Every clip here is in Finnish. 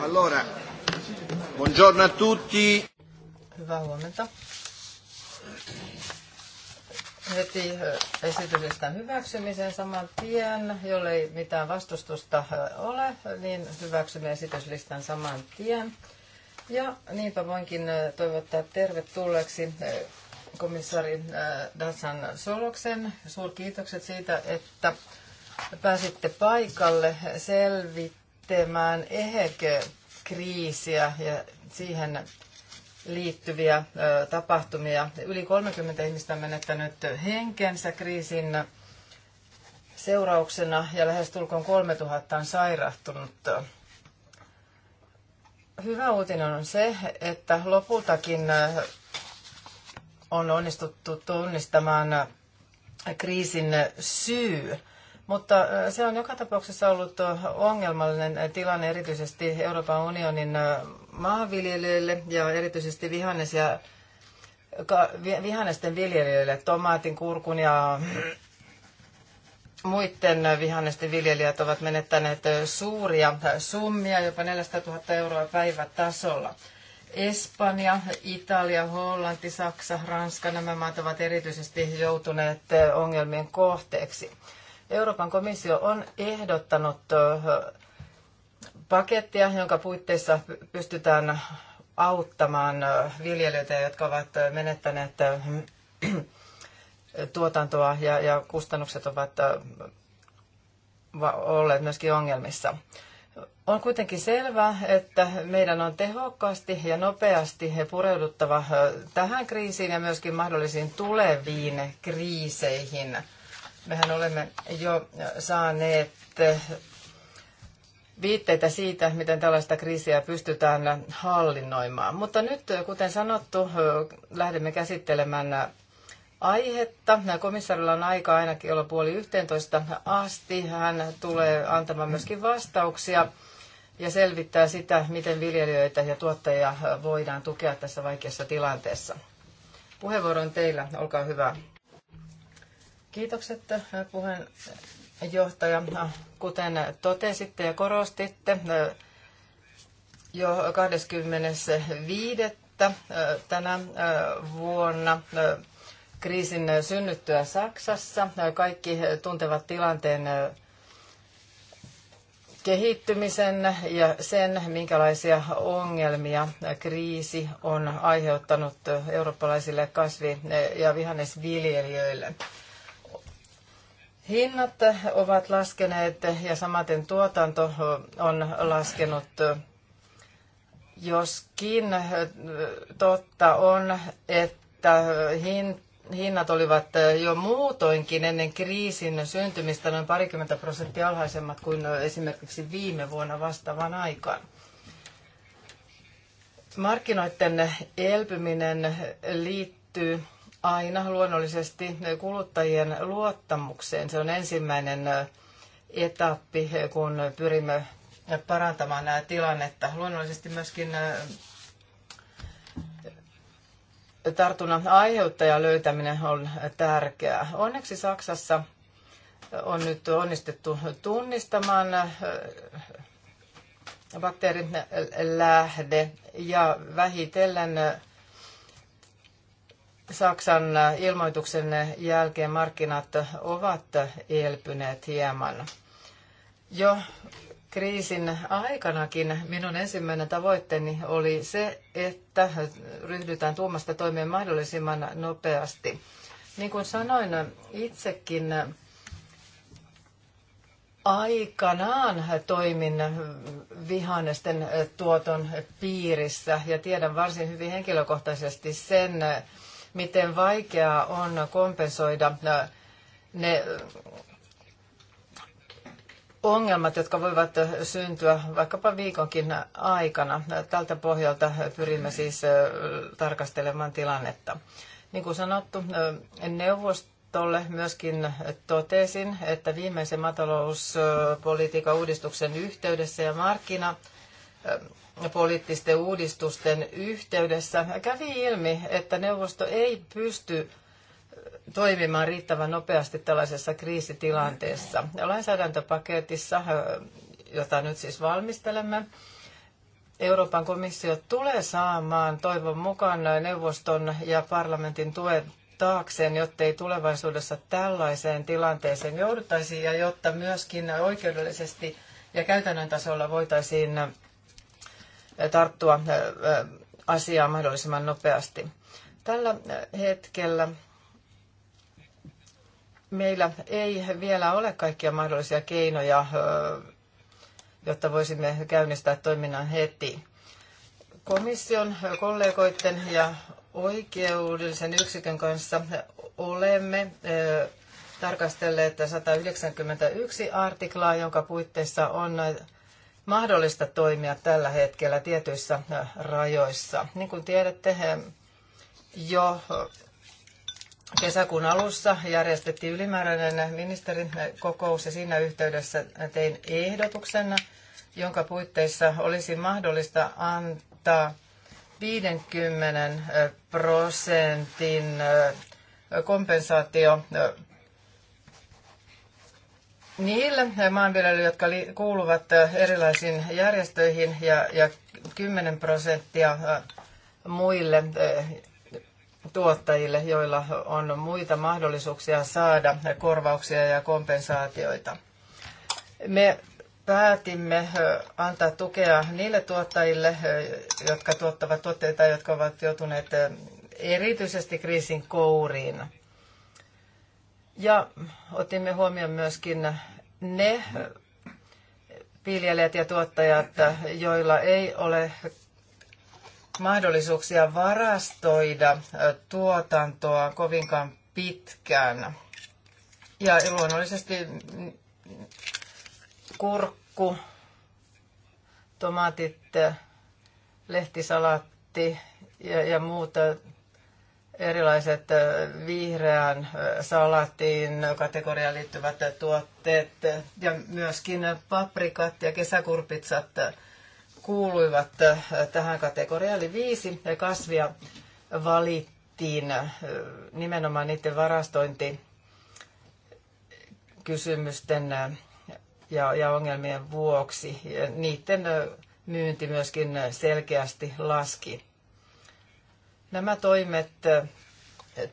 Allora, buongiorno a tutti. Heti esityksestä hyväksymisen saman tien, jollei mitään vastustusta ole, niin hyväksymme esityslistan saman tien. Ja niinpä voinkin toivottaa tervetulleeksi komissaari Dansan Soloksen. Suurkiitokset siitä, että pääsitte paikalle selvittämään ehkä kriisiä ja siihen liittyviä tapahtumia. Yli 30 ihmistä on menettänyt henkensä kriisin seurauksena ja lähes tulkoon 3000 on sairahtunut. Hyvä uutinen on se, että lopultakin on onnistuttu tunnistamaan kriisin syy mutta se on joka tapauksessa ollut ongelmallinen tilanne erityisesti Euroopan unionin maanviljelijöille ja erityisesti vihannes- ja vihannesten viljelijöille, tomaatin, kurkun ja muiden vihannesten viljelijät ovat menettäneet suuria summia, jopa 400 000 euroa päivätasolla. Espanja, Italia, Hollanti, Saksa, Ranska, nämä maat ovat erityisesti joutuneet ongelmien kohteeksi. Euroopan komissio on ehdottanut pakettia, jonka puitteissa pystytään auttamaan viljelijöitä, jotka ovat menettäneet tuotantoa ja, ja kustannukset ovat olleet myöskin ongelmissa. On kuitenkin selvää, että meidän on tehokkaasti ja nopeasti pureuduttava tähän kriisiin ja myöskin mahdollisiin tuleviin kriiseihin – Mehän olemme jo saaneet viitteitä siitä, miten tällaista kriisiä pystytään hallinnoimaan. Mutta nyt, kuten sanottu, lähdemme käsittelemään aihetta. Komissarilla on aika ainakin olla puoli 11 asti. Hän tulee antamaan myöskin vastauksia ja selvittää sitä, miten viljelijöitä ja tuottajia voidaan tukea tässä vaikeassa tilanteessa. Puheenvuoro on teillä, olkaa hyvä. Kiitokset puheenjohtaja. Kuten totesitte ja korostitte, jo 25. tänä vuonna kriisin synnyttyä Saksassa. Kaikki tuntevat tilanteen kehittymisen ja sen, minkälaisia ongelmia kriisi on aiheuttanut eurooppalaisille kasvi- ja vihannesviljelijöille. Hinnat ovat laskeneet ja samaten tuotanto on laskenut, joskin totta on, että hinnat olivat jo muutoinkin ennen kriisin syntymistä noin parikymmentä prosenttia alhaisemmat kuin esimerkiksi viime vuonna vastaavan aikaan. Markkinoiden elpyminen liittyy aina luonnollisesti kuluttajien luottamukseen. Se on ensimmäinen etappi, kun pyrimme parantamaan tilannetta. Luonnollisesti myöskin tartunnan aiheuttaja löytäminen on tärkeää. Onneksi Saksassa on nyt onnistettu tunnistamaan bakteerin lähde ja vähitellen Saksan ilmoituksen jälkeen markkinat ovat elpyneet hieman. Jo kriisin aikanakin minun ensimmäinen tavoitteeni oli se, että ryhdytään tuomasta toimeen mahdollisimman nopeasti. Niin kuin sanoin itsekin, aikanaan toimin vihannesten tuoton piirissä ja tiedän varsin hyvin henkilökohtaisesti sen, miten vaikeaa on kompensoida äh, ne äh, ongelmat, jotka voivat äh, syntyä vaikkapa viikonkin aikana. Tältä pohjalta pyrimme siis tarkastelemaan tilannetta. Niin kuin sanottu, neuvostolle myöskin totesin, että viimeisen maatalouspolitiikan uudistuksen yhteydessä ja markkina poliittisten uudistusten yhteydessä kävi ilmi, että neuvosto ei pysty toimimaan riittävän nopeasti tällaisessa kriisitilanteessa. Lainsäädäntöpaketissa, jota nyt siis valmistelemme, Euroopan komissio tulee saamaan toivon mukaan neuvoston ja parlamentin tuen taakseen, jotta ei tulevaisuudessa tällaiseen tilanteeseen jouduttaisi ja jotta myöskin oikeudellisesti ja käytännön tasolla voitaisiin tarttua asiaan mahdollisimman nopeasti. Tällä hetkellä meillä ei vielä ole kaikkia mahdollisia keinoja, jotta voisimme käynnistää toiminnan heti. Komission kollegoiden ja oikeudellisen yksikön kanssa olemme tarkastelleet 191 artiklaa, jonka puitteissa on mahdollista toimia tällä hetkellä tietyissä äh, rajoissa. Niin kuin tiedätte, eh, jo eh, kesäkuun alussa järjestettiin ylimääräinen ministerin eh, kokous ja siinä yhteydessä tein ehdotuksen, jonka puitteissa olisi mahdollista antaa 50 prosentin kompensaatio Niille maanviljelijöille, jotka kuuluvat erilaisiin järjestöihin ja, ja 10 prosenttia muille tuottajille, joilla on muita mahdollisuuksia saada korvauksia ja kompensaatioita. Me päätimme antaa tukea niille tuottajille, jotka tuottavat tuotteita, jotka ovat joutuneet erityisesti kriisin kouriin. Ja otimme huomioon myöskin ne viljelijät ja tuottajat, joilla ei ole mahdollisuuksia varastoida tuotantoa kovinkaan pitkään. Ja luonnollisesti kurkku, tomaatit, lehtisalaatti ja, ja muuta erilaiset vihreän salaattiin kategoriaan liittyvät tuotteet ja myöskin paprikat ja kesäkurpitsat kuuluivat tähän kategoriaan. Eli viisi kasvia valittiin nimenomaan niiden varastointikysymysten ja, ja ongelmien vuoksi. Niiden myynti myöskin selkeästi laski. Nämä toimet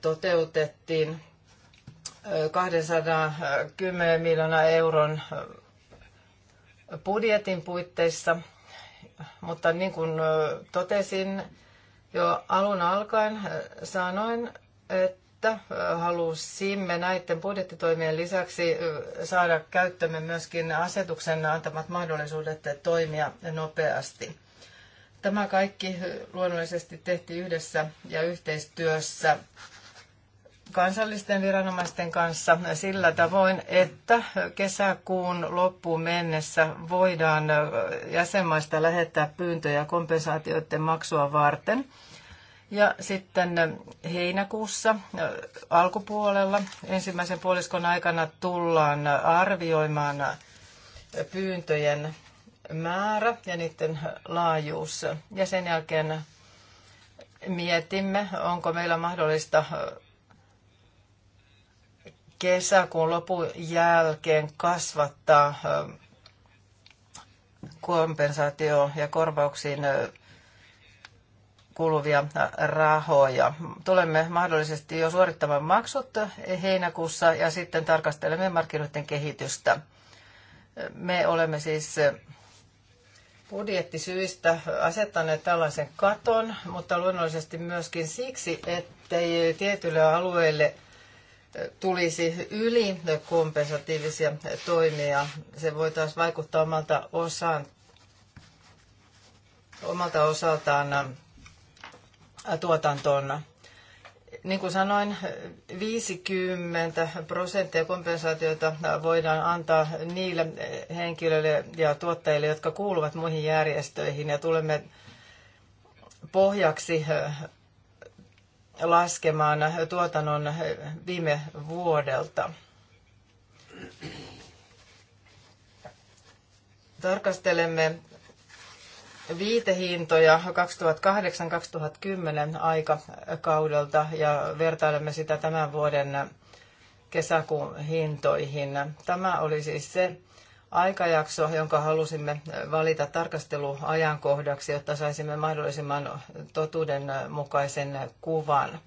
toteutettiin 210 miljoonaa euron budjetin puitteissa, mutta niin kuin totesin jo alun alkaen, sanoin, että halusimme näiden budjettitoimien lisäksi saada käyttömme myöskin asetuksen antamat mahdollisuudet toimia nopeasti. Tämä kaikki luonnollisesti tehtiin yhdessä ja yhteistyössä kansallisten viranomaisten kanssa sillä tavoin, että kesäkuun loppuun mennessä voidaan jäsenmaista lähettää pyyntöjä kompensaatioiden maksua varten. Ja sitten heinäkuussa alkupuolella ensimmäisen puoliskon aikana tullaan arvioimaan pyyntöjen määrä ja niiden laajuus. Ja sen jälkeen mietimme, onko meillä mahdollista kesäkuun lopun jälkeen kasvattaa kompensaatio- ja korvauksiin kuluvia rahoja. Tulemme mahdollisesti jo suorittamaan maksut heinäkuussa ja sitten tarkastelemme markkinoiden kehitystä. Me olemme siis budjettisyistä asettaneet tällaisen katon, mutta luonnollisesti myöskin siksi, ettei tietyille alueille tulisi yli kompensatiivisia toimia. Se voi taas vaikuttaa omalta, osaan, omalta osaltaan tuotantoon niin kuin sanoin, 50 prosenttia kompensaatiota voidaan antaa niille henkilöille ja tuottajille, jotka kuuluvat muihin järjestöihin ja tulemme pohjaksi eh, laskemaan tuotannon eh, viime vuodelta. Tarkastelemme viitehintoja 2008-2010 aikakaudelta ja vertailemme sitä tämän vuoden kesäkuun hintoihin. Tämä oli siis se aikajakso, jonka halusimme valita tarkasteluajankohdaksi, jotta saisimme mahdollisimman totuudenmukaisen kuvan.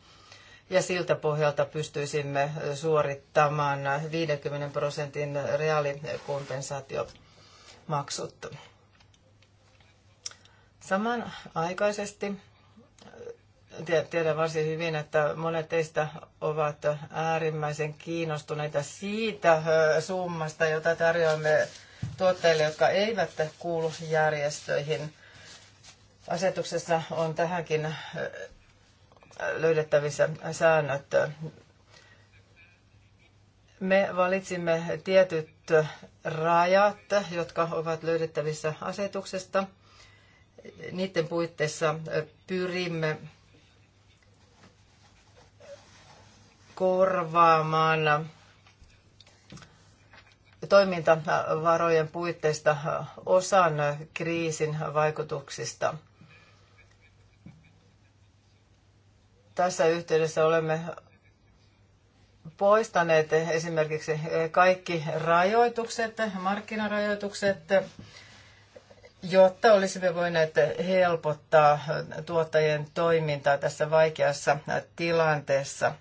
Ja siltä pohjalta pystyisimme suorittamaan 50 prosentin reaalikompensaatiomaksut. Samanaikaisesti äh, tiedän varsin hyvin, että monet teistä ovat äärimmäisen kiinnostuneita siitä äh, summasta, jota tarjoamme tuotteille, jotka eivät kuulu järjestöihin. Asetuksessa on tähänkin äh, löydettävissä säännöt. Me valitsimme tietyt rajat, jotka ovat löydettävissä asetuksesta – niiden puitteissa pyrimme korvaamaan toimintavarojen puitteista osan kriisin vaikutuksista. Tässä yhteydessä olemme poistaneet esimerkiksi kaikki rajoitukset, markkinarajoitukset, jotta olisimme voineet helpottaa tuottajien toimintaa tässä vaikeassa tilanteessa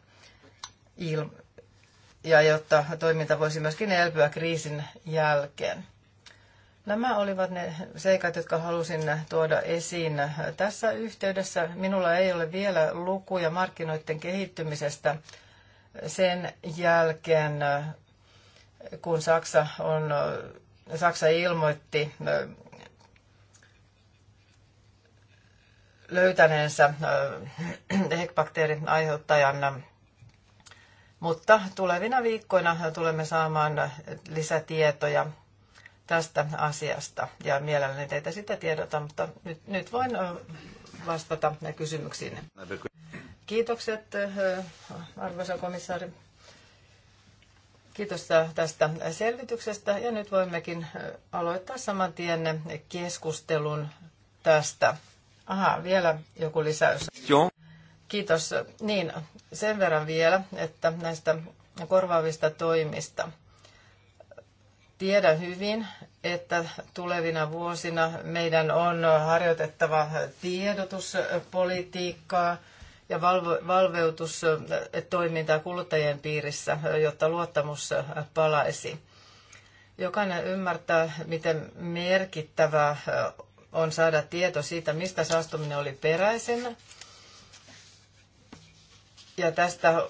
ja jotta toiminta voisi myöskin elpyä kriisin jälkeen. Nämä olivat ne seikat, jotka halusin tuoda esiin. Tässä yhteydessä minulla ei ole vielä lukuja markkinoiden kehittymisestä sen jälkeen, kun Saksa, on, Saksa ilmoitti löytäneensä äh, HEC-bakteerin aiheuttajan. Mutta tulevina viikkoina tulemme saamaan lisätietoja tästä asiasta ja mielelläni teitä sitä tiedota, mutta nyt, nyt voin äh, vastata kysymyksiin. Kiitokset äh, arvoisa komissaari. Kiitos tästä selvityksestä ja nyt voimmekin aloittaa saman tien keskustelun tästä. Aha, vielä joku lisäys. Joo. Kiitos. Niin, sen verran vielä, että näistä korvaavista toimista. Tiedän hyvin, että tulevina vuosina meidän on harjoitettava tiedotuspolitiikkaa ja valveutustoimintaa kuluttajien piirissä, jotta luottamus palaisi. Jokainen ymmärtää, miten merkittävä on saada tieto siitä, mistä saastuminen oli peräisin. Ja tästä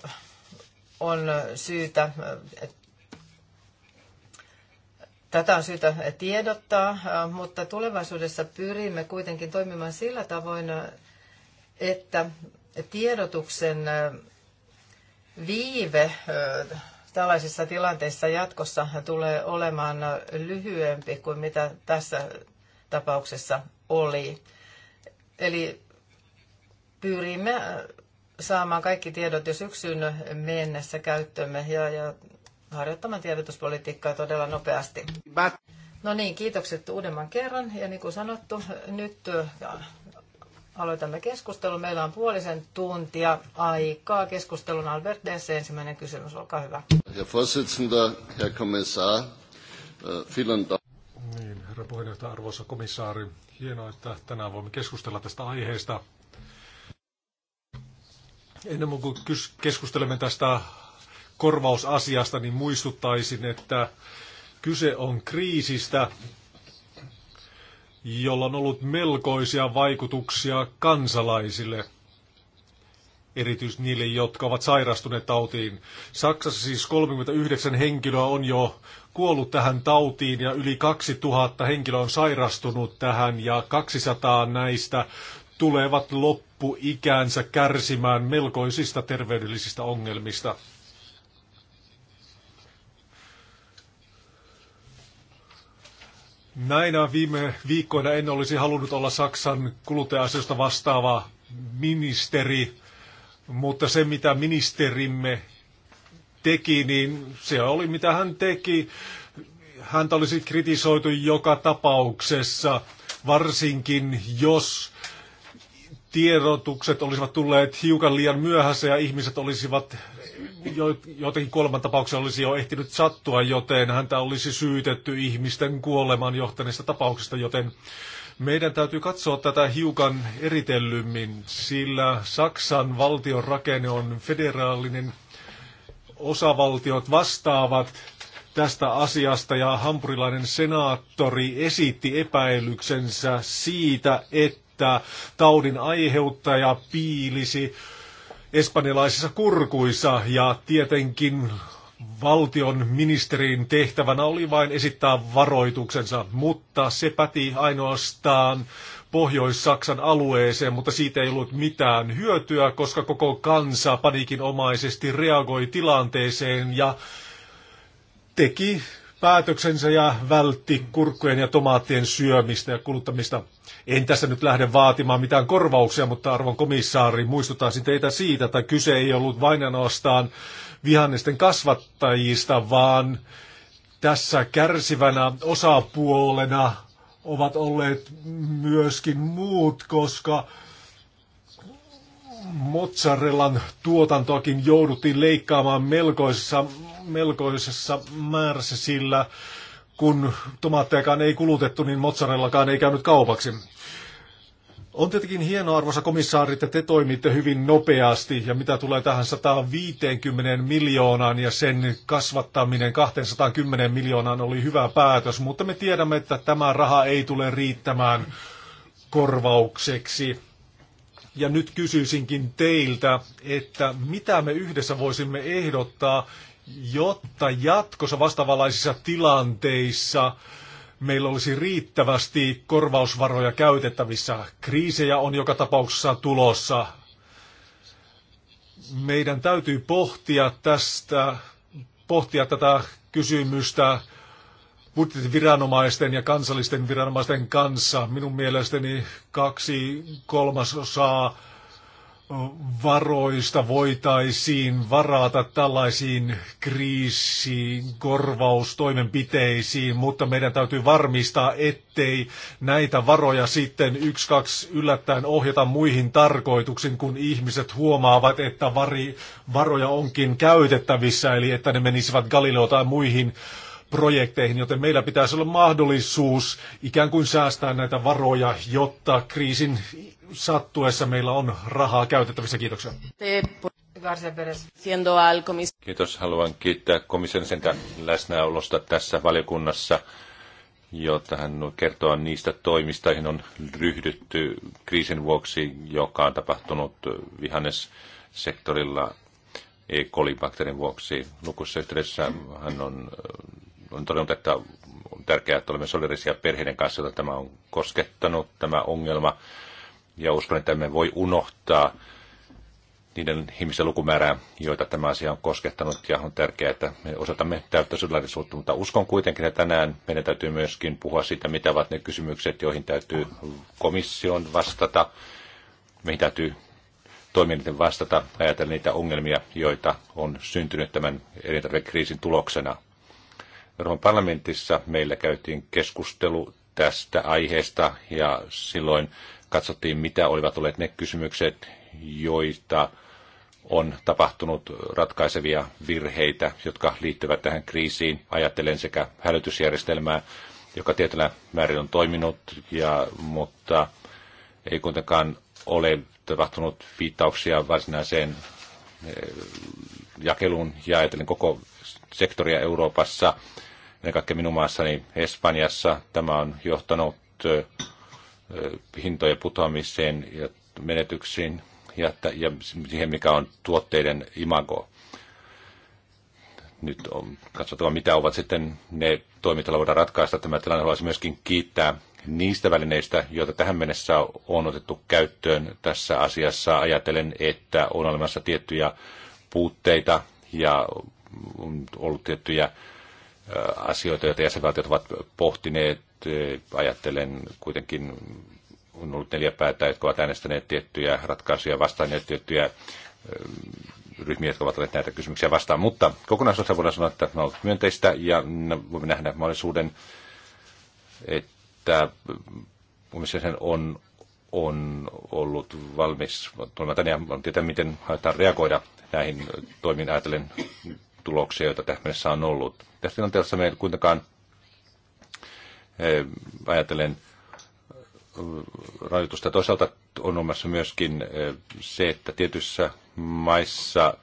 on syytä, tätä on syytä tiedottaa, mutta tulevaisuudessa pyrimme kuitenkin toimimaan sillä tavoin, että tiedotuksen viive tällaisissa tilanteissa jatkossa tulee olemaan lyhyempi kuin mitä tässä tapauksessa oli. Eli pyrimme äh, saamaan kaikki tiedot jo syksyn mennessä käyttöömme ja, ja harjoittamaan tiedotuspolitiikkaa todella nopeasti. No niin, kiitokset uudemman kerran. Ja niin kuin sanottu, nyt äh, aloitamme keskustelun. Meillä on puolisen tuntia aikaa keskustelun. Albert Desse, ensimmäinen kysymys, olkaa hyvä. Herr Vorsitzender, Herr Kommissar, äh, vielen Dank. Niin, herra puheenjohtaja, arvoisa komissaari, hienoa, että tänään voimme keskustella tästä aiheesta. Ennen kuin keskustelemme tästä korvausasiasta, niin muistuttaisin, että kyse on kriisistä, jolla on ollut melkoisia vaikutuksia kansalaisille – erityisesti niille, jotka ovat sairastuneet tautiin. Saksassa siis 39 henkilöä on jo kuollut tähän tautiin ja yli 2000 henkilöä on sairastunut tähän ja 200 näistä tulevat loppuikäänsä kärsimään melkoisista terveydellisistä ongelmista. Näinä viime viikkoina en olisi halunnut olla Saksan kuluttaja-asioista vastaava ministeri, mutta se, mitä ministerimme teki, niin se oli mitä hän teki. Häntä olisi kritisoitu joka tapauksessa, varsinkin jos tiedotukset olisivat tulleet hiukan liian myöhässä ja ihmiset olisivat, jotenkin kuoleman olisi jo ehtinyt sattua, joten häntä olisi syytetty ihmisten kuolemaan johtaneista tapauksista, joten meidän täytyy katsoa tätä hiukan eritellymmin, sillä Saksan valtion rakenne on federaalinen. Osavaltiot vastaavat tästä asiasta ja hampurilainen senaattori esitti epäilyksensä siitä, että taudin aiheuttaja piilisi espanjalaisissa kurkuissa ja tietenkin valtion ministerin tehtävänä oli vain esittää varoituksensa, mutta se päti ainoastaan Pohjois-Saksan alueeseen, mutta siitä ei ollut mitään hyötyä, koska koko kansa panikinomaisesti reagoi tilanteeseen ja teki päätöksensä ja vältti kurkkujen ja tomaattien syömistä ja kuluttamista. En tässä nyt lähde vaatimaan mitään korvauksia, mutta arvon komissaari, muistutaisin teitä siitä, että kyse ei ollut vain ainoastaan vihannesten kasvattajista, vaan tässä kärsivänä osapuolena ovat olleet myöskin muut, koska mozzarellan tuotantoakin jouduttiin leikkaamaan melkoisessa, melkoisessa määrässä, sillä kun tomaattejakaan ei kulutettu, niin mozzarellakaan ei käynyt kaupaksi. On tietenkin hienoa, arvoisa komissaari, että te toimitte hyvin nopeasti ja mitä tulee tähän 150 miljoonaan ja sen kasvattaminen 210 miljoonaan oli hyvä päätös, mutta me tiedämme, että tämä raha ei tule riittämään korvaukseksi. Ja nyt kysyisinkin teiltä, että mitä me yhdessä voisimme ehdottaa, jotta jatkossa vastaavanlaisissa tilanteissa meillä olisi riittävästi korvausvaroja käytettävissä. Kriisejä on joka tapauksessa tulossa. Meidän täytyy pohtia tästä, pohtia tätä kysymystä budjettiviranomaisten ja kansallisten viranomaisten kanssa. Minun mielestäni kaksi kolmasosaa varoista voitaisiin varata tällaisiin kriisiin, korvaustoimenpiteisiin, mutta meidän täytyy varmistaa, ettei näitä varoja sitten yksi, kaksi yllättäen ohjata muihin tarkoituksiin, kun ihmiset huomaavat, että vari, varoja onkin käytettävissä, eli että ne menisivät Galileo tai muihin projekteihin, joten meillä pitäisi olla mahdollisuus ikään kuin säästää näitä varoja, jotta kriisin sattuessa meillä on rahaa käytettävissä. Kiitoksia. Kiitos. Haluan kiittää komission sentä läsnäolosta tässä valiokunnassa, jotta hän kertoo niistä toimista, joihin on ryhdytty kriisin vuoksi, joka on tapahtunut vihannessektorilla E. coli-bakteerin vuoksi. Lukussa yhteydessä hän on on todennut, että on tärkeää, että olemme solidarisia perheiden kanssa, joita tämä on koskettanut, tämä ongelma. Ja uskon, että emme voi unohtaa niiden ihmisten lukumäärää, joita tämä asia on koskettanut, ja on tärkeää, että me osoitamme täyttä solidarisuutta, mutta uskon kuitenkin, että tänään meidän täytyy myöskin puhua siitä, mitä ovat ne kysymykset, joihin täytyy komission vastata, mihin täytyy toimijoiden vastata, ajatella niitä ongelmia, joita on syntynyt tämän elintarvikekriisin tuloksena. Euroopan parlamentissa meillä käytiin keskustelu tästä aiheesta ja silloin katsottiin, mitä olivat olleet ne kysymykset, joita on tapahtunut ratkaisevia virheitä, jotka liittyvät tähän kriisiin. Ajattelen sekä hälytysjärjestelmää, joka tietyllä määrin on toiminut, ja, mutta ei kuitenkaan ole tapahtunut viittauksia varsinaiseen eh, jakeluun ja ajatellen koko sektoria Euroopassa ennen kaikkea minun maassani Espanjassa. Tämä on johtanut hintojen putoamiseen ja menetyksiin ja, ja siihen, mikä on tuotteiden imago. Nyt on katsottava, mitä ovat sitten ne toimit, joilla voidaan ratkaista tämä tilanne. Haluaisin myöskin kiittää niistä välineistä, joita tähän mennessä on otettu käyttöön tässä asiassa. Ajatelen, että on olemassa tiettyjä puutteita ja on ollut tiettyjä asioita, joita jäsenvaltiot ovat pohtineet. Ajattelen kuitenkin, on ollut neljä päätä, jotka ovat äänestäneet tiettyjä ratkaisuja vastaan ja tiettyjä ryhmiä, jotka ovat olleet näitä kysymyksiä vastaan. Mutta kokonaisuudessa voidaan sanoa, että ne ovat myönteistä ja voimme nähdä mahdollisuuden, että sen on, on ollut valmis tulemaan ja on tietää, miten haetaan reagoida näihin toimiin ajatellen tuloksia, joita tähän mennessä on ollut. Tässä tilanteessa me kuitenkaan eh, ajatellen eh, rajoitusta. Toisaalta on omassa myöskin eh, se, että tietyissä maissa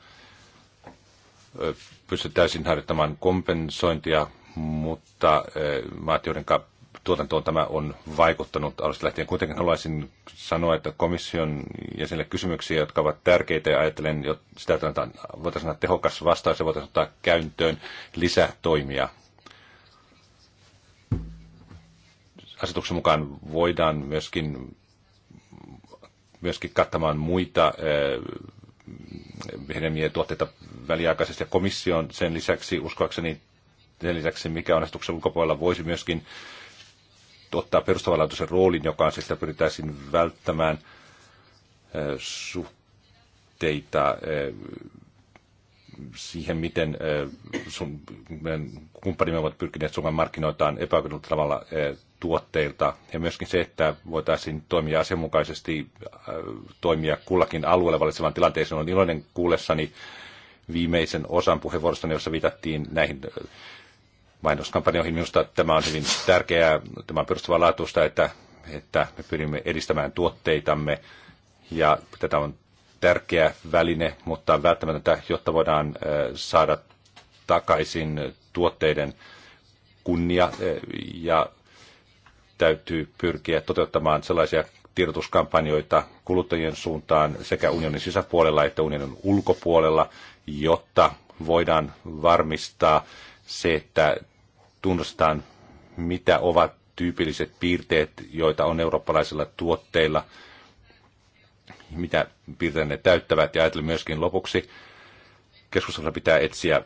täysin harjoittamaan kompensointia, mutta maat, joiden tuotantoon tämä on vaikuttanut alusta lähtien. Kuitenkin haluaisin sanoa, että komission jäsenille kysymyksiä, jotka ovat tärkeitä ja ajattelen, että sitä että voitaisiin sanoa tehokas vastaus ja voitaisiin ottaa käyntöön lisätoimia. Asetuksen mukaan voidaan myöskin, myöskin kattamaan muita eh, hedelmien tuotteita väliaikaisesti ja komission sen lisäksi uskoakseni sen lisäksi, mikä on asetuksen ulkopuolella voisi myöskin ottaa perustavanlaatuisen roolin, joka on sieltä pyritäisiin välttämään suhteita siihen, miten sun, kumppanimme ovat pyrkineet Suomen markkinoitaan epäoikeudellisella tavalla tuotteilta ja myöskin se, että voitaisiin toimia asianmukaisesti, toimia kullakin alueella valitsevan tilanteeseen. on iloinen kuullessani viimeisen osan puheenvuorostani, jossa viitattiin näihin mainoskampanjoihin. Minusta tämä on hyvin tärkeää, tämä on perustavaa laatusta, että, että me pyrimme edistämään tuotteitamme ja tätä on tärkeä väline, mutta välttämätöntä, jotta voidaan äh, saada takaisin tuotteiden kunnia äh, ja täytyy pyrkiä toteuttamaan sellaisia tiedotuskampanjoita kuluttajien suuntaan sekä unionin sisäpuolella että unionin ulkopuolella, jotta voidaan varmistaa se, että tunnustaan, mitä ovat tyypilliset piirteet, joita on eurooppalaisilla tuotteilla, mitä piirteet ne täyttävät. Ja ajatellen myöskin lopuksi, keskustelussa pitää etsiä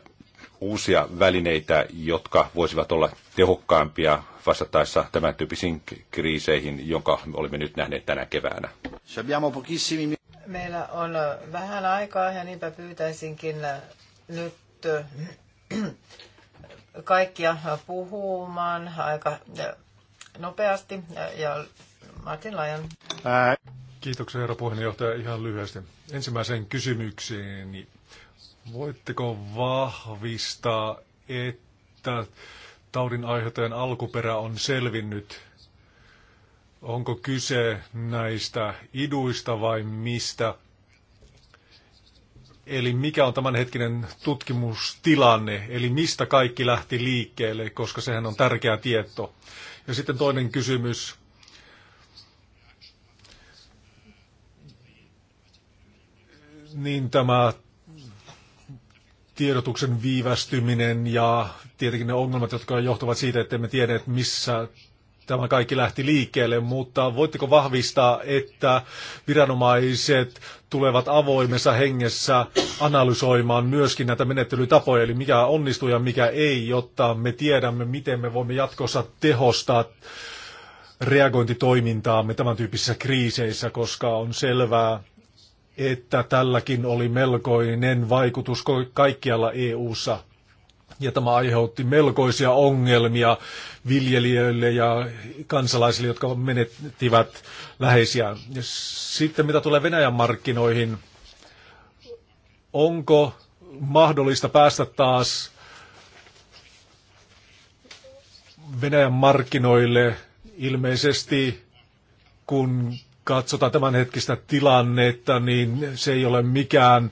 uusia välineitä, jotka voisivat olla tehokkaampia vastattaessa tämän tyyppisiin kriiseihin, jonka olemme nyt nähneet tänä keväänä. Meillä on äh, vähän aikaa ja niinpä pyytäisinkin äh, nyt äh, kaikkia puhumaan aika nopeasti. Ja Martin Lajan. Kiitoksia herra puheenjohtaja ihan lyhyesti. Ensimmäiseen kysymykseen. voitteko vahvistaa, että taudin aiheuttajan alkuperä on selvinnyt? Onko kyse näistä iduista vai mistä? Eli mikä on tämänhetkinen tutkimustilanne, eli mistä kaikki lähti liikkeelle, koska sehän on tärkeä tieto. Ja sitten toinen kysymys. Niin tämä tiedotuksen viivästyminen ja tietenkin ne ongelmat, jotka johtuvat siitä, että emme tiedä, missä tämä kaikki lähti liikkeelle, mutta voitteko vahvistaa, että viranomaiset tulevat avoimessa hengessä analysoimaan myöskin näitä menettelytapoja, eli mikä onnistuu ja mikä ei, jotta me tiedämme, miten me voimme jatkossa tehostaa reagointitoimintaamme tämän tyyppisissä kriiseissä, koska on selvää, että tälläkin oli melkoinen vaikutus kaikkialla EU-ssa. Ja tämä aiheutti melkoisia ongelmia viljelijöille ja kansalaisille, jotka menettivät läheisiä. Ja sitten mitä tulee Venäjän markkinoihin, onko mahdollista päästä taas Venäjän markkinoille ilmeisesti, kun katsotaan tämänhetkistä tilannetta, niin se ei ole mikään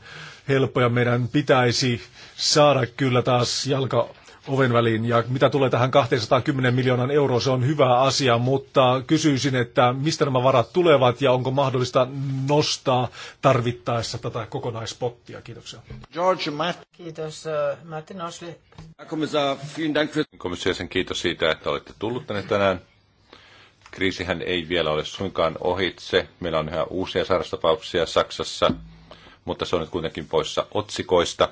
helppoja. Meidän pitäisi saada kyllä taas jalka oven väliin. Ja mitä tulee tähän 210 miljoonan euroa, se on hyvä asia, mutta kysyisin, että mistä nämä varat tulevat ja onko mahdollista nostaa tarvittaessa tätä kokonaispottia? Kiitoksia. George Matt. Kiitos äh, Martin Osli. Komissio, sen kiitos siitä, että olette tullut tänne tänään. Kriisihän ei vielä ole suinkaan ohitse. Meillä on yhä uusia sairastapauksia Saksassa mutta se on nyt kuitenkin poissa otsikoista.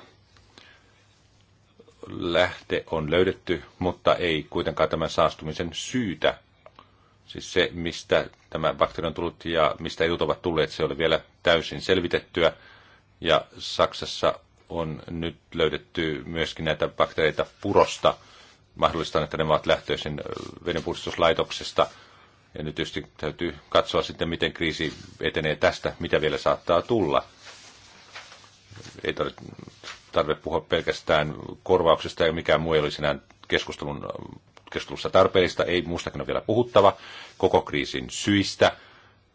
Lähte on löydetty, mutta ei kuitenkaan tämän saastumisen syytä. Siis se, mistä tämä bakteeri on tullut ja mistä jutut ovat tulleet, se oli vielä täysin selvitettyä. Ja Saksassa on nyt löydetty myöskin näitä bakteereita purosta. Mahdollista että ne ovat lähtöisin vedenpuhdistuslaitoksesta. Ja nyt tietysti täytyy katsoa sitten, miten kriisi etenee tästä, mitä vielä saattaa tulla ei tarve puhua pelkästään korvauksesta ja mikään muu ei olisi enää keskustelun, keskustelussa tarpeellista, ei muustakin ole vielä puhuttava, koko kriisin syistä.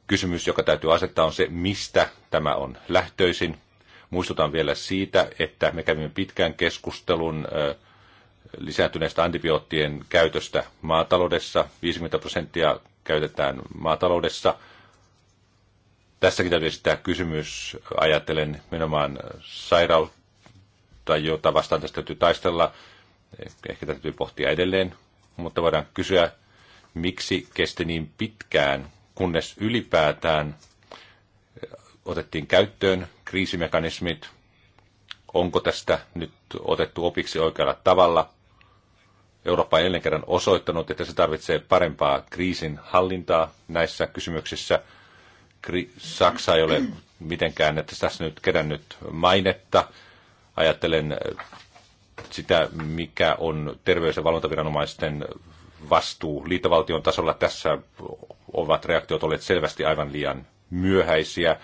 Kysymys, joka täytyy asettaa, on se, mistä tämä on lähtöisin. Muistutan vielä siitä, että me kävimme pitkään keskustelun lisääntyneestä antibioottien käytöstä maataloudessa. 50 prosenttia käytetään maataloudessa – Tässäkin täytyy esittää kysymys, ajattelen nimenomaan sairautta, jota vastaan tästä täytyy taistella. Eh, ehkä täytyy pohtia edelleen, mutta voidaan kysyä, miksi kesti niin pitkään, kunnes ylipäätään eh, otettiin käyttöön kriisimekanismit, onko tästä nyt otettu opiksi oikealla tavalla. Eurooppa on kerran osoittanut, että se tarvitsee parempaa kriisin hallintaa näissä kysymyksissä – Saksa ei ole mitenkään, että tässä nyt kerännyt mainetta. Ajattelen äh, sitä, mikä on terveys- ja valvontaviranomaisten vastuu liittovaltion tasolla. Tässä ovat reaktiot olleet selvästi aivan liian myöhäisiä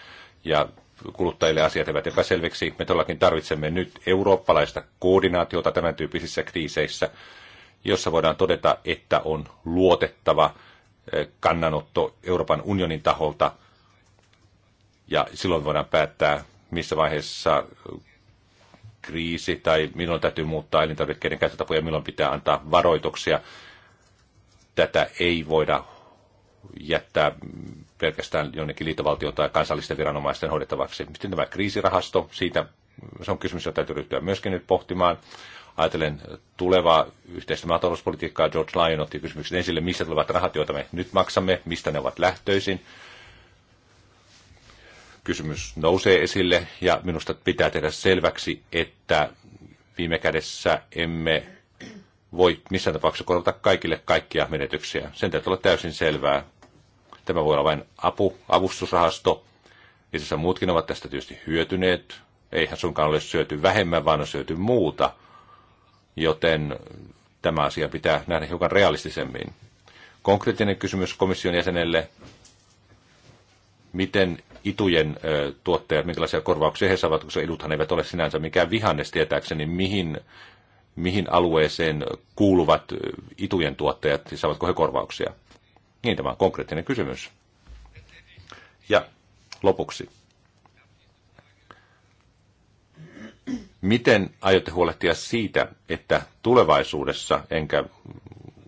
ja kuluttajille asiat eivät epäselviksi. Me todellakin tarvitsemme nyt eurooppalaista koordinaatiota tämän tyyppisissä kriiseissä, jossa voidaan todeta, että on luotettava äh, kannanotto Euroopan unionin taholta – ja silloin voidaan päättää, missä vaiheessa kriisi tai milloin täytyy muuttaa elintarvikkeiden käyttötapoja, milloin pitää antaa varoituksia. Tätä ei voida jättää pelkästään jonnekin liittovaltio- tai kansallisten viranomaisten hoidettavaksi. Sitten tämä kriisirahasto, siitä se on kysymys, jota täytyy ryhtyä myöskin nyt pohtimaan. Ajatellen tulevaa yhteistä maatalouspolitiikkaa, George Lyon otti kysymyksen esille, missä tulevat rahat, joita me nyt maksamme, mistä ne ovat lähtöisin kysymys nousee esille ja minusta pitää tehdä selväksi, että viime kädessä emme voi missään tapauksessa korvata kaikille kaikkia menetyksiä. Sen täytyy olla täysin selvää. Tämä voi olla vain apu, avustusrahasto. Itse asiassa muutkin ovat tästä tietysti hyötyneet. Eihän sunkaan ole syöty vähemmän, vaan on syöty muuta. Joten tämä asia pitää nähdä hiukan realistisemmin. Konkreettinen kysymys komission jäsenelle. Miten itujen tuottajat, minkälaisia korvauksia he saavat, koska iduthan eivät ole sinänsä mikään vihannes tietääkseni, mihin, mihin alueeseen kuuluvat itujen tuottajat, siis saavatko he korvauksia? Niin, tämä on konkreettinen kysymys. Ja lopuksi. Miten aiotte huolehtia siitä, että tulevaisuudessa, enkä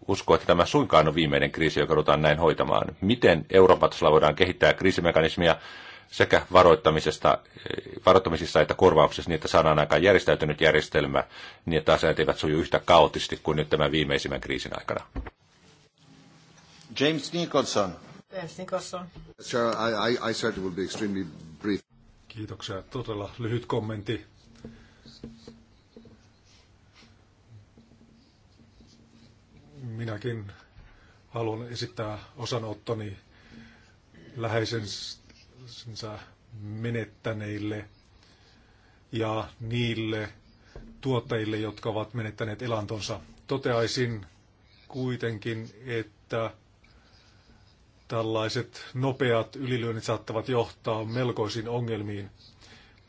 usko, että tämä suinkaan on viimeinen kriisi, joka ruvetaan näin hoitamaan. Miten Euroopan tasolla voidaan kehittää kriisimekanismia sekä varoittamisesta, eh, varoittamisissa että korvauksissa niin, että saadaan aika järjestäytynyt järjestelmä niin, että asiat eivät suju yhtä kaotisti kuin nyt tämän viimeisimmän kriisin aikana. James Nicholson. James Nicholson. Sir, I, I, I certainly will be extremely brief. Kiitoksia. Todella lyhyt kommentti Minäkin haluan esittää osanottoni läheisensä menettäneille ja niille tuottajille, jotka ovat menettäneet elantonsa. Toteaisin kuitenkin, että tällaiset nopeat ylilyönnit saattavat johtaa melkoisiin ongelmiin,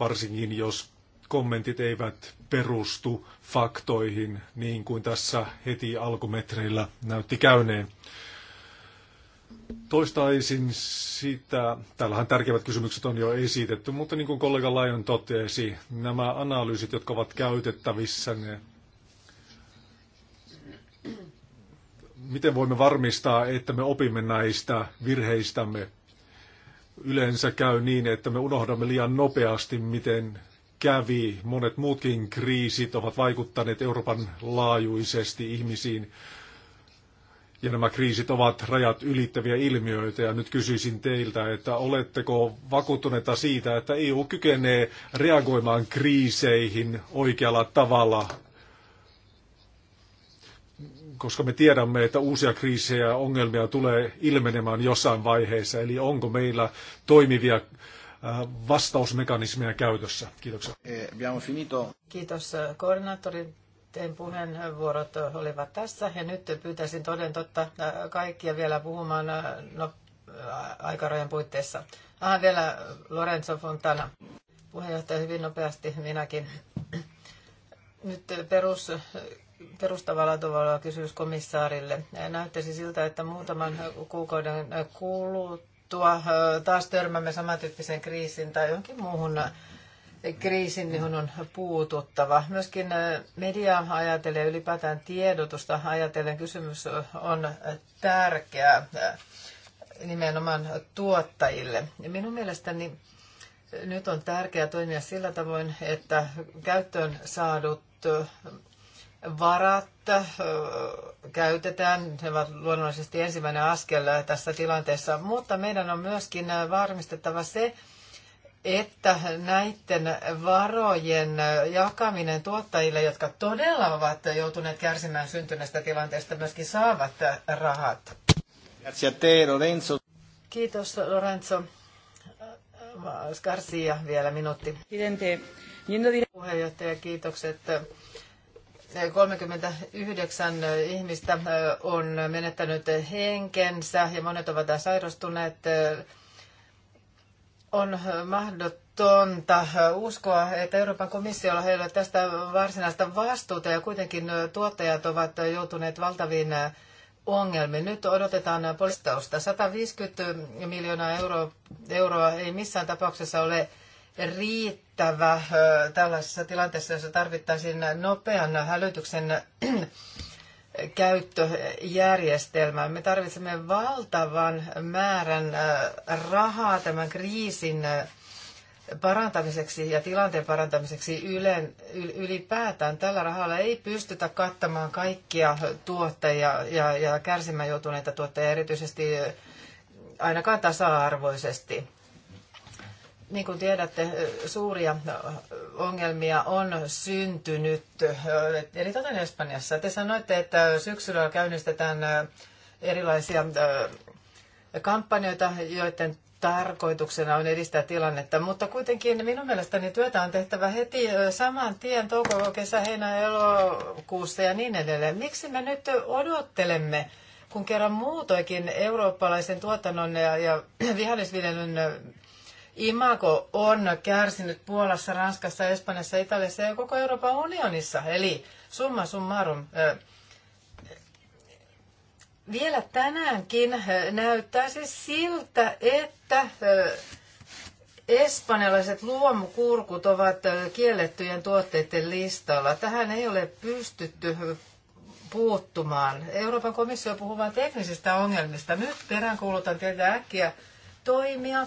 varsinkin jos kommentit eivät perustu faktoihin, niin kuin tässä heti alkumetreillä näytti käyneen. Toistaisin sitä, täällähän tärkeimmät kysymykset on jo esitetty, mutta niin kuin kollega Laion totesi, nämä analyysit, jotka ovat käytettävissä, ne, miten voimme varmistaa, että me opimme näistä virheistämme? Yleensä käy niin, että me unohdamme liian nopeasti, miten kävi. Monet muutkin kriisit ovat vaikuttaneet Euroopan laajuisesti ihmisiin. Ja nämä kriisit ovat rajat ylittäviä ilmiöitä ja nyt kysyisin teiltä, että oletteko vakuuttuneita siitä, että EU kykenee reagoimaan kriiseihin oikealla tavalla, koska me tiedämme, että uusia kriisejä ja ongelmia tulee ilmenemään jossain vaiheessa, eli onko meillä toimivia vastausmekanismeja käytössä. Kiitoksia. Eh, Kiitos eh, koordinaattori. teidän puheenvuorot olivat tässä ja nyt pyytäisin toden totta eh, kaikkia vielä puhumaan no, aikarajan puitteissa. Ah, vielä Lorenzo Fontana. Puheenjohtaja hyvin nopeasti minäkin. Nyt perus, perustavalla tavalla kysymys komissaarille. Näyttäisi siltä, että muutaman kuukauden kuluttua kuluttua äh, taas törmäämme samantyyppiseen kriisiin tai johonkin muuhun kriisin, johon on puututtava. Myöskin äh, media ajatellen ylipäätään tiedotusta ajatellen kysymys on tärkeä äh, nimenomaan tuottajille. minun mielestäni nyt on tärkeää toimia sillä tavoin, että käyttöön saadut varat käytetään. Ne ovat luonnollisesti ensimmäinen askel tässä tilanteessa, mutta meidän on myöskin varmistettava se, että näiden varojen jakaminen tuottajille, jotka todella ovat joutuneet kärsimään syntyneestä tilanteesta, myöskin saavat rahat. Lorenzo. Kiitos, Lorenzo. Äh, äh, Garcia vielä minuutti. Puheenjohtaja, kiitokset. 39 ihmistä on menettänyt henkensä ja monet ovat sairastuneet. On mahdotonta uskoa, että Euroopan komissiolla heillä tästä varsinaista vastuuta ja kuitenkin tuottajat ovat joutuneet valtaviin ongelmiin. Nyt odotetaan polistausta. 150 miljoonaa euroa, euroa ei missään tapauksessa ole riittävä tällaisessa tilanteessa, jossa tarvittaisiin nopean hälytyksen käyttöjärjestelmää. Me tarvitsemme valtavan määrän rahaa tämän kriisin parantamiseksi ja tilanteen parantamiseksi ylen, ylipäätään. Tällä rahalla ei pystytä kattamaan kaikkia tuottajia ja, ja kärsimään joutuneita tuottajia erityisesti ainakaan tasa-arvoisesti. Niin kuin tiedätte, suuria ongelmia on syntynyt, eh, eri toten Espanjassa. Te sanoitte, että syksyllä käynnistetään eh, erilaisia eh, kampanjoita, joiden tarkoituksena on edistää tilannetta, mutta kuitenkin minun mielestäni työtä on tehtävä heti saman tien touko, kesä, heinä, elokuussa ja niin edelleen. Miksi me nyt odottelemme, kun kerran muutoikin eurooppalaisen tuotannon ja, ja vihannesviljelyn Imago on kärsinyt Puolassa, Ranskassa, Espanjassa, Italiassa ja koko Euroopan unionissa. Eli summa summarum, vielä tänäänkin näyttää siis siltä, että espanjalaiset luomukurkut ovat kiellettyjen tuotteiden listalla. Tähän ei ole pystytty puuttumaan. Euroopan komissio puhuu vain teknisistä ongelmista. Nyt peräänkuulutan teiltä äkkiä toimia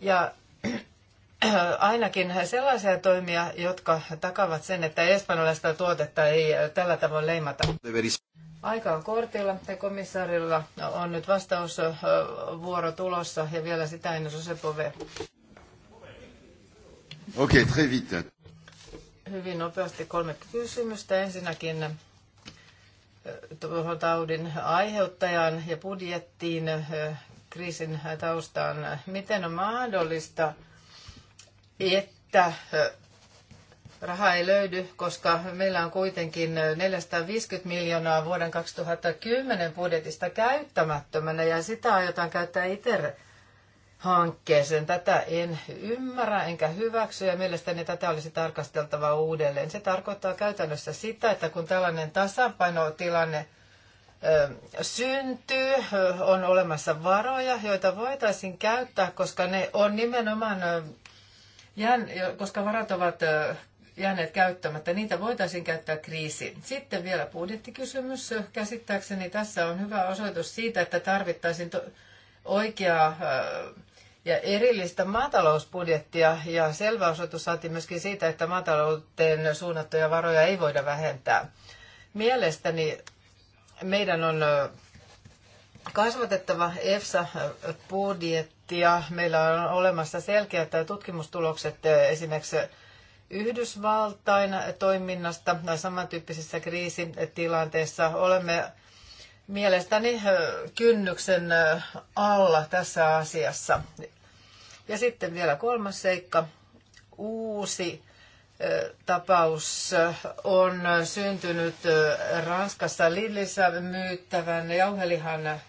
ja ainakin sellaisia toimia, jotka takavat sen, että espanjalaista tuotetta ei tällä tavoin leimata. Aika on kortilla ja komissaarilla on nyt vastausvuoro tulossa ja vielä sitä ennen Josepove. Okei, okay, très vite. Hyvin nopeasti kolme kysymystä. Ensinnäkin äh, tuohon taudin aiheuttajan ja budjettiin äh, kriisin taustaan. Miten on mahdollista, että rahaa ei löydy, koska meillä on kuitenkin 450 miljoonaa vuoden 2010 budjetista käyttämättömänä ja sitä aiotaan käyttää itse hankkeeseen. Tätä en ymmärrä enkä hyväksy ja mielestäni tätä olisi tarkasteltava uudelleen. Se tarkoittaa käytännössä sitä, että kun tällainen tasapainotilanne tilanne syntyy, on olemassa varoja, joita voitaisiin käyttää, koska ne on nimenomaan, koska varat ovat jääneet käyttämättä, niitä voitaisiin käyttää kriisiin. Sitten vielä budjettikysymys. Käsittääkseni tässä on hyvä osoitus siitä, että tarvittaisiin oikeaa ja erillistä maatalousbudjettia ja selvä osoitus saatiin myöskin siitä, että maatalouteen suunnattuja varoja ei voida vähentää. Mielestäni meidän on kasvatettava EFSA-budjettia. Meillä on olemassa selkeät tutkimustulokset esimerkiksi Yhdysvaltain toiminnasta samantyyppisissä kriisitilanteissa. Olemme mielestäni kynnyksen alla tässä asiassa. Ja sitten vielä kolmas seikka, uusi tapaus on syntynyt Ranskassa Lillissä myyttävän jauhelihan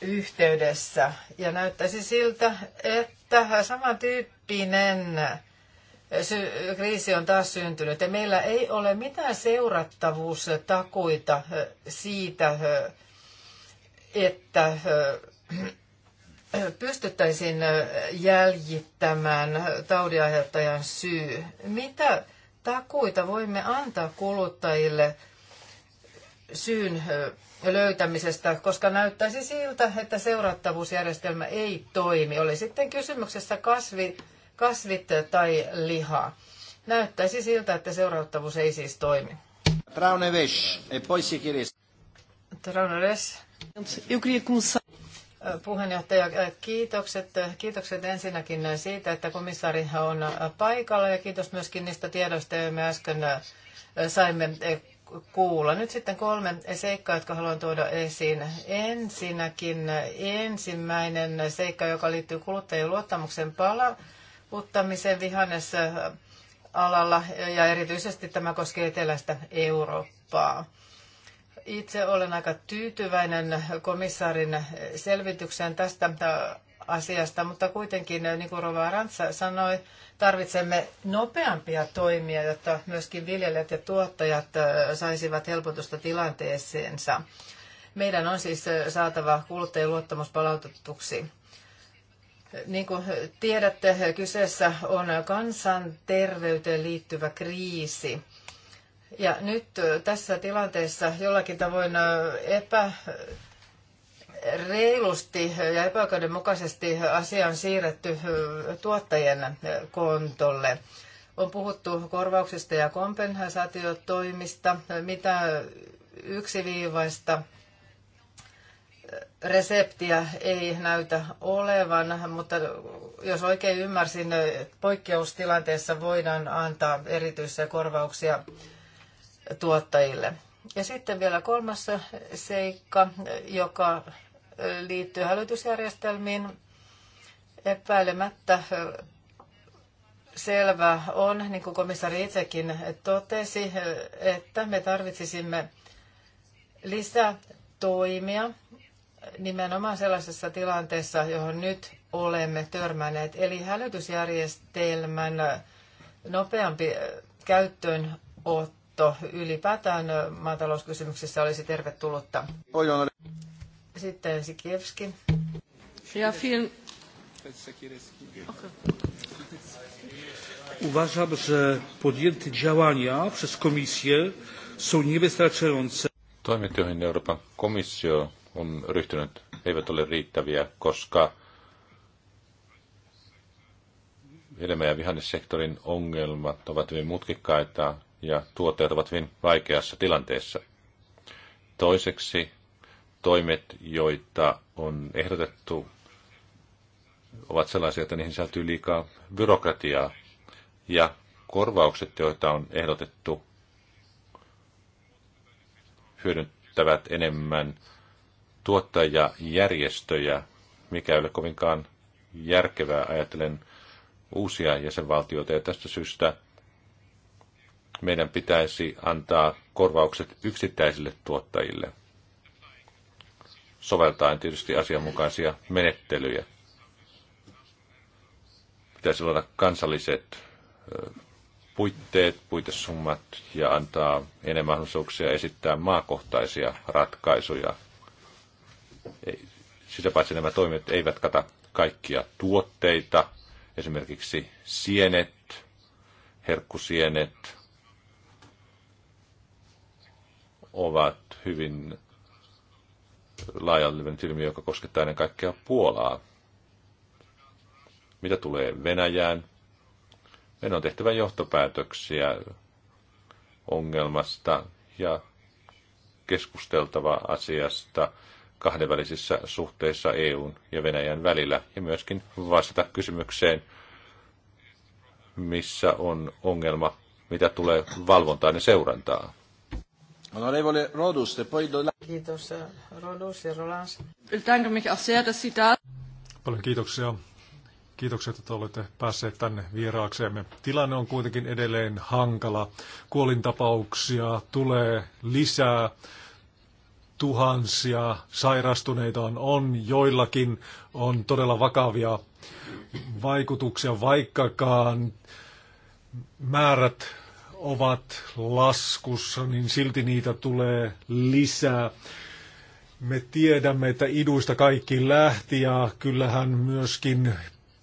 yhteydessä. Ja näyttäisi siltä, että samantyyppinen kriisi on taas syntynyt. Ja meillä ei ole mitään seurattavuustakuita siitä, että pystyttäisiin jäljittämään taudiaiheuttajan syy. Mitä takuita voimme antaa kuluttajille syyn löytämisestä, koska näyttäisi siltä, että seurattavuusjärjestelmä ei toimi. Oli sitten kysymyksessä kasvi, kasvit tai liha. Näyttäisi siltä, että seurattavuus ei siis toimi. Traunevesh, e poi si chiede... Trauneves. Puheenjohtaja, kiitokset. Kiitokset ensinnäkin siitä, että komissaari on paikalla ja kiitos myöskin niistä tiedoista, joita me äsken saimme kuulla. Nyt sitten kolme seikkaa, jotka haluan tuoda esiin. Ensinnäkin ensimmäinen seikka, joka liittyy kuluttajien luottamuksen palauttamiseen vihannesalalla ja erityisesti tämä koskee eteläistä Eurooppaa. Itse olen aika tyytyväinen komissaarin selvitykseen tästä asiasta, mutta kuitenkin, niin kuin Rova Rantsa sanoi, tarvitsemme nopeampia toimia, jotta myöskin viljelijät ja tuottajat saisivat helpotusta tilanteeseensa. Meidän on siis saatava kuluttajien luottamus palautetuksi. Niin kuin tiedätte, kyseessä on kansanterveyteen liittyvä kriisi. Ja nyt tässä tilanteessa jollakin tavoin epäreilusti ja epäoikeudenmukaisesti asia on siirretty tuottajien kontolle. On puhuttu korvauksista ja kompensaatiotoimista, mitä yksiviivaista reseptiä ei näytä olevan, mutta jos oikein ymmärsin, poikkeustilanteessa voidaan antaa erityisiä korvauksia tuottajille. Ja sitten vielä kolmas seikka, joka liittyy hälytysjärjestelmiin. Epäilemättä selvä on, niin kuin komissari itsekin totesi, että me tarvitsisimme lisätoimia nimenomaan sellaisessa tilanteessa, johon nyt olemme törmänneet. Eli hälytysjärjestelmän nopeampi käyttöönotto johto ylipäätään maatalouskysymyksissä olisi tervetullutta. Sitten Sikievski. Ja vielen... Uważam, że podjęte działania przez Komisję są niewystarczające. Toimet, Euroopan komissio on ryhtynyt, eivät ole riittäviä, koska hedelmä- ja vihannessektorin ongelmat ovat hyvin mutkikkaita ja tuottajat ovat hyvin vaikeassa tilanteessa. Toiseksi toimet, joita on ehdotettu, ovat sellaisia, että niihin sisältyy liikaa byrokratiaa. Ja korvaukset, joita on ehdotettu, hyödyttävät enemmän tuottajajärjestöjä, mikä ei ole kovinkaan järkevää. Ajatellen uusia jäsenvaltioita ja tästä syystä – meidän pitäisi antaa korvaukset yksittäisille tuottajille, soveltaen tietysti asianmukaisia menettelyjä. Pitäisi luoda kansalliset puitteet, puitesummat ja antaa enemmän mahdollisuuksia esittää maakohtaisia ratkaisuja. Sitä paitsi nämä toimet eivät kata kaikkia tuotteita, esimerkiksi sienet, herkkusienet, ovat hyvin laajalle levinnyt ilmiö, joka koskettaa ennen kaikkea Puolaa. Mitä tulee Venäjään? Meidän on tehtävä johtopäätöksiä ongelmasta ja keskusteltava asiasta kahdenvälisissä suhteissa EUn ja Venäjän välillä ja myöskin vastata kysymykseen, missä on ongelma, mitä tulee valvontaan ja seurantaan. Onorevole Rodus, e poi Dolan. Kiitos eh, Rodus ja Rolans. Danke mich auch sehr, Paljon kiitoksia. Kiitokset, että olette päässeet tänne vieraaksemme. Tilanne on kuitenkin edelleen hankala. Kuolintapauksia tulee lisää. Tuhansia sairastuneita on, on. joillakin on todella vakavia vaikutuksia, vaikkakaan määrät ovat laskussa, niin silti niitä tulee lisää. Me tiedämme, että iduista kaikki lähti ja kyllähän myöskin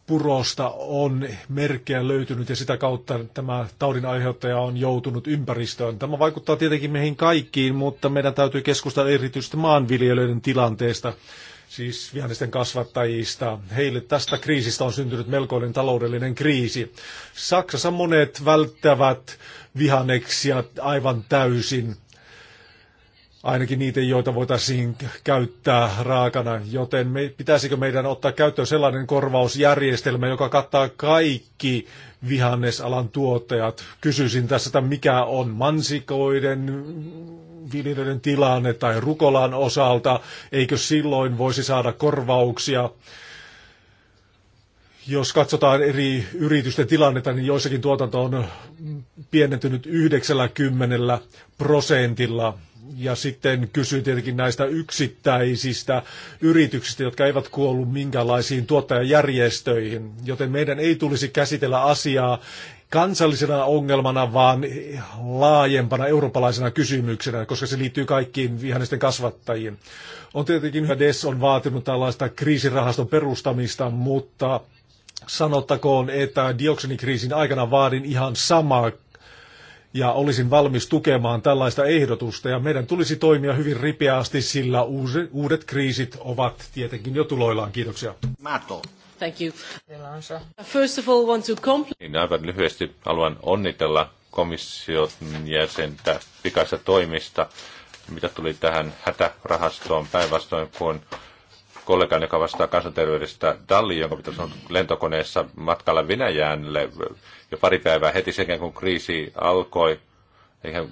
purosta on merkkejä löytynyt ja sitä kautta tämä taudin aiheuttaja on joutunut ympäristöön. Tämä vaikuttaa tietenkin meihin kaikkiin, mutta meidän täytyy keskustella erityisesti maanviljelijöiden tilanteesta siis vihannisten kasvattajista. Heille tästä kriisistä on syntynyt melkoinen taloudellinen kriisi. Saksassa monet välttävät vihanneksia aivan täysin, ainakin niitä, joita voitaisiin käyttää raakana. Joten me, pitäisikö meidän ottaa käyttöön sellainen korvausjärjestelmä, joka kattaa kaikki vihannesalan tuottajat? Kysyisin tässä, että mikä on mansikoiden viljelijöiden tilanne tai rukolan osalta, eikö silloin voisi saada korvauksia? Jos katsotaan eri yritysten tilannetta, niin joissakin tuotanto on pienentynyt 90 prosentilla. Ja sitten kysyin tietenkin näistä yksittäisistä yrityksistä, jotka eivät kuollut minkälaisiin tuottajajärjestöihin. Joten meidän ei tulisi käsitellä asiaa kansallisena ongelmana, vaan laajempana eurooppalaisena kysymyksenä, koska se liittyy kaikkiin vihannesten kasvattajiin. On tietenkin yhä DES on vaatinut tällaista kriisirahaston perustamista, mutta sanottakoon, että dioksinikriisin aikana vaadin ihan samaa ja olisin valmis tukemaan tällaista ehdotusta ja meidän tulisi toimia hyvin ripeästi, sillä uudet kriisit ovat tietenkin jo tuloillaan. Kiitoksia. Mato. Thank you. First of all, want to compliment. Niin aivan lyhyesti haluan onnitella komission jäsentä pikaisesta toimista, mitä tuli tähän hätärahastoon päinvastoin kuin kollegan, joka vastaa kansanterveydestä, Dalli, jonka pitäisi olla lentokoneessa matkalla Venäjälle jo pari päivää heti sen kun kriisi alkoi,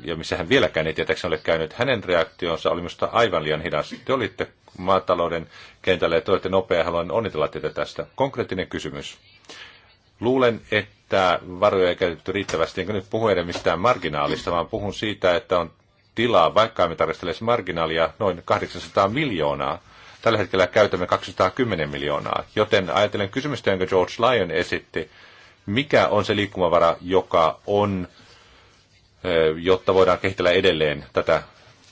ja missä hän vieläkään ei tietääkseni ole käynyt. Hänen reaktionsa oli minusta aivan liian hidas. Te olitte maatalouden kentälle, että olette nopea, haluan onnitella teitä tästä. Konkreettinen kysymys. Luulen, että varoja ei käytetty riittävästi, enkä nyt puhu edes mistään marginaalista, vaan puhun siitä, että on tilaa, vaikka me tarvitsemme marginaalia, noin 800 miljoonaa. Tällä hetkellä käytämme 210 miljoonaa, joten ajatellen kysymystä, jonka George Lyon esitti, mikä on se liikkumavara, joka on, jotta voidaan kehitellä edelleen tätä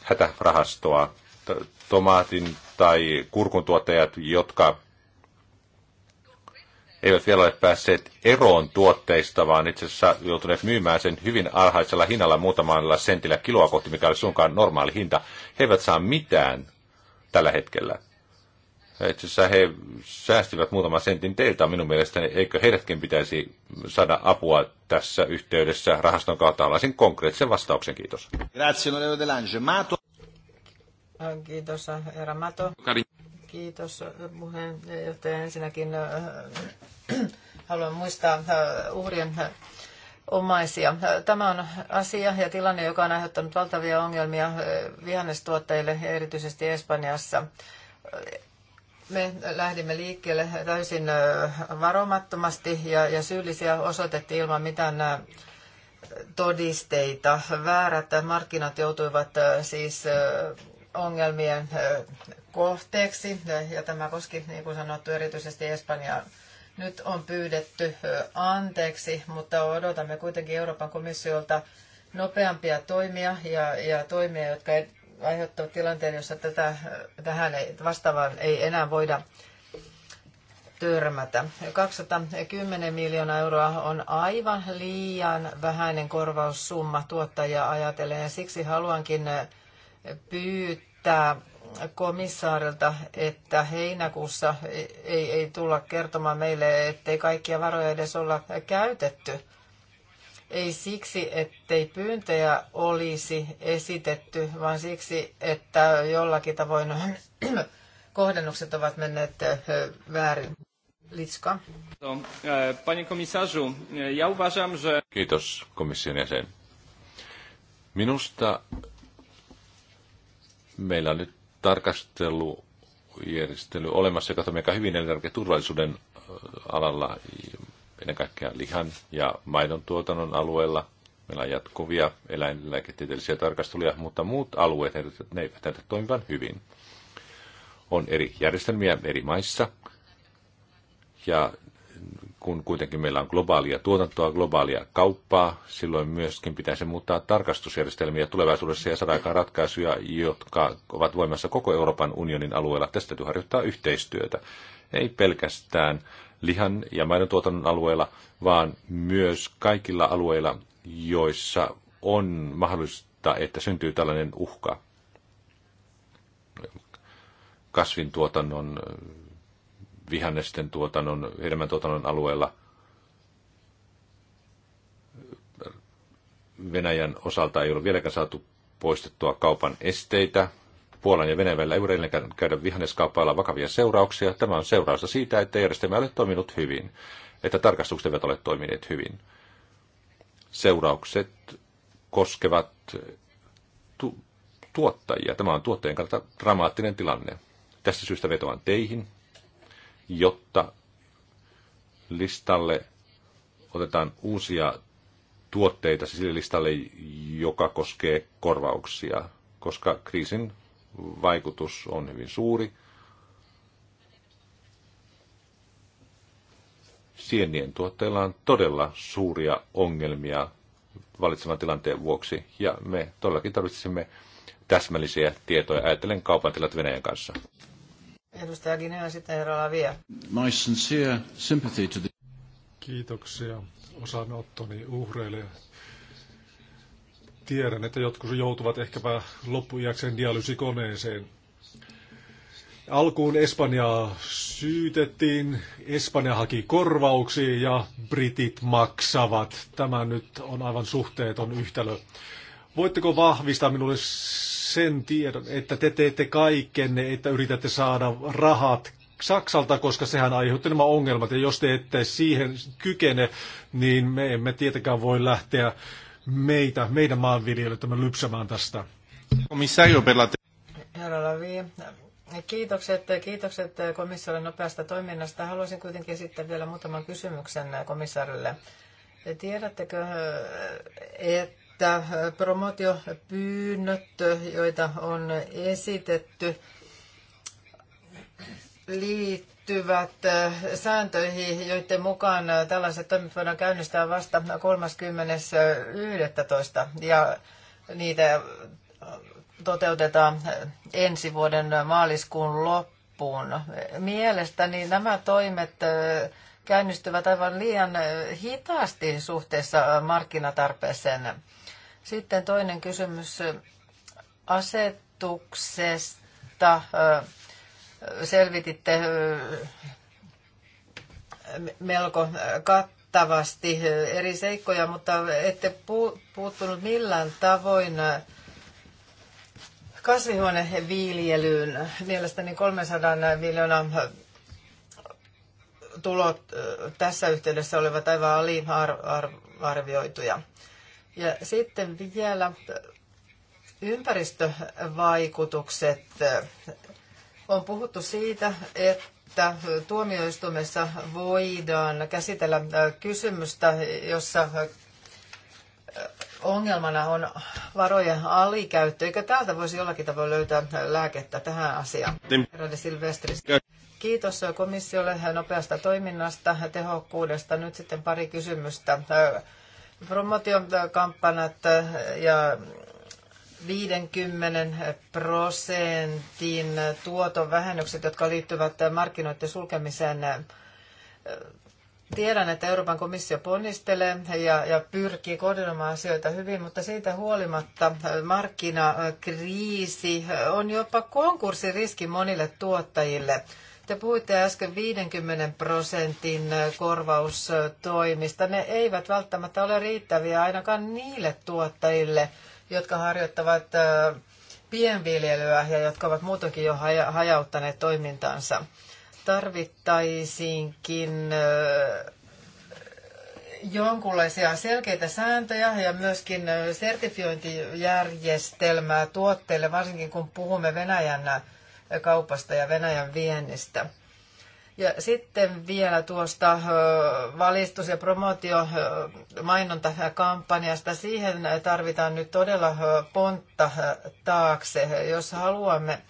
hätärahastoa. Tomaatin tai kurkuntuottajat, jotka eivät vielä ole päässeet eroon tuotteista, vaan itse asiassa joutuneet myymään sen hyvin alhaisella hinnalla muutamalla sentillä kiloa kohti, mikä oli suinkaan normaali hinta. He eivät saa mitään tällä hetkellä. Itse asiassa he säästivät muutaman sentin teiltä minun mielestäni. Eikö heidätkin pitäisi saada apua tässä yhteydessä rahaston kautta? Haluaisin konkreettisen vastauksen, kiitos. Grazie, Äh, kiitos, äh, herra Mato. Kiitos äh, puheenjohtaja. Ensinnäkin haluan muistaa uhrien omaisia. Tämä on asia ja tilanne, joka on aiheuttanut valtavia ongelmia vihannestuottajille erityisesti Espanjassa. Me lähdimme liikkeelle täysin varomattomasti ja, ja syyllisiä osoitettiin ilman mitään todisteita. Väärät markkinat joutuivat siis ongelmien kohteeksi, ja tämä koski, niin kuin sanottu, erityisesti Espanjaa. Nyt on pyydetty anteeksi, mutta odotamme kuitenkin Euroopan komissiolta nopeampia toimia ja, ja toimia, jotka aiheuttavat tilanteen, jossa tätä, tähän ei, vastaavaan ei enää voida törmätä. 210 miljoonaa euroa on aivan liian vähäinen korvaussumma tuottajia ajatellen ja siksi haluankin pyytää komissaarilta, että heinäkuussa ei, ei tulla kertomaan meille, ettei kaikkia varoja edes olla käytetty. Ei siksi, ettei pyyntöjä olisi esitetty, vaan siksi, että jollakin tavoin kohdennukset ovat menneet väärin. Litska. Panie komisarzu, ja uważam, że... Kiitos komission jäsen. Minusta Meillä on nyt tarkastelujärjestely olemassa, joka toimii aika hyvin elintarviketurvallisuuden alalla, ennen kaikkea lihan ja maidon tuotannon alueella. Meillä on jatkuvia eläinlääketieteellisiä tarkasteluja, mutta muut alueet, ne eivät näytä toimivan hyvin. On eri järjestelmiä eri maissa, ja kun kuitenkin meillä on globaalia tuotantoa, globaalia kauppaa, silloin myöskin pitäisi muuttaa tarkastusjärjestelmiä tulevaisuudessa ja saada aikaan ratkaisuja, jotka ovat voimassa koko Euroopan unionin alueella. Tästä täytyy harjoittaa yhteistyötä. Ei pelkästään lihan ja tuotannon alueella, vaan myös kaikilla alueilla, joissa on mahdollista, että syntyy tällainen uhka kasvintuotannon vihannesten tuotannon, hedelmän tuotannon alueella Venäjän osalta ei ole vieläkään saatu poistettua kaupan esteitä. Puolan ja Venäjän välillä ei ole käydä vihanneskaupalla vakavia seurauksia. Tämä on seurausta siitä, että järjestelmä ei ole toiminut hyvin, että tarkastukset eivät ole toimineet hyvin. Seuraukset koskevat tu- tuottajia. Tämä on tuottajien kannalta dramaattinen tilanne. Tästä syystä vetoan teihin, jotta listalle otetaan uusia tuotteita sille listalle, joka koskee korvauksia, koska kriisin vaikutus on hyvin suuri. Sienien tuotteilla on todella suuria ongelmia valitsevan tilanteen vuoksi, ja me todellakin tarvitsisimme täsmällisiä tietoja ajatellen kaupan tilat Venäjän kanssa. Edustaja Ginea, sitten herra My sincere sympathy to the... Kiitoksia osanottoni uhreille. Tiedän, että jotkut joutuvat ehkäpä loppujakseen dialysikoneeseen. Alkuun Espanjaa syytettiin, Espanja haki korvauksia ja britit maksavat. Tämä nyt on aivan suhteeton yhtälö. Voitteko vahvistaa minulle sen tiedon, että te teette kaikkenne, että yritätte saada rahat Saksalta, koska sehän aiheutti nämä ongelmat. Ja jos te ette siihen kykene, niin me emme tietenkään voi lähteä meitä, meidän maanviljelijöitämme lypsämään tästä. Komissario Pelate. Herra Lavi, kiitokset, kiitokset komissiolle nopeasta toiminnasta. Haluaisin kuitenkin esittää vielä muutaman kysymyksen komissaarille. Tiedättekö, että että eh, promotiopyynnöt, joita on esitetty, liittyvät eh, sääntöihin, joiden mukaan eh, tällaiset toimet voidaan käynnistää vasta 30.11. ja niitä toteutetaan ensi vuoden maaliskuun loppuun. Mielestäni nämä toimet käynnistyvät aivan liian hitaasti suhteessa markkinatarpeeseen. Sitten toinen kysymys asetuksesta. Selvititte melko kattavasti eri seikkoja, mutta ette puuttunut millään tavoin kasvihuoneviljelyyn. Mielestäni 300 miljoonan tulot tässä yhteydessä olivat aivan aliarvioituja. Ar- ja sitten vielä ympäristövaikutukset. On puhuttu siitä, että tuomioistuimessa voidaan käsitellä kysymystä, jossa ongelmana on varojen alikäyttö. Eikö täältä voisi jollakin tavalla löytää lääkettä tähän asiaan? Silvestris. Kiitos komissiolle nopeasta toiminnasta ja tehokkuudesta. Nyt sitten pari kysymystä promotiokampanjat äh, ja 50 prosentin tuoton vähennykset, jotka liittyvät markkinoiden sulkemiseen. Tiedän, että Euroopan komissio ponnistelee ja, ja pyrkii koordinoimaan asioita hyvin, mutta siitä huolimatta markkinakriisi on jopa konkurssiriski monille tuottajille. Te puhuitte äsken 50 prosentin korvaustoimista. Ne eivät välttämättä ole riittäviä ainakaan niille tuottajille, jotka harjoittavat pienviljelyä ja jotka ovat muutenkin jo hajauttaneet toimintansa. Tarvittaisiinkin jonkunlaisia selkeitä sääntöjä ja myöskin sertifiointijärjestelmää tuotteille, varsinkin kun puhumme Venäjän kaupasta ja Venäjän viennistä. Ja sitten vielä tuosta valistus- ja kampanjasta Siihen tarvitaan nyt todella pontta taakse, jos haluamme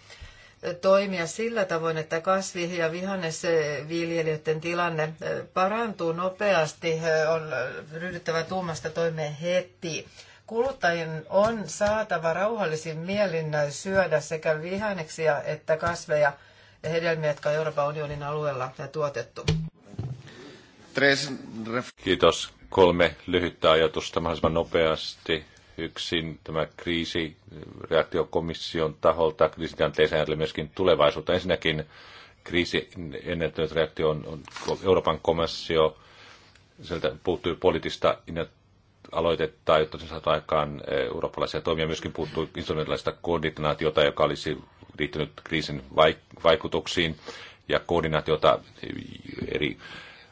toimia sillä tavoin, että kasvi- ja vihannesviljelijöiden tilanne parantuu nopeasti, on ryhdyttävä tuumasta toimeen heti. Kuluttajien on saatava rauhallisin mielin syödä sekä vihanneksia että kasveja ja hedelmiä, jotka on Euroopan unionin alueella tuotettu. Kiitos. Kolme lyhyttä ajatusta mahdollisimman nopeasti. yksi tämä kriisi reaktiokomission taholta kriisitilanteeseen ajatellen myöskin tulevaisuutta. Ensinnäkin kriisi ennättänyt reaktio on, on Euroopan komissio, sieltä puuttuu poliittista aloitetta, jotta se saatu aikaan eh, eurooppalaisia toimia. Myöskin puuttuu instrumentaalista koordinaatiota, joka olisi liittynyt kriisin vaikutuksiin ja koordinaatiota eh, eri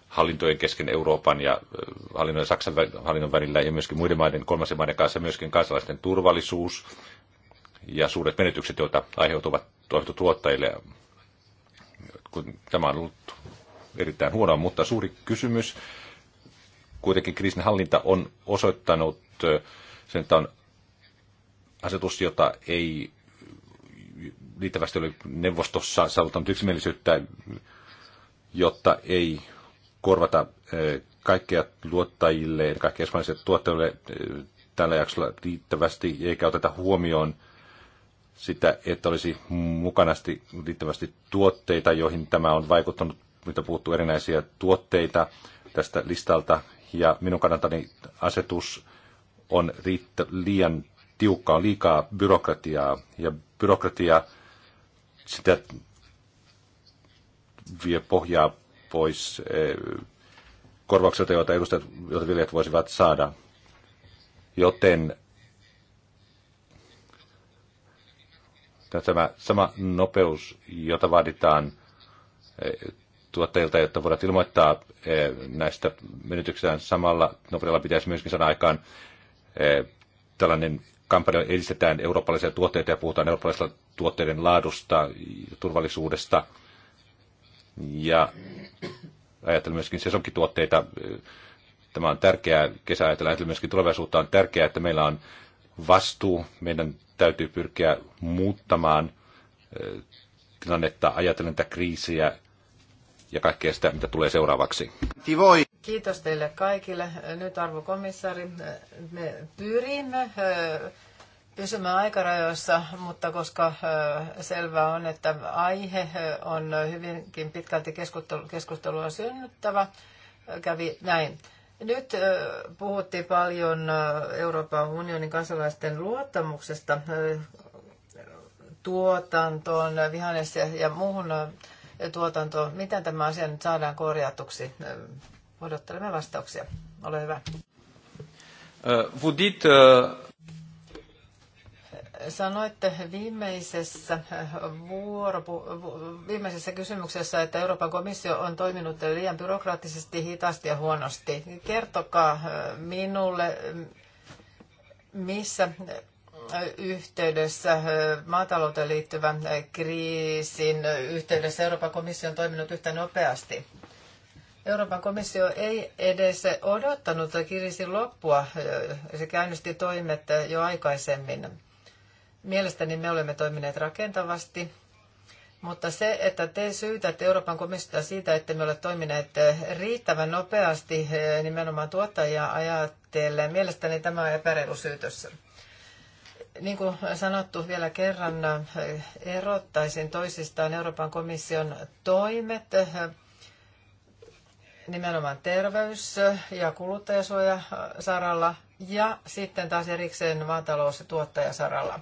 hallintojen kesken Euroopan ja eh, hallinnon ja Saksan hallinnon välillä ja myöskin muiden maiden, kolmansien maiden kanssa, myöskin kansalaisten turvallisuus ja suuret menetykset, joita aiheutuvat tuottajille. Tämä on ollut erittäin huono, mutta suuri kysymys kuitenkin kriisin hallinta on osoittanut sen, että on asetus, jota ei riittävästi ole neuvostossa saavuttanut yksimielisyyttä, jotta ei korvata kaikkia luottajille ja kaikkia espanjaisille tuottajille tällä jaksolla riittävästi, eikä oteta huomioon sitä, että olisi mukanasti riittävästi tuotteita, joihin tämä on vaikuttanut, mitä puuttuu erinäisiä tuotteita tästä listalta, ja minun kannaltani asetus on riittä, liian on liikaa byrokratiaa ja byrokratia sitä vie pohjaa pois eh, korvauksilta, joita edustajat, joita viljelijät voisivat saada. Joten tämä sama nopeus, jota vaaditaan eh, tuottajilta, jotta voidaan ilmoittaa eh, näistä menetyksistään samalla. Nopealla pitäisi myöskin saada aikaan eh, tällainen kampanja, edistetään eurooppalaisia tuotteita ja puhutaan eurooppalaisista tuotteiden laadusta, turvallisuudesta ja ajattelen myöskin sesonkituotteita. Eh, tämä on tärkeää kesä ajatella, ajattelen myöskin tulevaisuutta on tärkeää, että meillä on vastuu. Meidän täytyy pyrkiä muuttamaan tilannetta, ajatellen tätä kriisiä ja kaikkea sitä, mitä tulee seuraavaksi. Kiitos teille kaikille. Nyt arvokomissari, me pyrimme äh, pysymään aikarajoissa, mutta koska äh, selvää on, että aihe äh, on hyvinkin pitkälti keskustelua synnyttävä, kävi näin. Nyt puhuttiin paljon Euroopan unionin kansalaisten luottamuksesta tuotantoon, vihannes- ja muuhun tuotantoon. Miten tämä asia nyt saadaan korjatuksi? Odottelemme vastauksia. Ole hyvä. Vous Sanoitte viimeisessä, vuoropu, viimeisessä kysymyksessä, että Euroopan komissio on toiminut liian byrokraattisesti, hitaasti ja huonosti. Kertokaa minulle, missä yhteydessä, maatalouteen liittyvän kriisin yhteydessä Euroopan komissio on toiminut yhtä nopeasti. Euroopan komissio ei edes odottanut kriisin loppua. Se käynnisti toimet jo aikaisemmin. Mielestäni me olemme toimineet rakentavasti, mutta se, että te syytätte Euroopan komissiota siitä, että me ole toimineet riittävän nopeasti nimenomaan tuottajia ajatellen, mielestäni tämä on epäreilu syytös. Niin kuin sanottu vielä kerran, eh, erottaisin toisistaan Euroopan komission toimet eh, nimenomaan terveys- ja kuluttajasuojasaralla ja sitten taas erikseen maatalous- ja tuottajasaralla.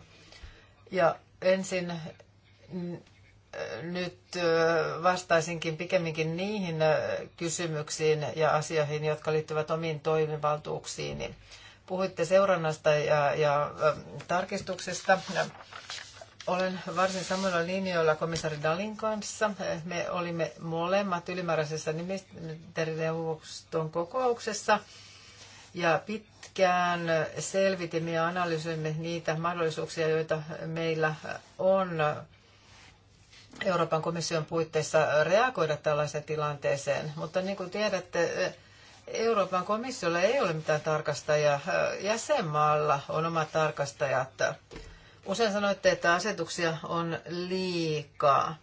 Ja ensin mm, eh, nyt vastaisinkin pikemminkin niihin kysymyksiin ja asioihin, jotka liittyvät omiin toimivaltuuksiini. Puhuitte seurannasta ja, ja tarkistuksesta. Olen varsin samalla linjoilla komissaari Dalin kanssa. Me olimme molemmat ylimääräisessä ministerineuvoston kokouksessa ja pitkään selvitimme ja analysoimme niitä mahdollisuuksia, joita meillä on Euroopan komission puitteissa reagoida tällaiseen tilanteeseen. Mutta niin kuin tiedätte, Euroopan komissiolla ei ole mitään tarkastajaa. Jäsenmaalla on omat tarkastajat. Usein sanoitte, että asetuksia on liikaa.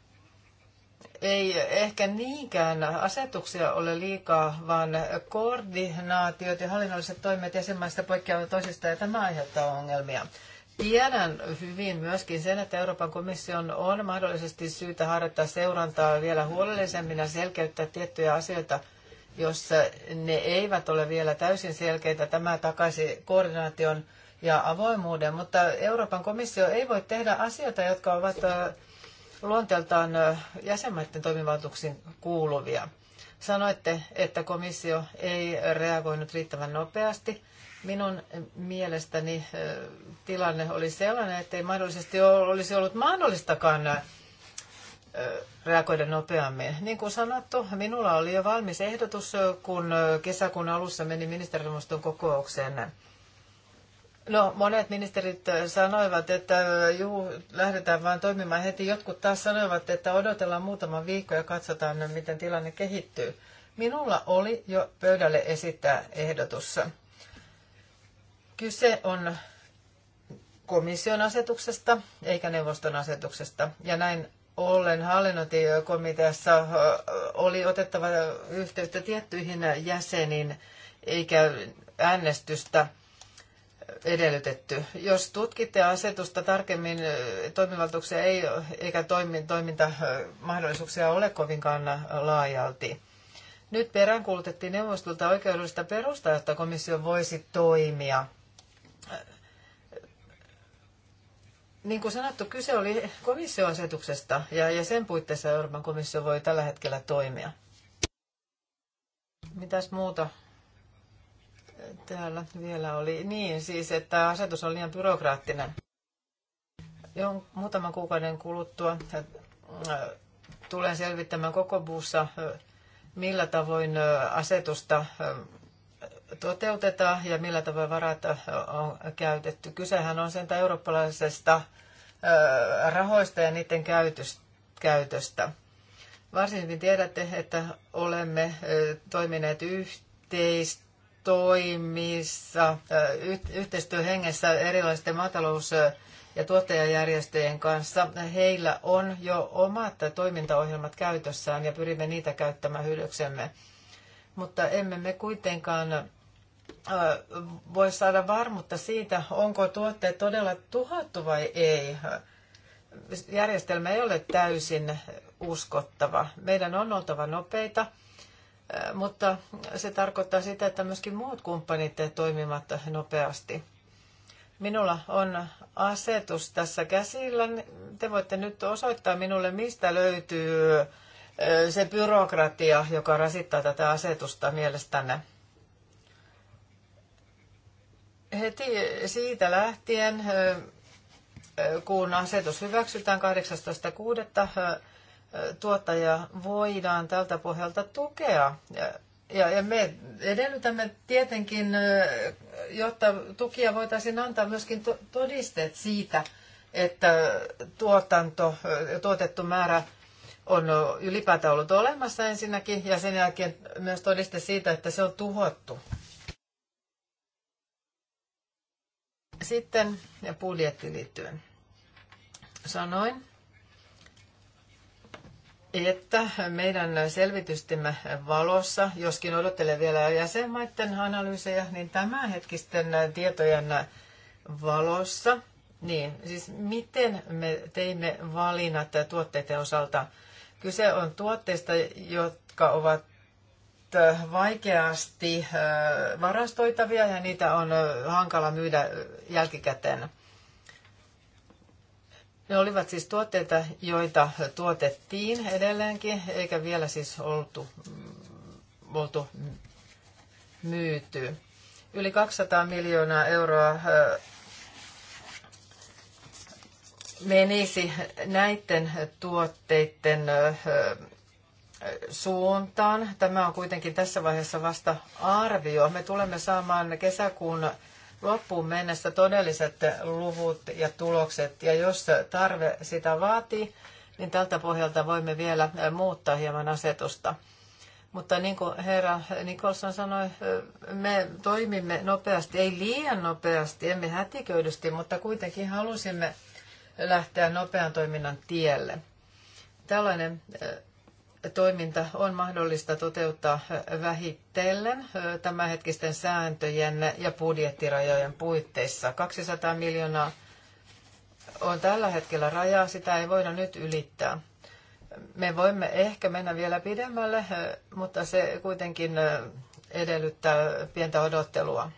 Ei ehkä niinkään asetuksia ole liikaa, vaan koordinaatiot ja hallinnolliset toimet jäsenmaista poikkeavat toisistaan ja tämä aiheuttaa ongelmia. Tiedän hyvin myöskin sen, että Euroopan komission on mahdollisesti syytä harjoittaa seurantaa vielä huolellisemmin ja selkeyttää tiettyjä asioita – jossa ne eivät ole vielä täysin selkeitä, tämä takaisi koordinaation ja avoimuuden, mutta Euroopan komissio ei voi tehdä asioita, jotka ovat luonteeltaan jäsenmaiden toimivaltuuksiin kuuluvia. Sanoitte, että komissio ei reagoinut riittävän nopeasti. Minun mielestäni tilanne oli sellainen, että ei mahdollisesti olisi ollut mahdollistakaan reagoida nopeammin. Niin kuin sanottu, minulla oli jo valmis ehdotus, kun kesäkuun alussa meni ministerineuvoston kokoukseen. No, monet ministerit sanoivat, että juu, lähdetään vaan toimimaan heti. Jotkut taas sanoivat, että odotellaan muutama viikko ja katsotaan, miten tilanne kehittyy. Minulla oli jo pöydälle esittää ehdotussa. Kyse on komission asetuksesta eikä neuvoston asetuksesta. Ja näin ollen hallinnointikomiteassa oli otettava yhteyttä tiettyihin jäseniin, eikä äänestystä edellytetty. Jos tutkitte asetusta tarkemmin, toimivaltuuksia ei, eikä toimintamahdollisuuksia ole kovinkaan laajalti. Nyt peräänkuulutettiin neuvostolta oikeudellista perustaa, jotta komissio voisi toimia – Niin kuin sanottu, kyse oli komissioasetuksesta ja, ja sen puitteissa Euroopan komissio voi tällä hetkellä toimia. Mitäs muuta täällä vielä oli? Niin, siis että asetus on liian byrokraattinen. Jo muutaman kuukauden kuluttua äh, tulen selvittämään koko buussa, äh, millä tavoin äh, asetusta toteutetaan ja millä tavalla varat on käytetty. Kysehän on sen eurooppalaisesta rahoista ja niiden käytöstä. Varsin hyvin tiedätte, että olemme toimineet yhteistoimissa, yhteistyöhengessä erilaisten maatalous- ja tuottajajärjestöjen kanssa. Heillä on jo omat toimintaohjelmat käytössään ja pyrimme niitä käyttämään hyödyksemme. Mutta emme me kuitenkaan voi saada varmuutta siitä, onko tuotteet todella tuhattu vai ei. Järjestelmä ei ole täysin uskottava. Meidän on oltava nopeita, mutta se tarkoittaa sitä, että myöskin muut kumppanit toimivat nopeasti. Minulla on asetus tässä käsillä. Te voitte nyt osoittaa minulle, mistä löytyy se byrokratia, joka rasittaa tätä asetusta mielestänne. Heti siitä lähtien, kun asetus hyväksytään 18.6., tuottaja voidaan tältä pohjalta tukea. Ja, ja me edellytämme tietenkin, jotta tukia voitaisiin antaa myöskin todisteet siitä, että tuotanto, tuotettu määrä on ylipäätään ollut olemassa ensinnäkin, ja sen jälkeen myös todiste siitä, että se on tuhottu. Sitten ja budjettiin liittyen sanoin, että meidän selvitystimme valossa, joskin odottelen vielä jäsenmaiden analyysejä, niin tämänhetkisten tietojen valossa, niin siis miten me teimme valinnat tuotteiden osalta. Kyse on tuotteista, jotka ovat Äh, vaikeasti äh, varastoitavia ja niitä on äh, hankala myydä jälkikäteen. Ne olivat siis tuotteita, joita tuotettiin edelleenkin, eikä vielä siis oltu, mm, oltu myyty. Yli 200 miljoonaa euroa menisi näiden tuotteiden suuntaan. Tämä on kuitenkin tässä vaiheessa vasta arvio. Me tulemme saamaan kesäkuun loppuun mennessä todelliset luvut ja tulokset. Ja jos tarve sitä vaatii, niin tältä pohjalta voimme vielä muuttaa hieman asetusta. Mutta niin kuin herra Nikolson sanoi, me toimimme nopeasti, ei liian nopeasti, emme hätiköidysti, mutta kuitenkin halusimme lähteä nopean toiminnan tielle. Tällainen toiminta on mahdollista toteuttaa vähitellen tämänhetkisten sääntöjen ja budjettirajojen puitteissa. 200 miljoonaa on tällä hetkellä raja, sitä ei voida nyt ylittää. Me voimme ehkä mennä vielä pidemmälle, mutta se kuitenkin edellyttää pientä odottelua.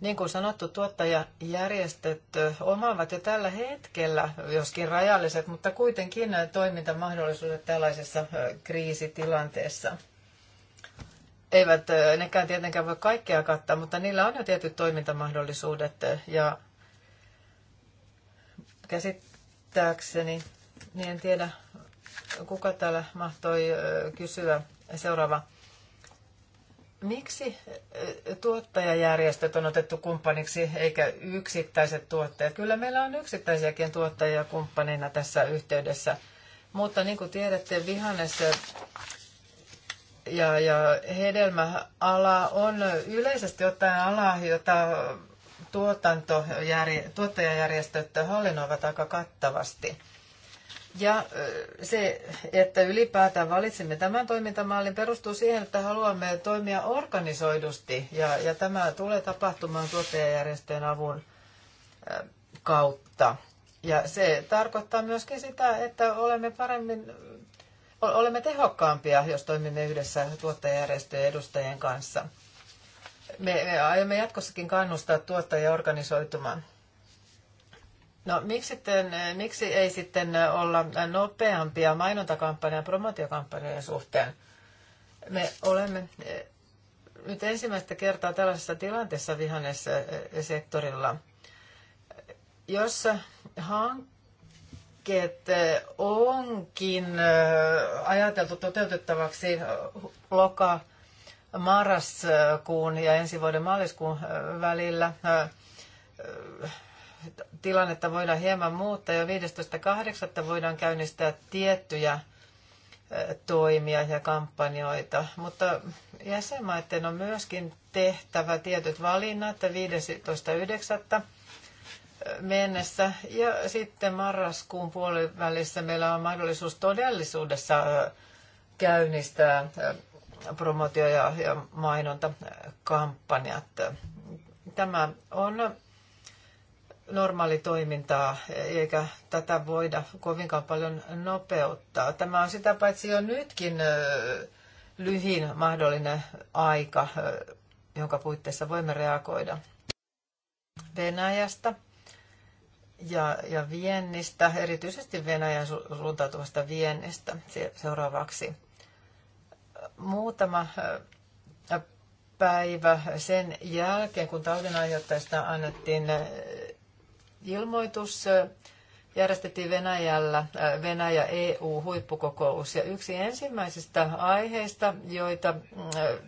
Niin kuin sanottu, tuottajajärjestöt omaavat jo tällä hetkellä, joskin rajalliset, mutta kuitenkin toimintamahdollisuudet tällaisessa kriisitilanteessa. Eivät nekään tietenkään voi kaikkea kattaa, mutta niillä on jo tietyt toimintamahdollisuudet ja käsittääkseni, niin en tiedä kuka täällä mahtoi kysyä seuraava Miksi tuottajajärjestöt on otettu kumppaniksi eikä yksittäiset tuottajat? Kyllä meillä on yksittäisiäkin tuottajia kumppanina tässä yhteydessä. Mutta niin kuin tiedätte, vihannes ja, ja hedelmäala on yleisesti ottaen ala, jota tuottajajärjestöt hallinnoivat aika kattavasti. Ja se, että ylipäätään valitsimme tämän toimintamallin, perustuu siihen, että haluamme toimia organisoidusti. Ja, ja tämä tulee tapahtumaan tuottajajärjestöjen avun kautta. Ja se tarkoittaa myöskin sitä, että olemme paremmin, olemme tehokkaampia, jos toimimme yhdessä tuottajajärjestöjen edustajien kanssa. Me, me aiomme jatkossakin kannustaa tuottajia organisoitumaan. No miksi, sitten, miksi ei sitten olla nopeampia mainontakampanjan ja promotiokampanjojen suhteen? Me olemme eh, nyt ensimmäistä kertaa tällaisessa tilanteessa vihannessektorilla. jossa hankkeet eh, onkin eh, ajateltu toteutettavaksi loka, marraskuun ja ensi vuoden maaliskuun välillä, tilannetta voidaan hieman muuttaa ja 15.8. voidaan käynnistää tiettyjä toimia ja kampanjoita, mutta jäsenmaiden on myöskin tehtävä tietyt valinnat 15.9. mennessä ja sitten marraskuun puolivälissä meillä on mahdollisuus todellisuudessa käynnistää promotio- ja mainontakampanjat. Tämä on normaalitoimintaa, eikä tätä voida kovinkaan paljon nopeuttaa. Tämä on sitä paitsi jo nytkin lyhin mahdollinen aika, jonka puitteissa voimme reagoida Venäjästä ja, ja viennistä, erityisesti Venäjän suuntautuvasta viennistä seuraavaksi. Muutama päivä sen jälkeen, kun taudin aiheuttajista annettiin ilmoitus järjestettiin Venäjällä Venäjä-EU-huippukokous. Ja yksi ensimmäisistä aiheista, joita mm,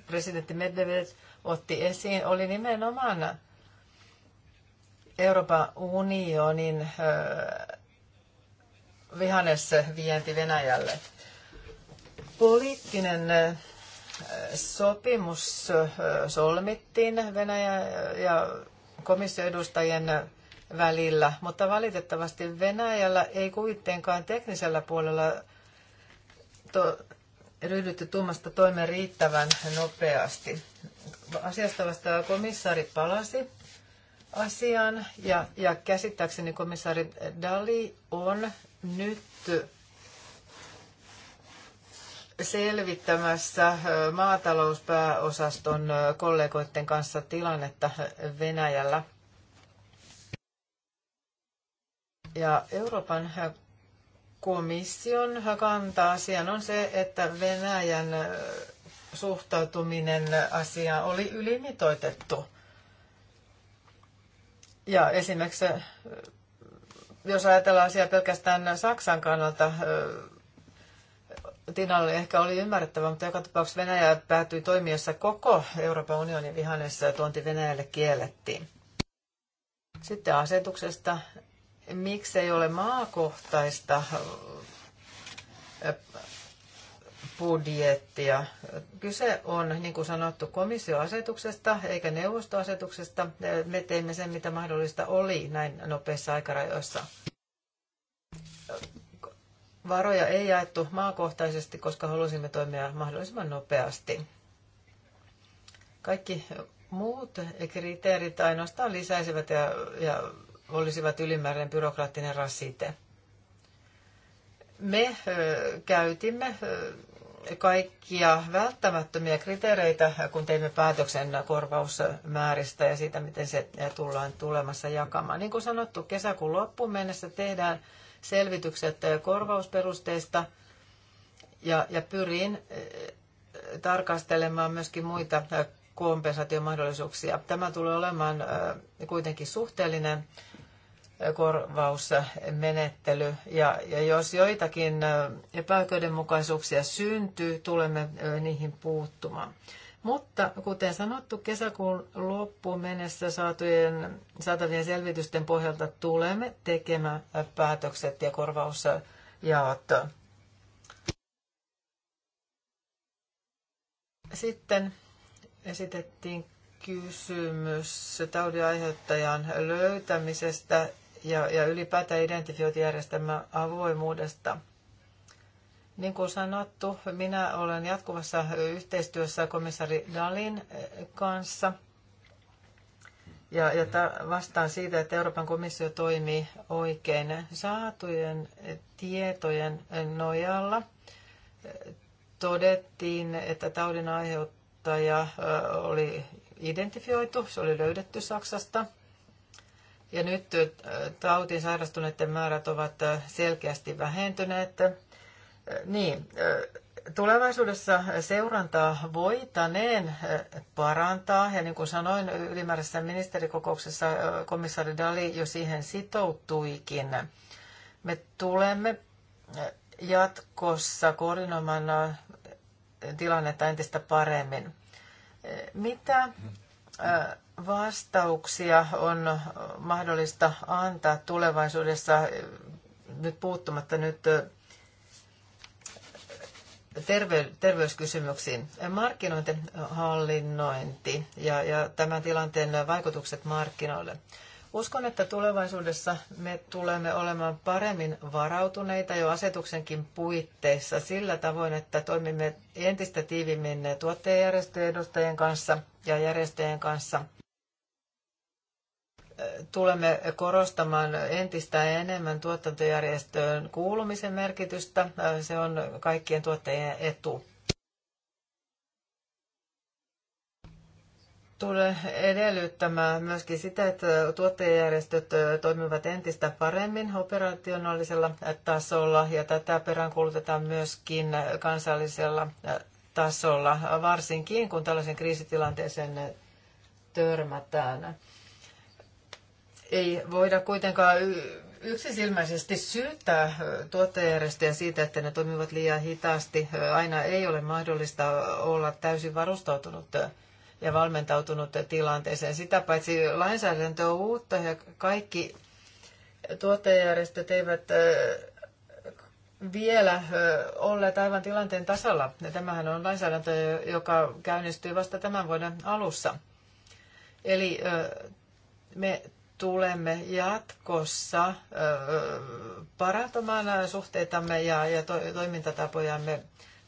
presidentti Medvedev otti esiin, oli nimenomaan Euroopan unionin vihannesvienti Venäjälle. Poliittinen sopimus solmittiin Venäjä ja komission edustajien välillä, mutta valitettavasti Venäjällä ei kuitenkaan teknisellä puolella to, ryhdytty tuumasta toimeen riittävän nopeasti. Asiasta vastaava komissaari palasi asiaan ja, ja käsittääkseni komissaari Dali on nyt selvittämässä maatalouspääosaston kollegoiden kanssa tilannetta Venäjällä – Ja Euroopan komission kanta asiaan on se, että Venäjän suhtautuminen asiaan oli ylimitoitettu. Ja esimerkiksi jos ajatellaan asiaa pelkästään Saksan kannalta, Tinalle ehkä oli ymmärrettävä, mutta joka tapauksessa Venäjä päätyi toimijossa koko Euroopan unionin vihannes tuonti Venäjälle kiellettiin. Sitten asetuksesta miksei ole maakohtaista budjettia. Kyse on, niin kuin sanottu, komissioasetuksesta eikä neuvostoasetuksesta. Me teimme sen, mitä mahdollista oli näin nopeissa aikarajoissa. Varoja ei jaettu maakohtaisesti, koska halusimme toimia mahdollisimman nopeasti. Kaikki muut kriteerit ainoastaan lisäisivät ja, ja olisivat ylimääräinen byrokraattinen rasite. Me käytimme kaikkia välttämättömiä kriteereitä, kun teimme päätöksen korvausmääristä ja siitä, miten se tullaan tulemassa jakamaan. Niin kuin sanottu, kesäkuun loppuun mennessä tehdään selvitykset korvausperusteista ja, ja pyrin tarkastelemaan myöskin muita kompensaatiomahdollisuuksia. Tämä tulee olemaan kuitenkin suhteellinen korvausmenettely. Ja, ja jos joitakin epäoikeudenmukaisuuksia syntyy, tulemme niihin puuttumaan. Mutta kuten sanottu, kesäkuun loppuun mennessä saatujen, saatavien selvitysten pohjalta tulemme tekemään päätökset ja korvausjaot. Sitten esitettiin kysymys taudin aiheuttajan löytämisestä ja, ja ylipäätään identifiointijärjestelmän avoimuudesta. Niin kuin sanottu, minä olen jatkuvassa yhteistyössä komissari Dalin eh, kanssa ja, ja vastaan siitä, että Euroopan komissio toimii oikein saatujen tietojen nojalla. Todettiin, että taudin aiheuttaja eh, oli identifioitu, se oli löydetty Saksasta – ja nyt tautiin sairastuneiden määrät ovat selkeästi vähentyneet. Niin, tulevaisuudessa seurantaa voitaneen parantaa. Ja niin kuin sanoin, ylimääräisessä ministerikokouksessa komissaari Dali jo siihen sitoutuikin. Me tulemme jatkossa koordinoimaan tilannetta entistä paremmin. Mitä vastauksia on mahdollista antaa tulevaisuudessa nyt puuttumatta nyt terve, terveyskysymyksiin. Markkinointihallinnointi ja, ja tämän tilanteen vaikutukset markkinoille. Uskon, että tulevaisuudessa me tulemme olemaan paremmin varautuneita jo asetuksenkin puitteissa sillä tavoin, että toimimme entistä tiivimmin tuottajajärjestöjen edustajien kanssa ja järjestöjen kanssa – tulemme korostamaan entistä enemmän tuotantojärjestöön kuulumisen merkitystä. Se on kaikkien tuottajien etu. tulee edellyttämään myöskin sitä, että tuottajajärjestöt toimivat entistä paremmin operationaalisella tasolla ja tätä peräänkuulutetaan myöskin kansallisella tasolla, varsinkin kun tällaisen kriisitilanteeseen törmätään. Ei voida kuitenkaan yksisilmäisesti syyttää tuottajajärjestöjä siitä, että ne toimivat liian hitaasti. Aina ei ole mahdollista olla täysin varustautunut ja valmentautunut tilanteeseen. Sitä paitsi lainsäädäntö on uutta ja kaikki tuottajajärjestöt eivät vielä olleet aivan tilanteen tasalla. Ja tämähän on lainsäädäntö, joka käynnistyy vasta tämän vuoden alussa. Eli me tulemme jatkossa parantamaan suhteitamme ja, ja to, toimintatapojamme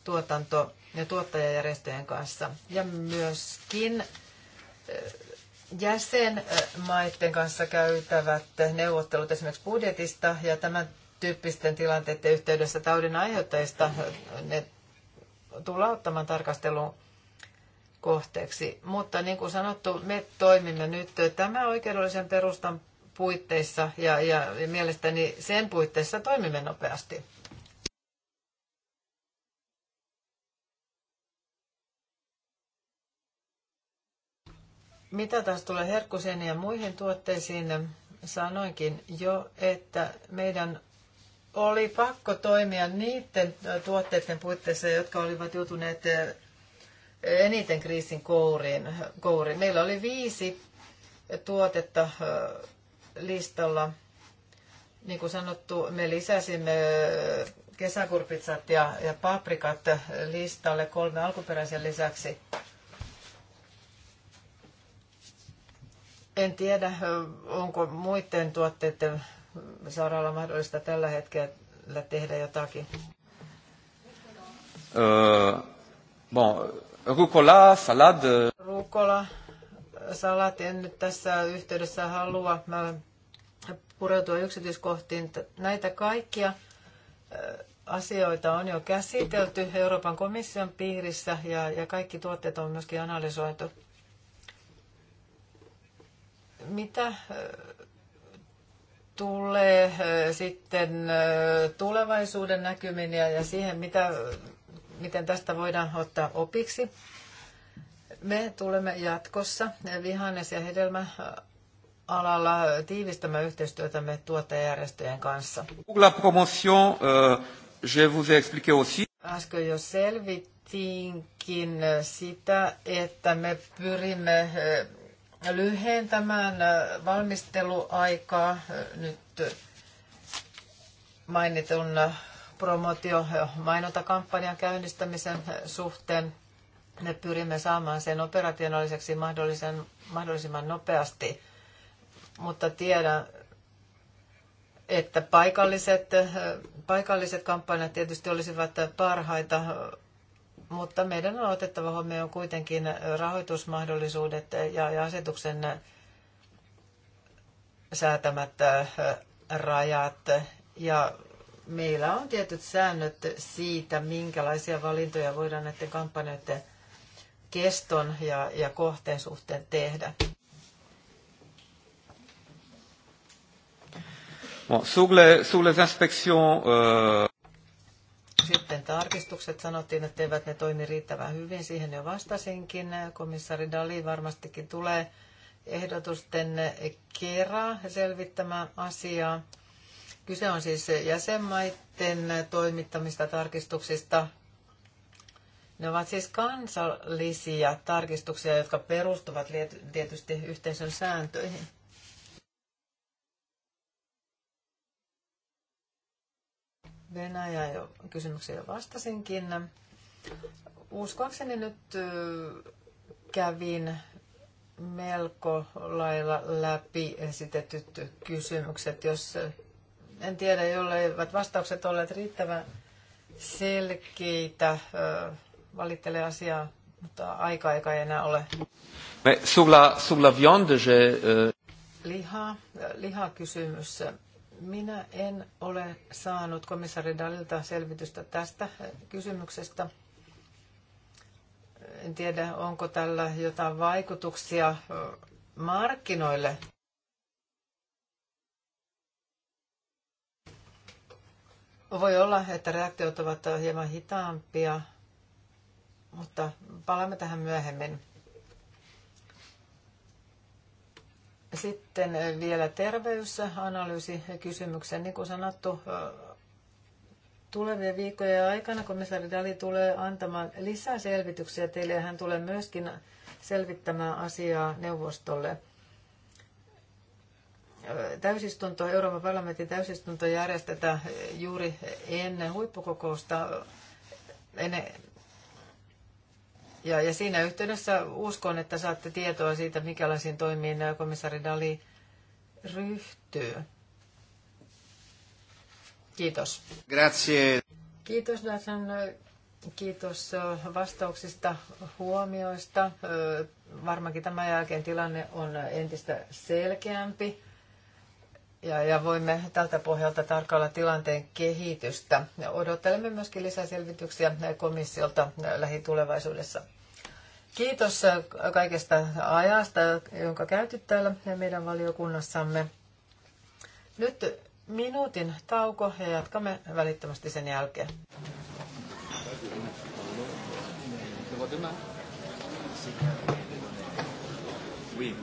tuotanto- ja tuottajajärjestöjen kanssa ja myöskin jäsenmaiden kanssa käytävät neuvottelut esimerkiksi budjetista ja tämän tyyppisten tilanteiden yhteydessä taudin aiheuttajista ne tullaan ottamaan tarkasteluun kohteeksi. Mutta niin kuin sanottu, me toimimme nyt tämän oikeudellisen perustan puitteissa ja, ja mielestäni sen puitteissa toimimme nopeasti. Mitä taas tulee herkkuseen ja muihin tuotteisiin, sanoinkin jo, että meidän oli pakko toimia niiden tuotteiden puitteissa, jotka olivat joutuneet eniten kriisin kouriin. Kouri. Meillä oli viisi tuotetta listalla. Niin kuin sanottu, me lisäsimme kesäkurpitsat ja, ja paprikat listalle kolme alkuperäisen lisäksi. En tiedä, onko muiden tuotteiden saralla mahdollista tällä hetkellä tehdä jotakin. Öö, bon, rukola, salad. Eh. Rukola, salat. En nyt tässä yhteydessä halua Mä pureutua yksityiskohtiin. Näitä kaikkia eh, asioita on jo käsitelty Euroopan komission piirissä ja, ja kaikki tuotteet on myöskin analysoitu. Mitä eh, tulee sitten tulevaisuuden näkyminen ja siihen, mitä miten tästä voidaan ottaa opiksi. Me tulemme jatkossa vihannes- ja alalla tiivistämään yhteistyötämme tuottajajärjestöjen kanssa. La promotion, uh, je vous ai expliqué aussi. Äsken jo selvitinkin sitä, että me pyrimme äh, lyhentämään äh, valmisteluaikaa äh, nyt mainitun promotio- ja mainontakampanjan käynnistämisen suhteen. Me pyrimme saamaan sen operationaaliseksi mahdollisimman nopeasti, mutta tiedän, että paikalliset, paikalliset kampanjat tietysti olisivat parhaita, mutta meidän on otettava huomioon kuitenkin rahoitusmahdollisuudet ja, ja asetuksen säätämät rajat. Ja meillä on tietyt säännöt siitä, minkälaisia valintoja voidaan näiden kampanjoiden keston ja, ja kohteen suhteen tehdä. Bon, sur, les, sur les inspections, euh... Sitten tarkistukset sanottiin, että eivät ne toimi riittävän hyvin. Siihen jo vastasinkin. Komissaari Dali varmastikin tulee ehdotusten kerran selvittämään asiaa. Kyse on siis jäsenmaiden toimittamista tarkistuksista. Ne ovat siis kansallisia tarkistuksia, jotka perustuvat tietysti yhteisön sääntöihin. Venäjä jo kysymyksiä jo vastasinkin. Uskoakseni nyt kävin melko lailla läpi esitetyt kysymykset. Jos en tiedä, jolleivät vastaukset olleet riittävän selkeitä. Valittele asiaa, mutta aika aika enää ole. Mais sur viande, je, euh, Liha, lihakysymys. Minä en ole saanut komissaari Dalilta selvitystä tästä kysymyksestä. En tiedä, onko tällä jotain vaikutuksia markkinoille. Voi olla, että reaktiot ovat hieman hitaampia, mutta palaamme tähän myöhemmin. Sitten vielä terveysanalyysi kysymyksen. Niin kuin sanottu, tulevien viikkojen aikana komissaari Dali tulee antamaan lisää selvityksiä teille ja hän tulee myöskin selvittämään asiaa neuvostolle täysistunto, Euroopan parlamentin täysistunto järjestetään juuri ennen huippukokousta. Ennen, ja, ja siinä yhteydessä uskon, että saatte tietoa siitä, mikälaisiin toimiin komissaari Dali ryhtyy. Kiitos. Grazie. Kiitos Darsan. Kiitos vastauksista, huomioista. Varmaankin tämän jälkeen tilanne on entistä selkeämpi ja, ja voimme tältä pohjalta tarkkailla tilanteen kehitystä. Odottelemme myöskin lisäselvityksiä komissiolta lähitulevaisuudessa. Kiitos kaikesta ajasta, jonka käytit täällä meidän valiokunnassamme. Nyt minuutin tauko ja jatkamme välittömästi sen jälkeen. Oui.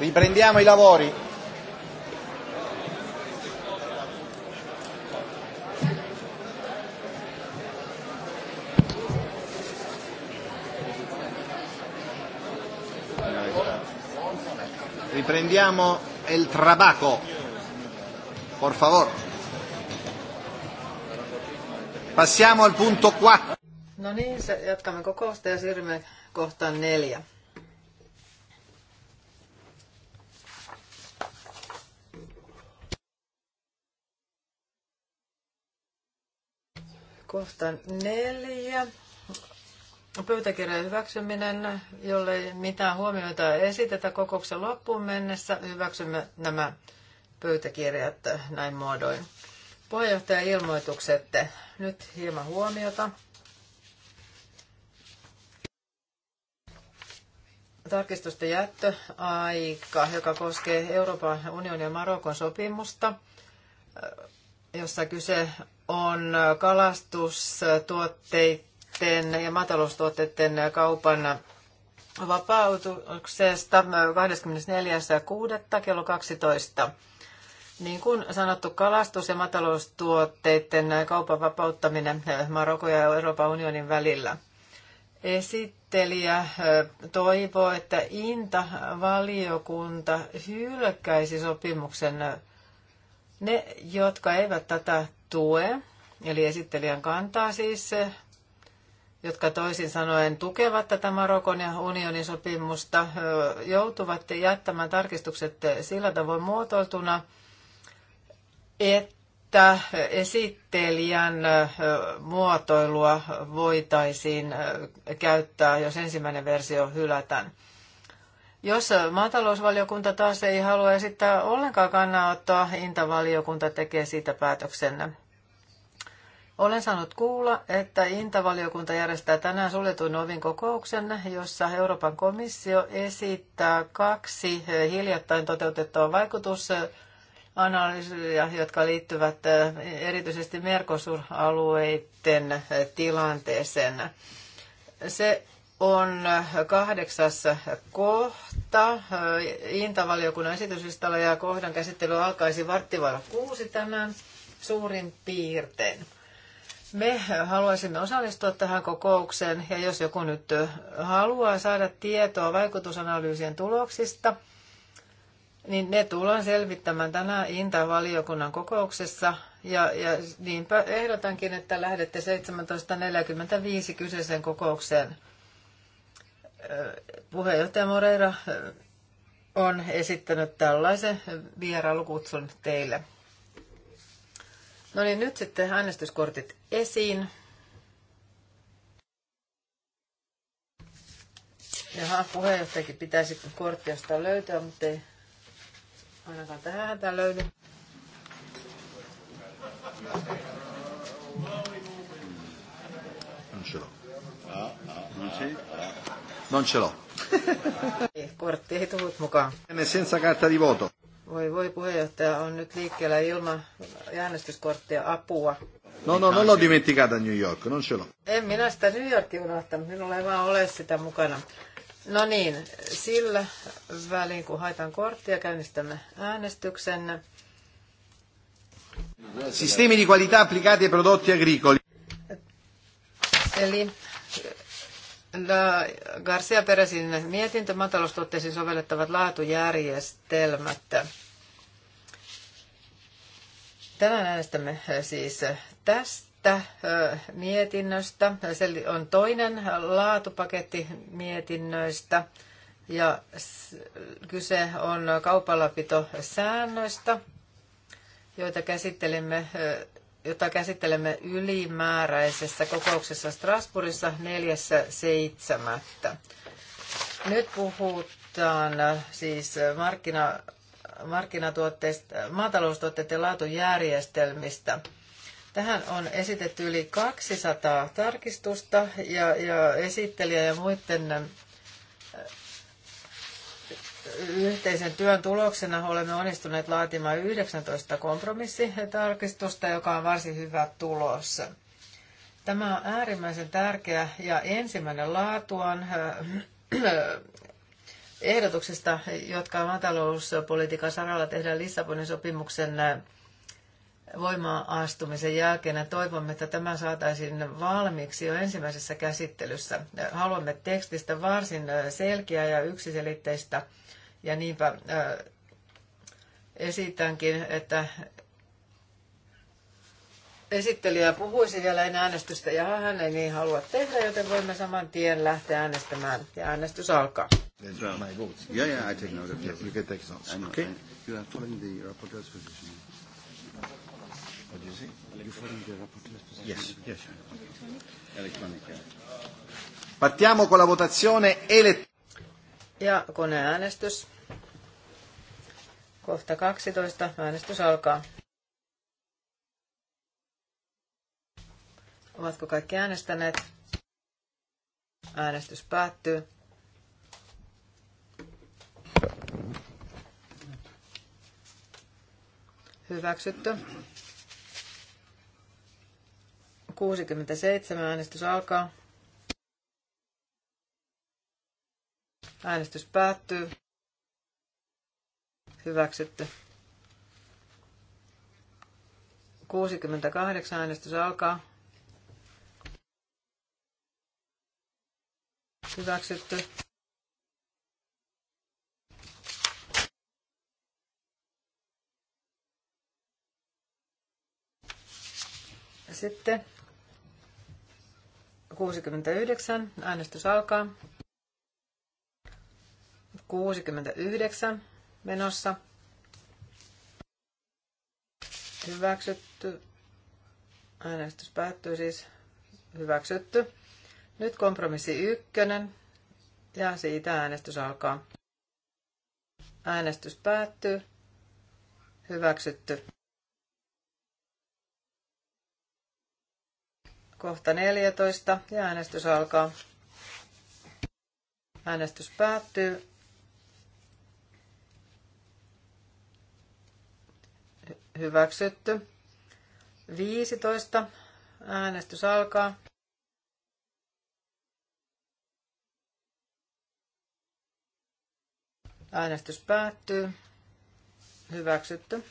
Riprendiamo i lavori. Riprendiamo il trabaco. Por favor. Passiamo al punto 4. No niin, jatkamme kokousta ja siirrymme kohtaan neljä. kohta neljä. Pöytäkirjan hyväksyminen, jolle mitään huomioita esitetä kokouksen loppuun mennessä, hyväksymme nämä pöytäkirjat näin muodoin. Puheenjohtaja ilmoitukset. Nyt hieman huomiota. Tarkistusten jättöaika, joka koskee Euroopan unionin ja Marokon sopimusta, jossa kyse on kalastustuotteiden ja maataloustuotteiden kaupan vapautuksesta 24.6. kello 12. Niin kuin sanottu, kalastus- ja maataloustuotteiden kaupan vapauttaminen Marokko ja Euroopan unionin välillä. Esittelijä eh, toivoo, että Inta-valiokunta hylkäisi sopimuksen eh, ne, jotka eivät tätä tue, eli esittelijän kantaa siis, jotka toisin sanoen tukevat tätä Marokon ja unionin sopimusta, joutuvat jättämään tarkistukset sillä tavoin muotoiltuna, että esittelijän muotoilua voitaisiin käyttää, jos ensimmäinen versio hylätään. Jos maatalousvaliokunta taas ei halua esittää ollenkaan kannanottoa, Intavaliokunta tekee siitä päätöksen. Olen saanut kuulla, että Intavaliokunta järjestää tänään suljetun ovin kokouksen, jossa Euroopan komissio esittää kaksi hiljattain toteutettua vaikutusanalyysiä, jotka liittyvät erityisesti Mercosur-alueiden tilanteeseen. Se on kahdeksas kohta Intavaliokunnan esityslistalla ja kohdan käsittely alkaisi varttivailla kuusi tänään suurin piirtein. Me haluaisimme osallistua tähän kokoukseen ja jos joku nyt haluaa saada tietoa vaikutusanalyysien tuloksista, niin ne tullaan selvittämään tänään Inta-valiokunnan kokouksessa. Ja, ja niinpä ehdotankin, että lähdette 17.45 kyseiseen kokoukseen – Puheenjohtaja Moreira on esittänyt tällaisen vierailukutsun teille. No niin, nyt sitten äänestyskortit esiin. Jaha, puheenjohtajakin pitäisi sitä löytää, mutta ei ainakaan tähän häntä löydy. Non Ah, ah, ah, ah. Non ce l'ho. Kortti ei tullut mukaan. Senza carta di voto. Voi voi, puheenjohtaja on nyt liikkeellä ilman äänestyskorttia apua. No, no, non l'ho dimenticata New York, non ce l'ho. En minä sitä New Yorkia unohtanut, minulla ei vaan ole sitä mukana. No niin, sillä väliin kun haetaan korttia, käynnistämme äänestyksen. Sistemi di qualità applicati ai prodotti agricoli. Eli Garcia Peresin mietintö maataloustuotteisiin sovellettavat laatujärjestelmät. Tänään äänestämme äh, siis äh, tästä äh, mietinnöstä. Se on toinen laatupaketti mietinnöistä ja kyse on kaupallapitosäännöistä, joita käsittelimme jota käsittelemme ylimääräisessä kokouksessa Strasbourgissa 4.7. Nyt puhutaan siis markkina, markkinatuotteista, maataloustuotteiden laatujärjestelmistä. Tähän on esitetty yli 200 tarkistusta ja, ja esittelijä ja muiden yhteisen työn tuloksena olemme onnistuneet laatimaan 19 kompromissitarkistusta, joka on varsin hyvä tulos. Tämä on äärimmäisen tärkeä ja ensimmäinen laatuan äh, ehdotuksista, jotka maatalouspolitiikan saralla tehdään Lissabonin sopimuksen äh, voimaan astumisen jälkeen. Toivomme, että tämä saataisiin valmiiksi jo ensimmäisessä käsittelyssä. Äh, haluamme tekstistä varsin selkeää ja yksiselitteistä ja niinpä äh, esitänkin, että esittelijä puhuisi vielä ennen äänestystä, ja hän ei niin halua tehdä, joten voimme saman tien lähteä äänestämään, ja äänestys alkaa. What do you You the Yes, yes. Partiamo con la votazione elettronica. Ja koneäänestys. Kohta 12. Äänestys alkaa. Ovatko kaikki äänestäneet? Äänestys päättyy. Hyväksytty. 67 äänestys alkaa. Äänestys päättyy. Hyväksytty. 68 äänestys alkaa. Hyväksytty. Sitten 69 äänestys alkaa. 69 menossa. Hyväksytty. Äänestys päättyy siis. Hyväksytty. Nyt kompromissi ykkönen. Ja siitä äänestys alkaa. Äänestys päättyy. Hyväksytty. Kohta 14 ja äänestys alkaa. Äänestys päättyy. hyväksytty. 15. Äänestys alkaa. Äänestys päättyy. Hyväksytty.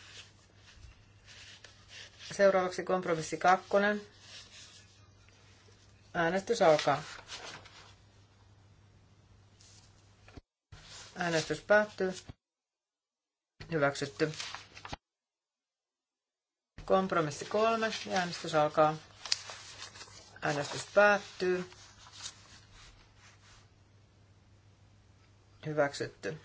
Seuraavaksi kompromissi 2. Äänestys alkaa. Äänestys päättyy. Hyväksytty. Kompromissi kolme. Äänestys alkaa. Äänestys päättyy. Hyväksytty.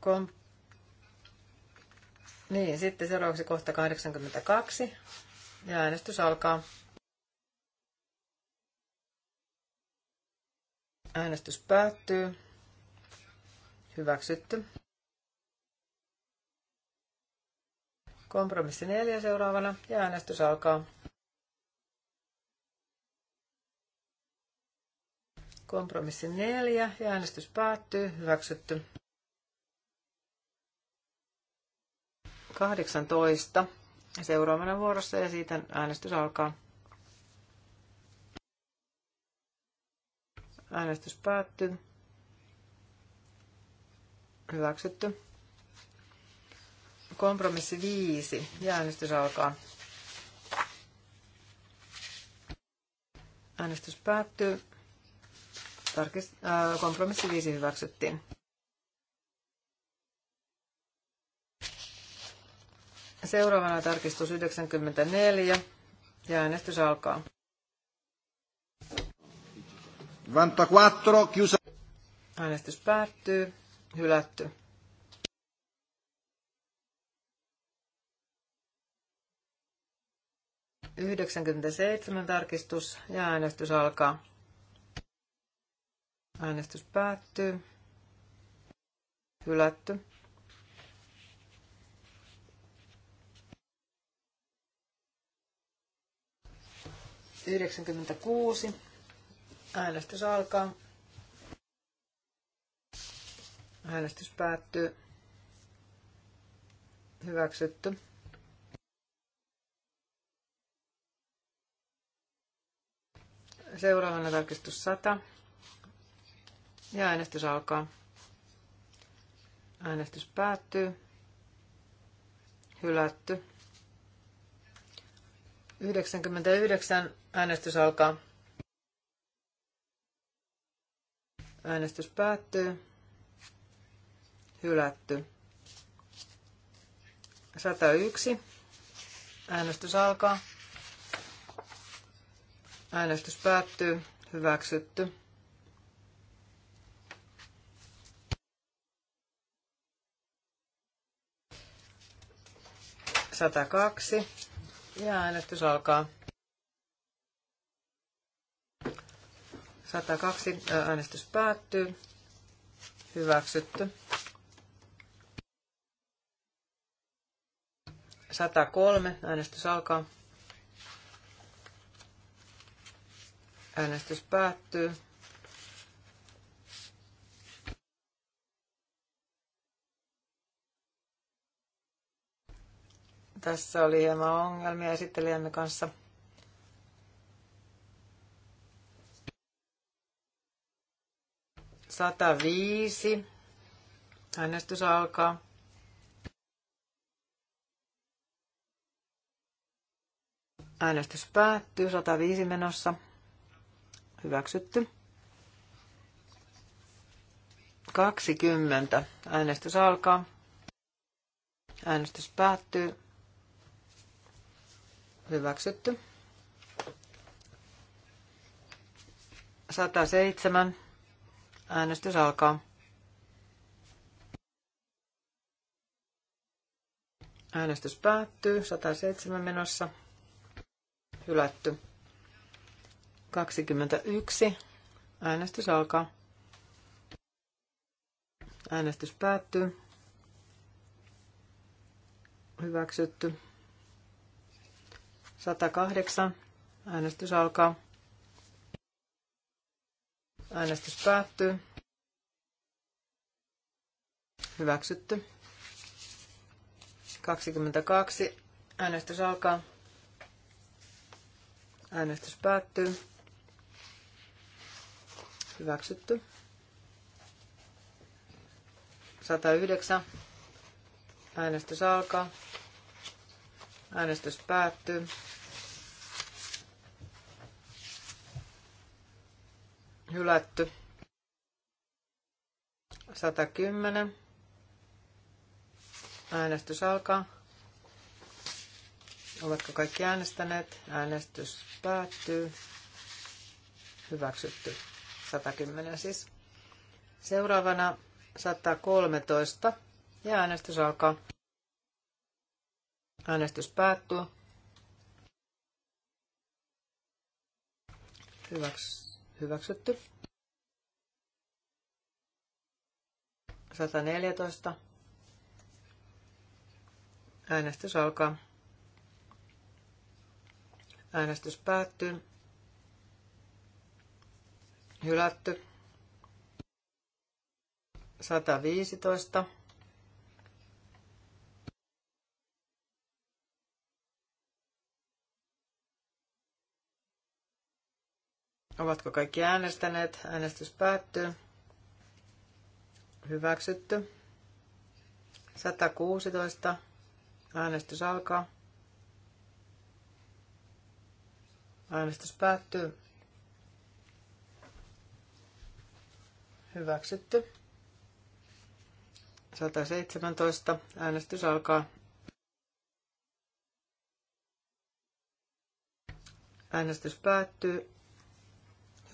Kom- niin, sitten seuraavaksi kohta 82. Ja äänestys alkaa. Äänestys päättyy. Hyväksytty. Kompromissi neljä seuraavana ja äänestys alkaa. Kompromissi neljä ja äänestys päättyy. Hyväksytty. 18. Seuraavana vuorossa ja siitä äänestys alkaa. Äänestys päättyy. Hyväksytty. Kompromissi viisi. Jäänestys alkaa. Äänestys päättyy. Tarkist- äh, kompromissi viisi hyväksyttiin. Seuraavana tarkistus 94 ja äänestys alkaa. 94, Äänestys päättyy. Hylätty. 97 tarkistus ja äänestys alkaa. Äänestys päättyy. Hylätty. kuusi Äänestys alkaa. Äänestys päättyy. Hyväksytty. Seuraavana tarkistus 100. Ja äänestys alkaa. Äänestys päättyy. Hylätty. 99 äänestys alkaa. Äänestys päättyy. Hylätty. 101. Äänestys alkaa. Äänestys päättyy. Hyväksytty. Satakaksi. Ja äänestys alkaa. 102 äänestys päättyy. Hyväksytty. 103 äänestys alkaa. Äänestys päättyy. Tässä oli hieman ongelmia esittelijämme kanssa. Sata viisi. Äänestys alkaa. Äänestys päättyy, 105 menossa. Hyväksytty. 20. Äänestys alkaa. Äänestys päättyy. Hyväksytty. 107. Äänestys alkaa. Äänestys päättyy. 107 menossa. Hylätty. 21. Äänestys alkaa. Äänestys päättyy. Hyväksytty. 108. Äänestys alkaa. Äänestys päättyy. Hyväksytty. 22. Äänestys alkaa. Äänestys päättyy. Hyväksytty. 109. Äänestys alkaa. Äänestys päättyy. Hylätty. 110. Äänestys alkaa. Ovatko kaikki äänestäneet? Äänestys päättyy. Hyväksytty. 110 siis. Seuraavana 113 ja äänestys alkaa. Äänestys päättyy. Hyväks, hyväksytty. 114. Äänestys alkaa. Äänestys päättyy. Hylätty. 115. Ovatko kaikki äänestäneet? Äänestys päättyy. Hyväksytty. 116. Äänestys alkaa. Äänestys päättyy. Hyväksytty. 117. Äänestys alkaa. Äänestys päättyy.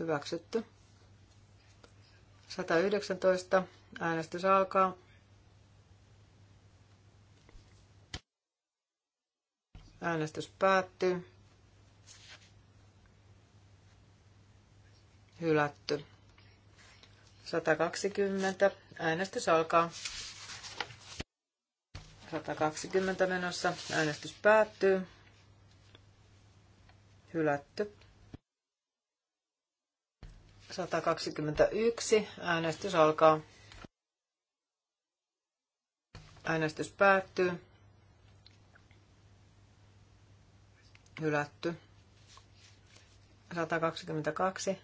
Hyväksytty. 119. Äänestys alkaa. Äänestys päättyy. Hylätty. 120. Äänestys alkaa. 120 menossa. Äänestys päättyy. Hylätty. 121. Äänestys alkaa. Äänestys päättyy. Hylätty. 122.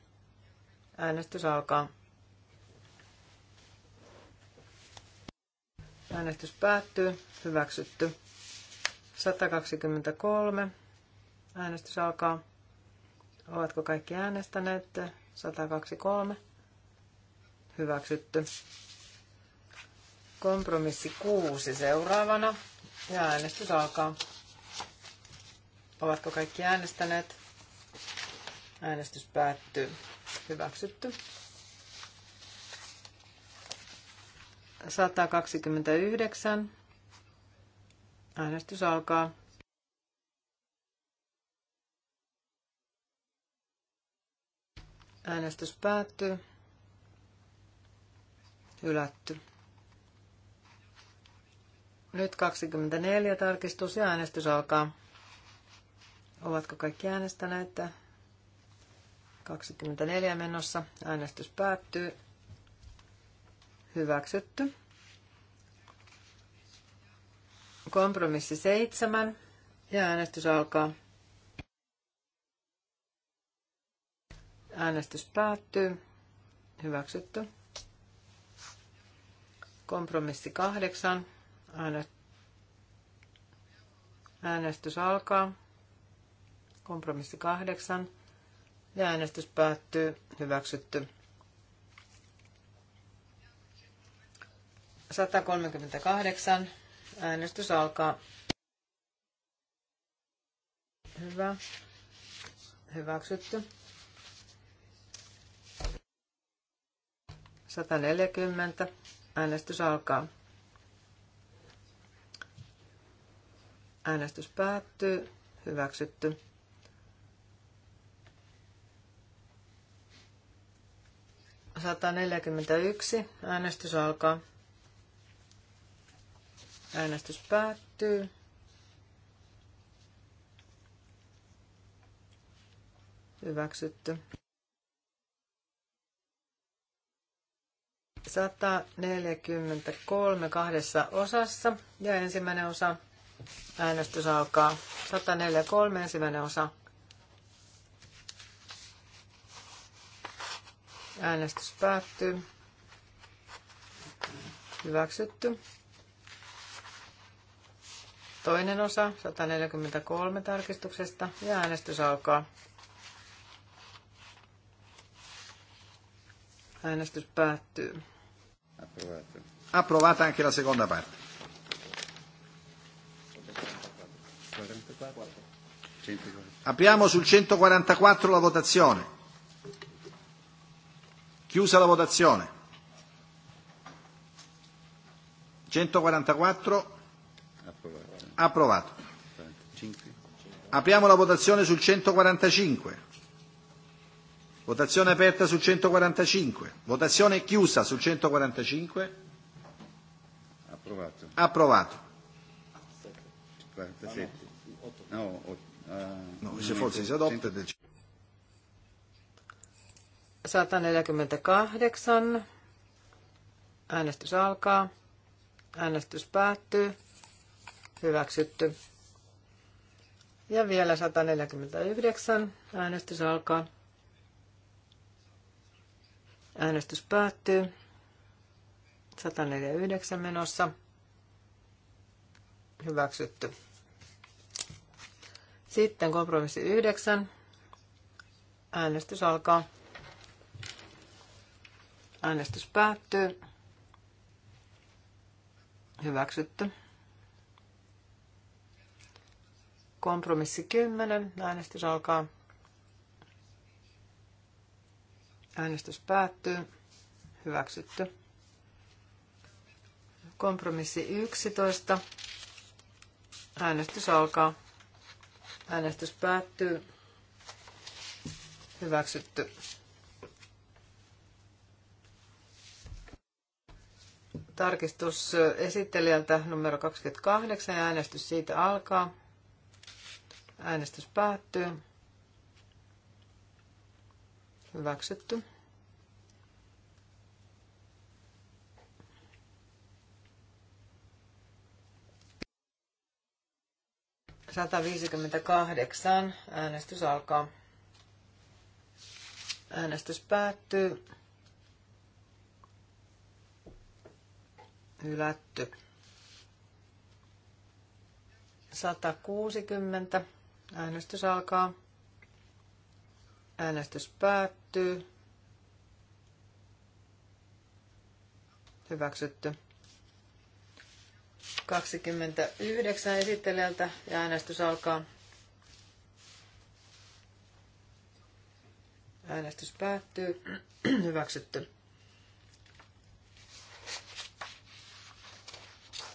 Äänestys alkaa. Äänestys päättyy. Hyväksytty. 123. Äänestys alkaa. Ovatko kaikki äänestäneet? 123. Hyväksytty. Kompromissi 6 seuraavana. Ja äänestys alkaa. Ovatko kaikki äänestäneet? Äänestys päättyy. Hyväksytty. 129. Äänestys alkaa. Äänestys päättyy. Hylätty. Nyt 24 tarkistus ja äänestys alkaa. Ovatko kaikki äänestäneet? 24 menossa. Äänestys päättyy hyväksytty. Kompromissi seitsemän ja äänestys alkaa. Äänestys päättyy. Hyväksytty. Kompromissi kahdeksan. Äänestys alkaa. Kompromissi kahdeksan. Ja äänestys päättyy. Hyväksytty. 138. Äänestys alkaa. Hyvä. Hyväksytty. 140. Äänestys alkaa. Äänestys päättyy. Hyväksytty. Sataneljäkymmentäyksi. Äänestys alkaa. Äänestys päättyy. Hyväksytty. 143 kahdessa osassa ja ensimmäinen osa äänestys alkaa. 143 ensimmäinen osa. Äänestys päättyy. Hyväksytty. Toinen osa 143 tarkistuksesta ja äänestys alkaa. Äänestys päättyy. Approvata. Approvata anche la seconda parte. 144. Apriamo sul 144 la votazione. Chiusa la votazione. 144 Approvato. Apriamo la votazione sul 145. Votazione aperta sul 145. Votazione chiusa sul 145. Approvato. Approvato. 47. No, uh, no se forse si adotta del Äänestys alkaa. Äänestys päättyy. Hyväksytty. Ja vielä 149. Äänestys alkaa. Äänestys päättyy. 149 menossa. Hyväksytty. Sitten kompromissi 9. Äänestys alkaa. Äänestys päättyy. Hyväksytty. Kompromissi 10. Äänestys alkaa. Äänestys päättyy. Hyväksytty. Kompromissi 11. Äänestys alkaa. Äänestys päättyy. Hyväksytty. Tarkistus esittelijältä numero 28 ja äänestys siitä alkaa. Äänestys päättyy. Hyväksytty. Sata viisikymmentäkahdeksan. Äänestys alkaa. Äänestys päättyy. Hylätty. 160 Äänestys alkaa. Äänestys päättyy. Hyväksytty. 29 esittelijältä ja äänestys alkaa. Äänestys päättyy. Hyväksytty.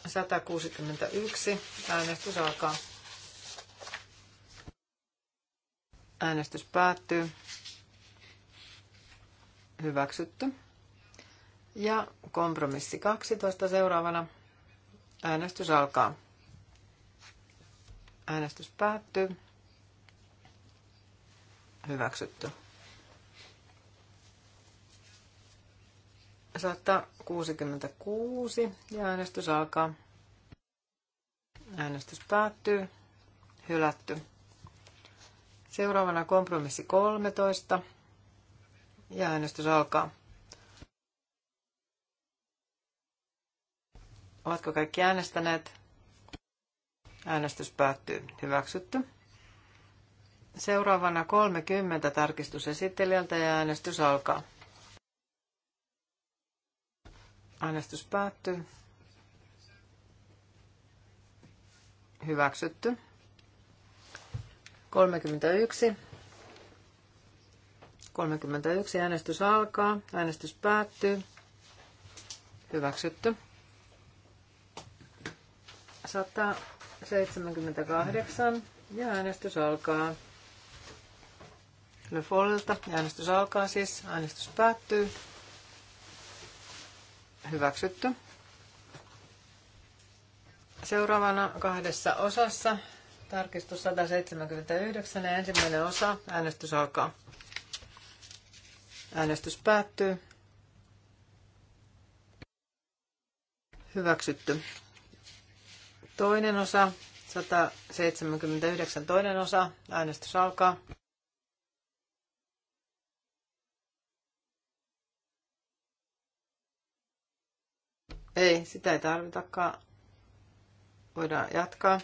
161. Äänestys alkaa. Äänestys päättyy. Hyväksytty. Ja kompromissi 12 seuraavana. Äänestys alkaa. Äänestys päättyy. Hyväksytty. 66 ja äänestys alkaa. Äänestys päättyy. Hylätty. Seuraavana kompromissi 13 ja äänestys alkaa. Ovatko kaikki äänestäneet? Äänestys päättyy. Hyväksytty. Seuraavana 30 tarkistusesittelijältä ja äänestys alkaa. Äänestys päättyy. Hyväksytty. 31. 31. Äänestys alkaa. Äänestys päättyy. Hyväksytty. 178. Ja äänestys alkaa. Le Follilta. Äänestys alkaa siis. Äänestys päättyy. Hyväksytty. Seuraavana kahdessa osassa Tarkistus 179 ja ensimmäinen osa. Äänestys alkaa. Äänestys päättyy. Hyväksytty. Toinen osa. 179 toinen osa. Äänestys alkaa. Ei, sitä ei tarvitakaan. Voidaan jatkaa.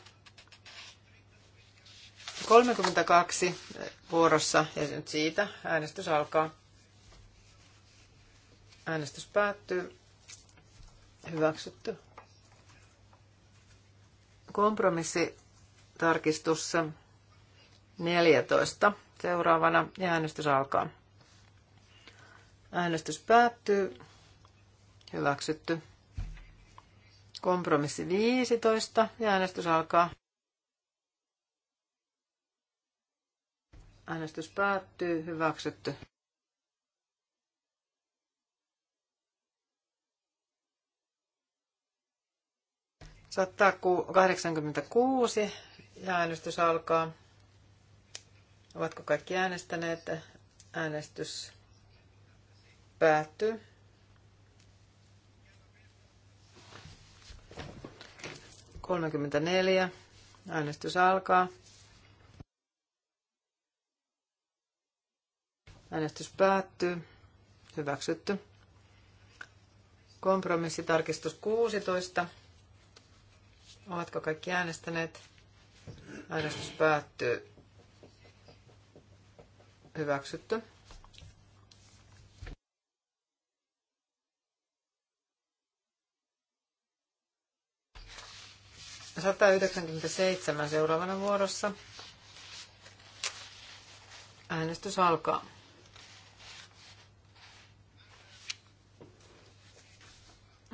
32 vuorossa, ja nyt siitä äänestys alkaa. Äänestys päättyy. Hyväksytty. Kompromissi tarkistussa 14. Seuraavana ja äänestys alkaa. Äänestys päättyy. Hyväksytty. Kompromissi 15 ja äänestys alkaa. Äänestys päättyy. Hyväksytty. Saattaa 86 ja äänestys alkaa. Ovatko kaikki äänestäneet? Äänestys päättyy. neljä. Äänestys alkaa. Äänestys päättyy. Hyväksytty. Kompromissitarkistus 16. Ovatko kaikki äänestäneet? Äänestys päättyy. Hyväksytty. Satayhdeksänkymmentäseitsemän seuraavana vuorossa. Äänestys alkaa.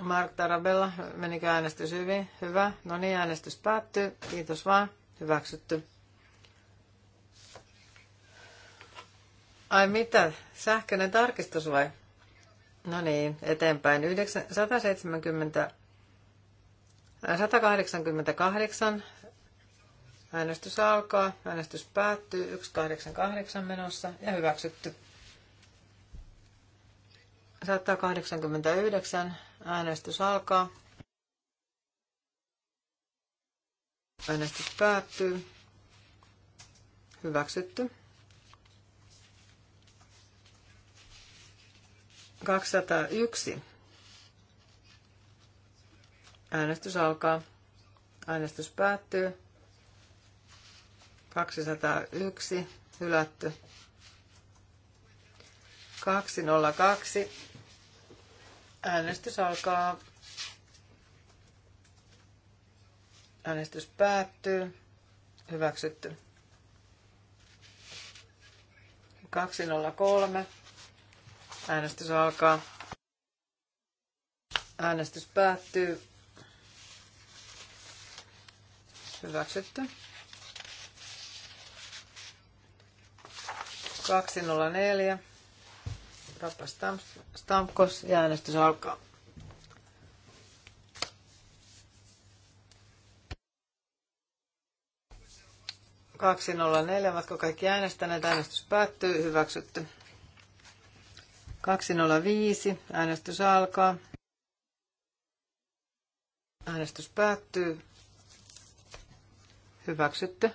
Mark Tarabella, menikö äänestys hyvin? Hyvä. No niin, äänestys päättyy. Kiitos vaan. Hyväksytty. Ai mitä? Sähköinen tarkistus vai? No niin, eteenpäin. 9, 170, 188. Äänestys alkaa, äänestys päättyy, 188 menossa ja hyväksytty. 189. Äänestys alkaa. Äänestys päättyy. Hyväksytty. 201. Äänestys alkaa. Äänestys päättyy. 201. Hylätty. 202 Äänestys alkaa. Äänestys päättyy. Hyväksytty. 203. Äänestys alkaa. Äänestys päättyy. Hyväksytty. 204. Papa Stamkos ja äänestys alkaa. Kaksi nolla neljä, ovatko kaikki äänestäneet? Äänestys päättyy, hyväksytty. 205, äänestys alkaa. Äänestys päättyy. Hyväksytty.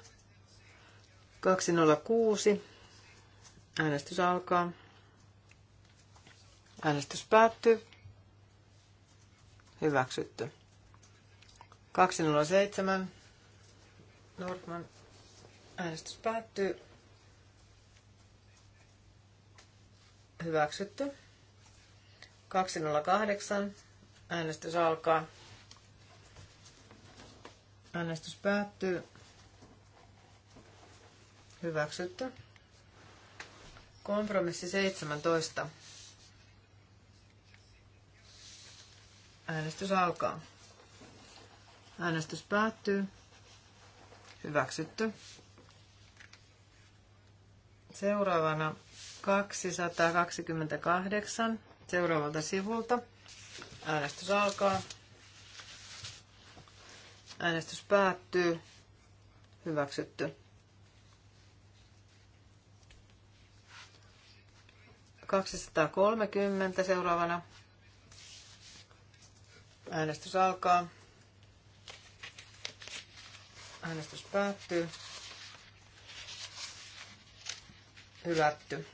206. Äänestys alkaa. Äänestys päättyy. Hyväksytty. 207. Nordman. Äänestys päättyy. Hyväksytty. 208. Äänestys alkaa. Äänestys päättyy. Hyväksytty. Kompromissi 17. Äänestys alkaa. Äänestys päättyy. Hyväksytty. Seuraavana 228 seuraavalta sivulta. Äänestys alkaa. Äänestys päättyy. Hyväksytty. 230 seuraavana. Äänestys alkaa. Äänestys päättyy. Hylätty.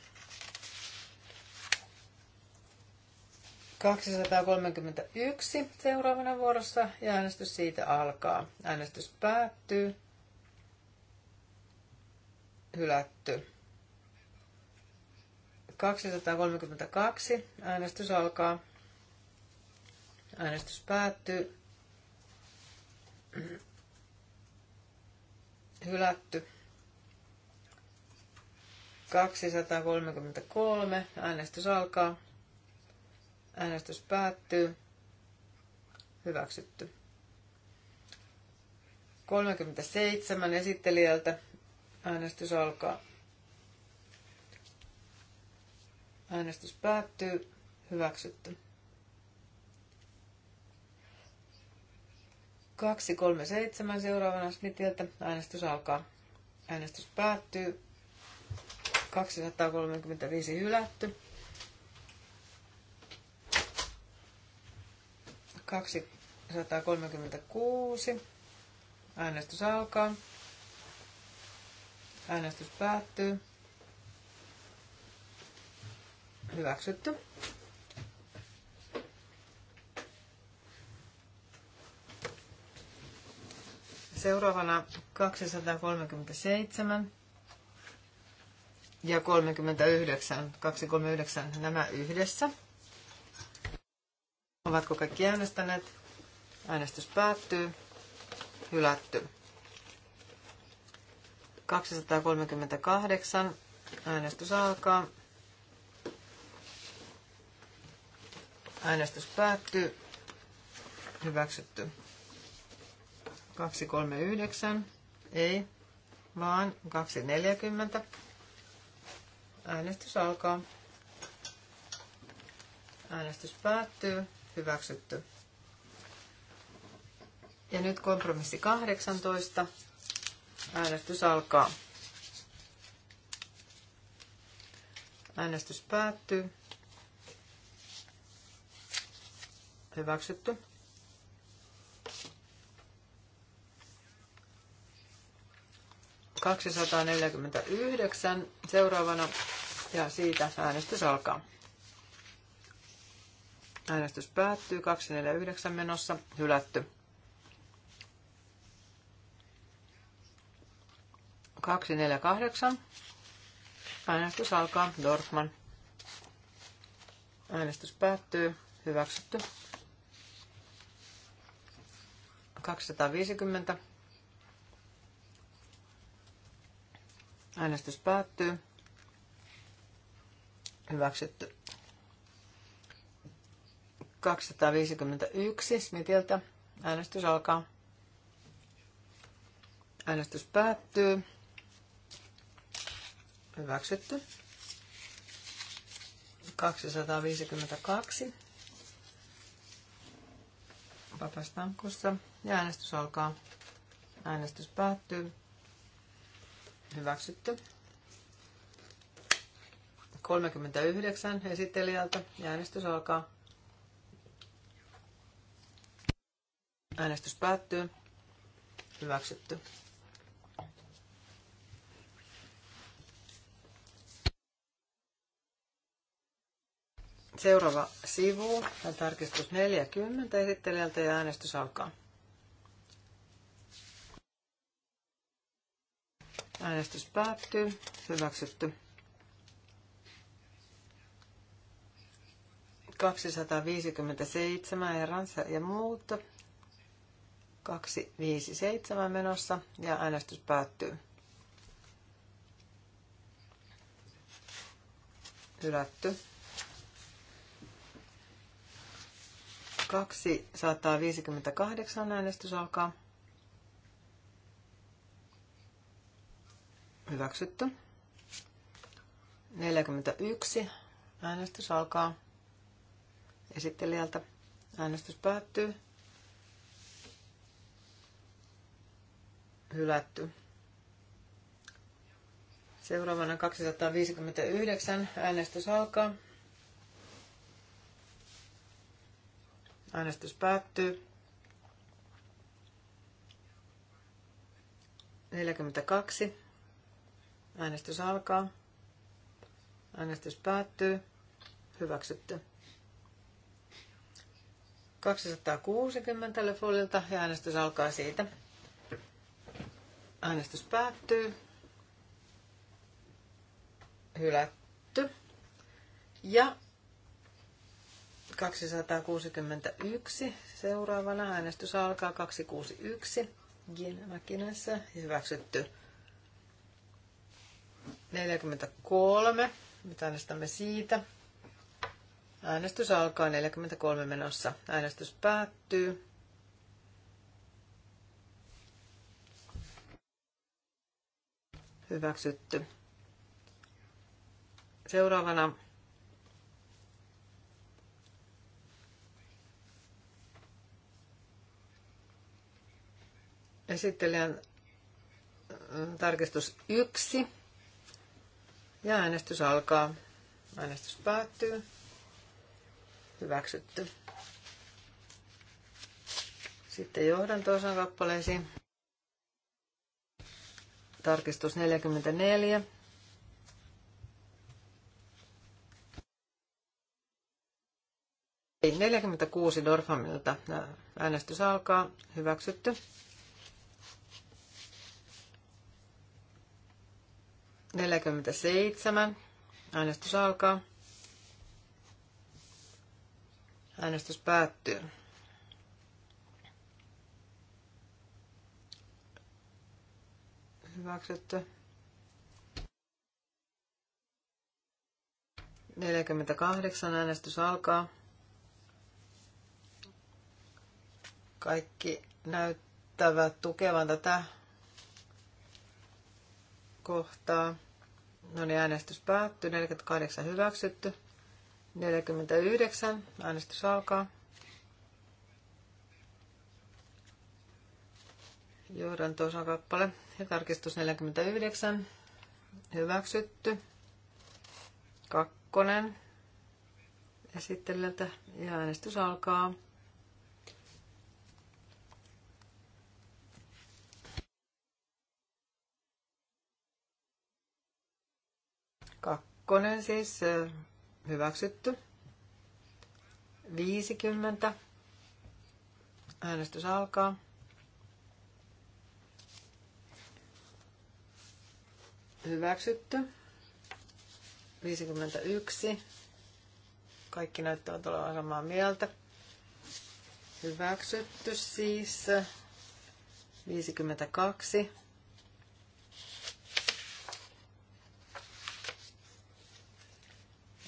231 seuraavana vuorossa ja äänestys siitä alkaa. Äänestys päättyy. Hylätty. 232 äänestys alkaa. Äänestys päättyy. Hylätty. 233. Äänestys alkaa. Äänestys päättyy. Hyväksytty. 37 esittelijältä. Äänestys alkaa. Äänestys päättyy. Hyväksytty. 237 seuraavana Smithiltä. Äänestys alkaa. Äänestys päättyy. 235 hylätty. 236. Äänestys alkaa. Äänestys päättyy. Hyväksytty. Seuraavana 237 ja 39, 239 nämä yhdessä. Ovatko kaikki äänestäneet? Äänestys päättyy. Hylätty. 238. Äänestys alkaa. Äänestys päättyy. Hyväksytty. 239, ei, vaan 240. Äänestys alkaa. Äänestys päättyy. Hyväksytty. Ja nyt kompromissi 18. Äänestys alkaa. Äänestys päättyy. Hyväksytty. 249 seuraavana ja siitä äänestys alkaa. Äänestys päättyy 249 menossa, hylätty. 248. Äänestys alkaa, Dorfman. Äänestys päättyy, hyväksytty. 250 Äänestys päättyy. Hyväksytty. 251 Smitiltä. Äänestys alkaa. Äänestys päättyy. Hyväksytty. 252. Papastankossa. Ja äänestys alkaa. Äänestys päättyy. Hyväksytty. 39 esittelijältä. Äänestys alkaa. Äänestys päättyy. Hyväksytty. Seuraava sivu, tarkistus 40 esittelijältä ja äänestys alkaa. Äänestys päättyy. Hyväksytty. 257 eransa ja muut. 257 menossa ja äänestys päättyy. Hylätty. 258 äänestys alkaa. Hyväksytty. 41. Äänestys alkaa esittelijältä. Äänestys päättyy. Hylätty. Seuraavana 259. Äänestys alkaa. Äänestys päättyy. 42. Äänestys alkaa. Äänestys päättyy. Hyväksytty. 260 Lefolilta ja äänestys alkaa siitä. Äänestys päättyy. Hylätty. Ja 261 seuraavana äänestys alkaa 261 Gil Mäkinässä hyväksytty 43. Nyt äänestämme siitä. Äänestys alkaa 43 menossa. Äänestys päättyy. Hyväksytty. Seuraavana esittelijän tarkistus 1 ja äänestys alkaa. Äänestys päättyy. Hyväksytty. Sitten johdan toisen kappaleisiin. Tarkistus 44. Ei, 46 Dorfamilta. Äänestys alkaa. Hyväksytty. 47. Äänestys alkaa. Äänestys päättyy. Hyväksytty. 48. Äänestys alkaa. Kaikki näyttävät tukevan tätä kohtaa. No niin, äänestys päättyy. 48 hyväksytty. 49. Äänestys alkaa. Johdan tuossa kappale. Ja tarkistus 49. Hyväksytty. Kakkonen. Esittelijältä. Ja äänestys alkaa. Kakkonen siis hyväksytty. 50. Äänestys alkaa. Hyväksytty. 51. Kaikki näyttävät olevan samaa mieltä. Hyväksytty siis. 52.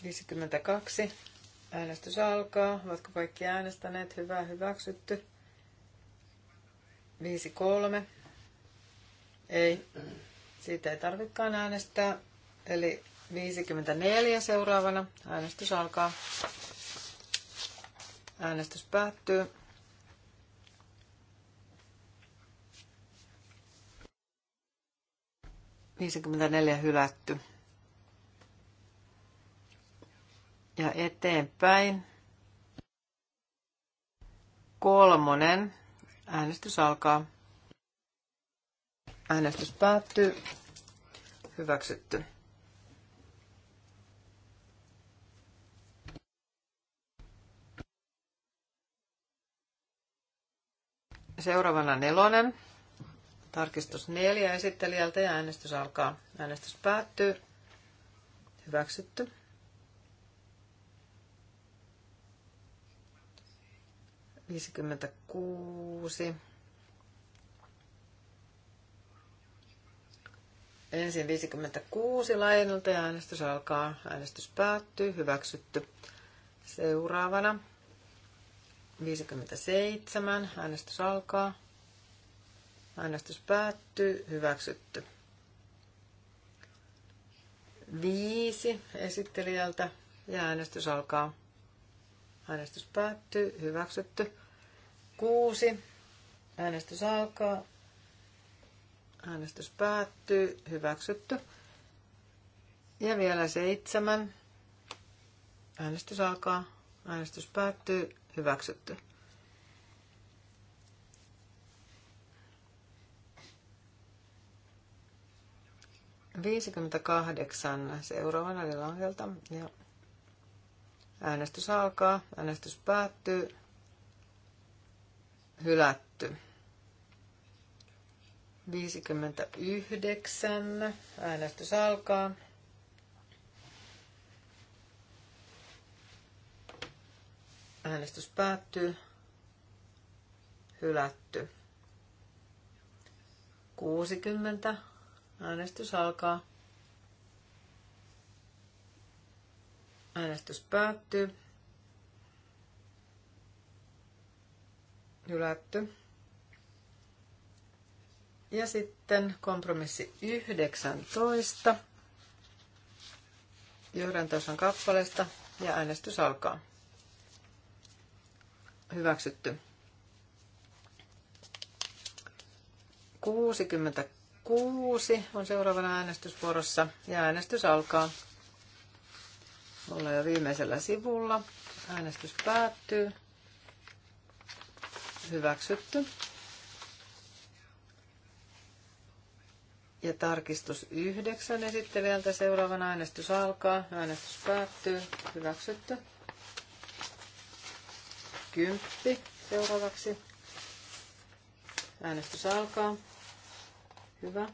52. Äänestys alkaa. Ovatko kaikki äänestäneet? Hyvä, hyväksytty. 53. Ei. Siitä ei tarvitsekaan äänestää. Eli 54 seuraavana. Äänestys alkaa. Äänestys päättyy. neljä hylätty. ja eteenpäin. Kolmonen. Äänestys alkaa. Äänestys päättyy. Hyväksytty. Seuraavana nelonen. Tarkistus neljä esittelijältä ja äänestys alkaa. Äänestys päättyy. Hyväksytty. 56. Ensin 56 lainilta ja äänestys alkaa. Äänestys päättyy. Hyväksytty. Seuraavana 57. Äänestys alkaa. Äänestys päättyy. Hyväksytty. Viisi esittelijältä ja äänestys alkaa. Äänestys päättyy. Hyväksytty. Kuusi. Äänestys alkaa. Äänestys päättyy. Hyväksytty. Ja vielä seitsemän. Äänestys alkaa. Äänestys päättyy. Hyväksytty. Viisikymmentäkahdeksan seuraavana Delangelta ja Äänestys alkaa, äänestys päättyy, hylätty. 59, äänestys alkaa. Äänestys päättyy, hylätty. 60, äänestys alkaa. Äänestys päättyy. Hylätty. Ja sitten kompromissi 19. Johdantosan kappaleesta ja äänestys alkaa. Hyväksytty. 66 on seuraavana äänestysvuorossa ja äänestys alkaa. Ollaan jo viimeisellä sivulla. Äänestys päättyy. Hyväksytty. Ja tarkistus yhdeksän esittelijältä seuraavan äänestys alkaa. Äänestys päättyy. Hyväksytty. Kymppi seuraavaksi. Äänestys alkaa. Hyvä.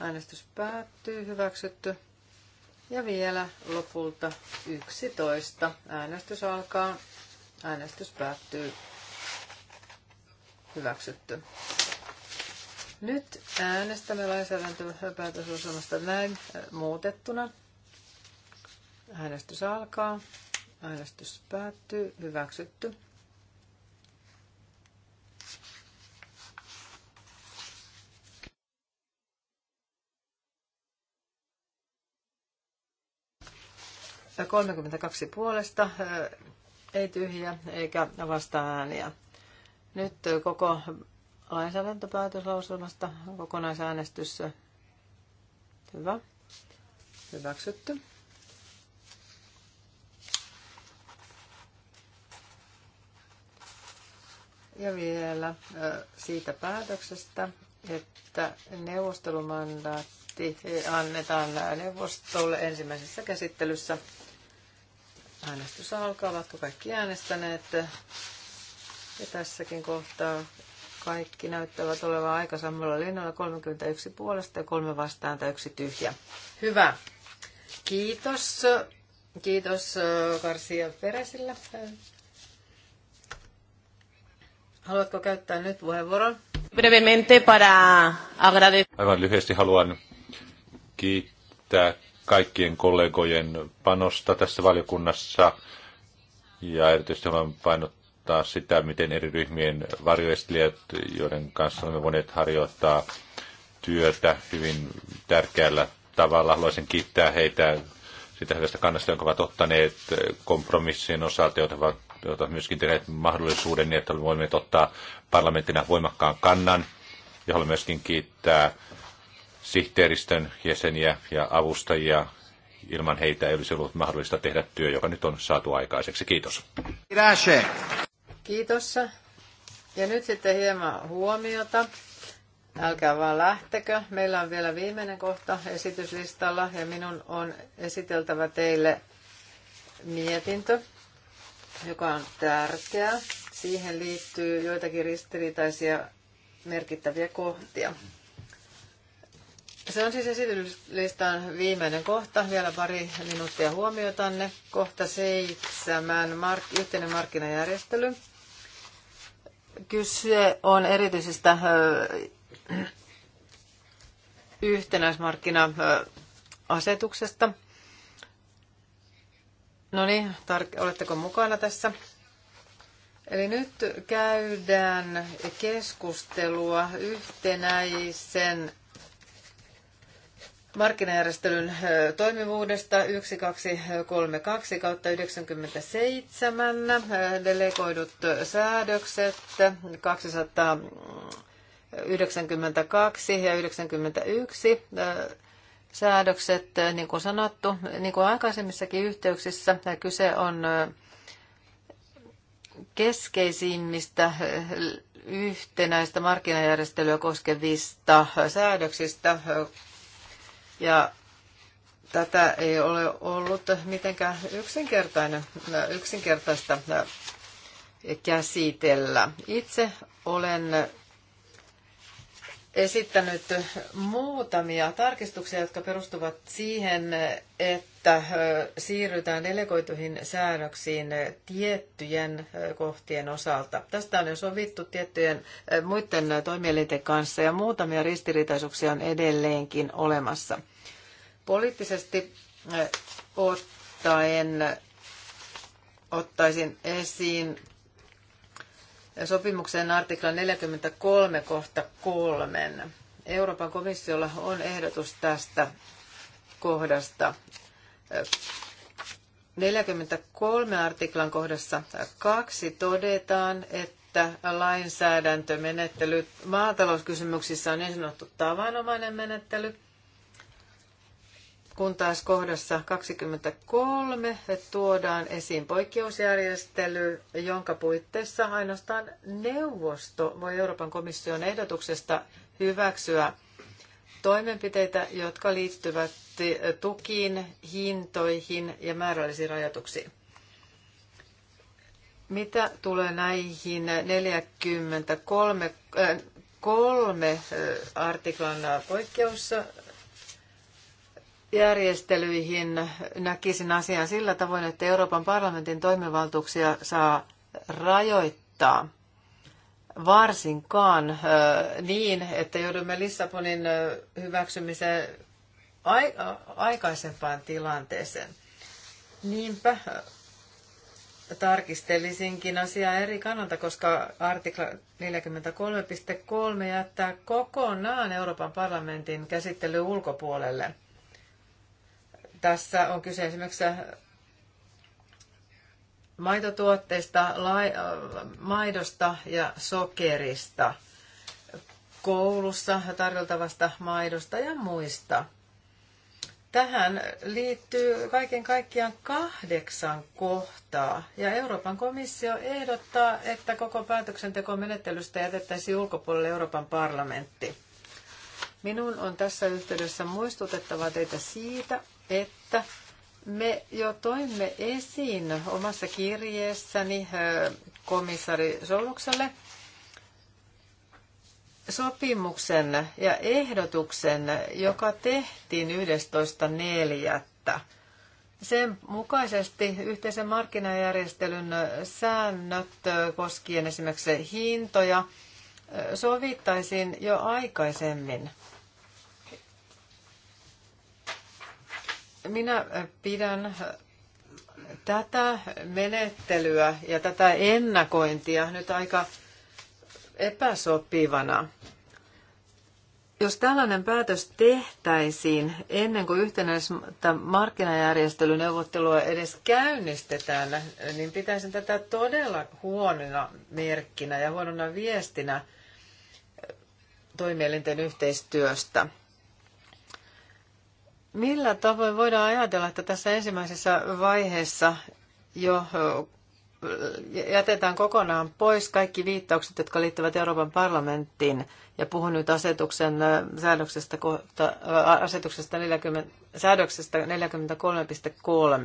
Äänestys päättyy. Hyväksytty. Ja vielä lopulta 11. Äänestys alkaa. Äänestys päättyy. Hyväksytty. Nyt äänestämme lainsäädäntöpäätösosumasta näin muutettuna. Äänestys alkaa. Äänestys päättyy. Hyväksytty. 32 puolesta, ei tyhjiä eikä vastaan ääniä. Nyt koko lainsäädäntöpäätöslauselmasta kokonaisäänestys. Hyvä. Hyväksytty. Ja vielä siitä päätöksestä, että neuvostelumandaatti annetaan neuvostolle ensimmäisessä käsittelyssä Äänestys alkaa, ovatko kaikki äänestäneet? Ja tässäkin kohtaa kaikki näyttävät olevan aika samalla linjalla 31 puolesta ja kolme vastaan tai yksi tyhjä. Hyvä. Kiitos. Kiitos Karsia äh, Peresille. Haluatko käyttää nyt puheenvuoron? Brevemente para agradecer. Aivan lyhyesti haluan kiittää kaikkien kollegojen panosta tässä valiokunnassa ja erityisesti haluan painottaa sitä, miten eri ryhmien varjoistelijat, joiden kanssa olemme voineet harjoittaa työtä hyvin tärkeällä tavalla. Haluaisin kiittää heitä sitä hyvästä kannasta, jonka ovat ottaneet kompromissien osalta, joita ovat, joita myöskin tehneet mahdollisuuden niin, että voimme ottaa parlamenttina voimakkaan kannan. Ja haluan myöskin kiittää sihteeristön jäseniä ja avustajia. Ilman heitä ei olisi ollut mahdollista tehdä työ, joka nyt on saatu aikaiseksi. Kiitos. Kiitos. Ja nyt sitten hieman huomiota. Älkää vaan lähtekö. Meillä on vielä viimeinen kohta esityslistalla ja minun on esiteltävä teille mietintö, joka on tärkeä. Siihen liittyy joitakin ristiriitaisia merkittäviä kohtia. Se on siis esityslistan viimeinen kohta. Vielä pari minuuttia huomiotanne. Kohta seitsemän, mark, yhteinen markkinajärjestely. Kyse on erityisistä ö, yhtenäismarkkina-asetuksesta. No niin, tar- oletteko mukana tässä? Eli nyt käydään keskustelua yhtenäisen markkinajärjestelyn toimivuudesta 1232 kautta 97 delegoidut säädökset 292 ja 91 säädökset, niin kuin sanottu, niin kuin aikaisemmissakin yhteyksissä, kyse on keskeisimmistä yhtenäistä markkinajärjestelyä koskevista säädöksistä ja tätä ei ole ollut mitenkään yksinkertainen, yksinkertaista käsitellä. Itse olen esittänyt muutamia tarkistuksia, jotka perustuvat siihen, että siirrytään delegoituihin säädöksiin tiettyjen kohtien osalta. Tästä on jo sovittu tiettyjen muiden toimielinten kanssa ja muutamia ristiriitaisuuksia on edelleenkin olemassa. Poliittisesti ottaen ottaisin esiin sopimuksen artikla 43 kohta 3. Euroopan komissiolla on ehdotus tästä kohdasta. 43 artiklan kohdassa 2 todetaan, että lainsäädäntömenettely maatalouskysymyksissä on niin sanottu tavanomainen menettely – kun taas kohdassa 23 tuodaan esiin poikkeusjärjestely, jonka puitteissa ainoastaan neuvosto voi Euroopan komission ehdotuksesta hyväksyä toimenpiteitä, jotka liittyvät tukiin, hintoihin ja määrällisiin rajoituksiin. Mitä tulee näihin 43 äh, kolme äh, artiklan poikkeusjärjestelyihin, järjestelyihin näkisin asian sillä tavoin, että Euroopan parlamentin toimivaltuuksia saa rajoittaa varsinkaan niin, että joudumme Lissabonin hyväksymiseen aikaisempaan tilanteeseen. Niinpä tarkistelisinkin asiaa eri kannalta, koska artikla 43.3 jättää kokonaan Euroopan parlamentin käsittelyn ulkopuolelle – tässä on kyse esimerkiksi maitotuotteista, maidosta ja sokerista, koulussa tarjoltavasta maidosta ja muista. Tähän liittyy kaiken kaikkiaan kahdeksan kohtaa, ja Euroopan komissio ehdottaa, että koko päätöksentekomenettelystä jätettäisiin ulkopuolelle Euroopan parlamentti. Minun on tässä yhteydessä muistutettava teitä siitä, että me jo toimme esiin omassa kirjeessäni komissari Solukselle sopimuksen ja ehdotuksen, joka tehtiin 11.4. Sen mukaisesti yhteisen markkinajärjestelyn säännöt koskien esimerkiksi hintoja sovittaisiin jo aikaisemmin Minä äh, pidän äh, tätä menettelyä ja tätä ennakointia nyt aika epäsopivana. Jos tällainen päätös tehtäisiin ennen kuin yhtenäistä markkinajärjestelyneuvottelua edes käynnistetään, niin pitäisin tätä todella huonona merkkinä ja huonona viestinä toimielinten yhteistyöstä. Millä tavoin voidaan ajatella, että tässä ensimmäisessä vaiheessa jo jätetään kokonaan pois kaikki viittaukset, jotka liittyvät Euroopan parlamenttiin, ja puhun nyt asetuksen säädöksestä, kohta, asetuksesta 40, säädöksestä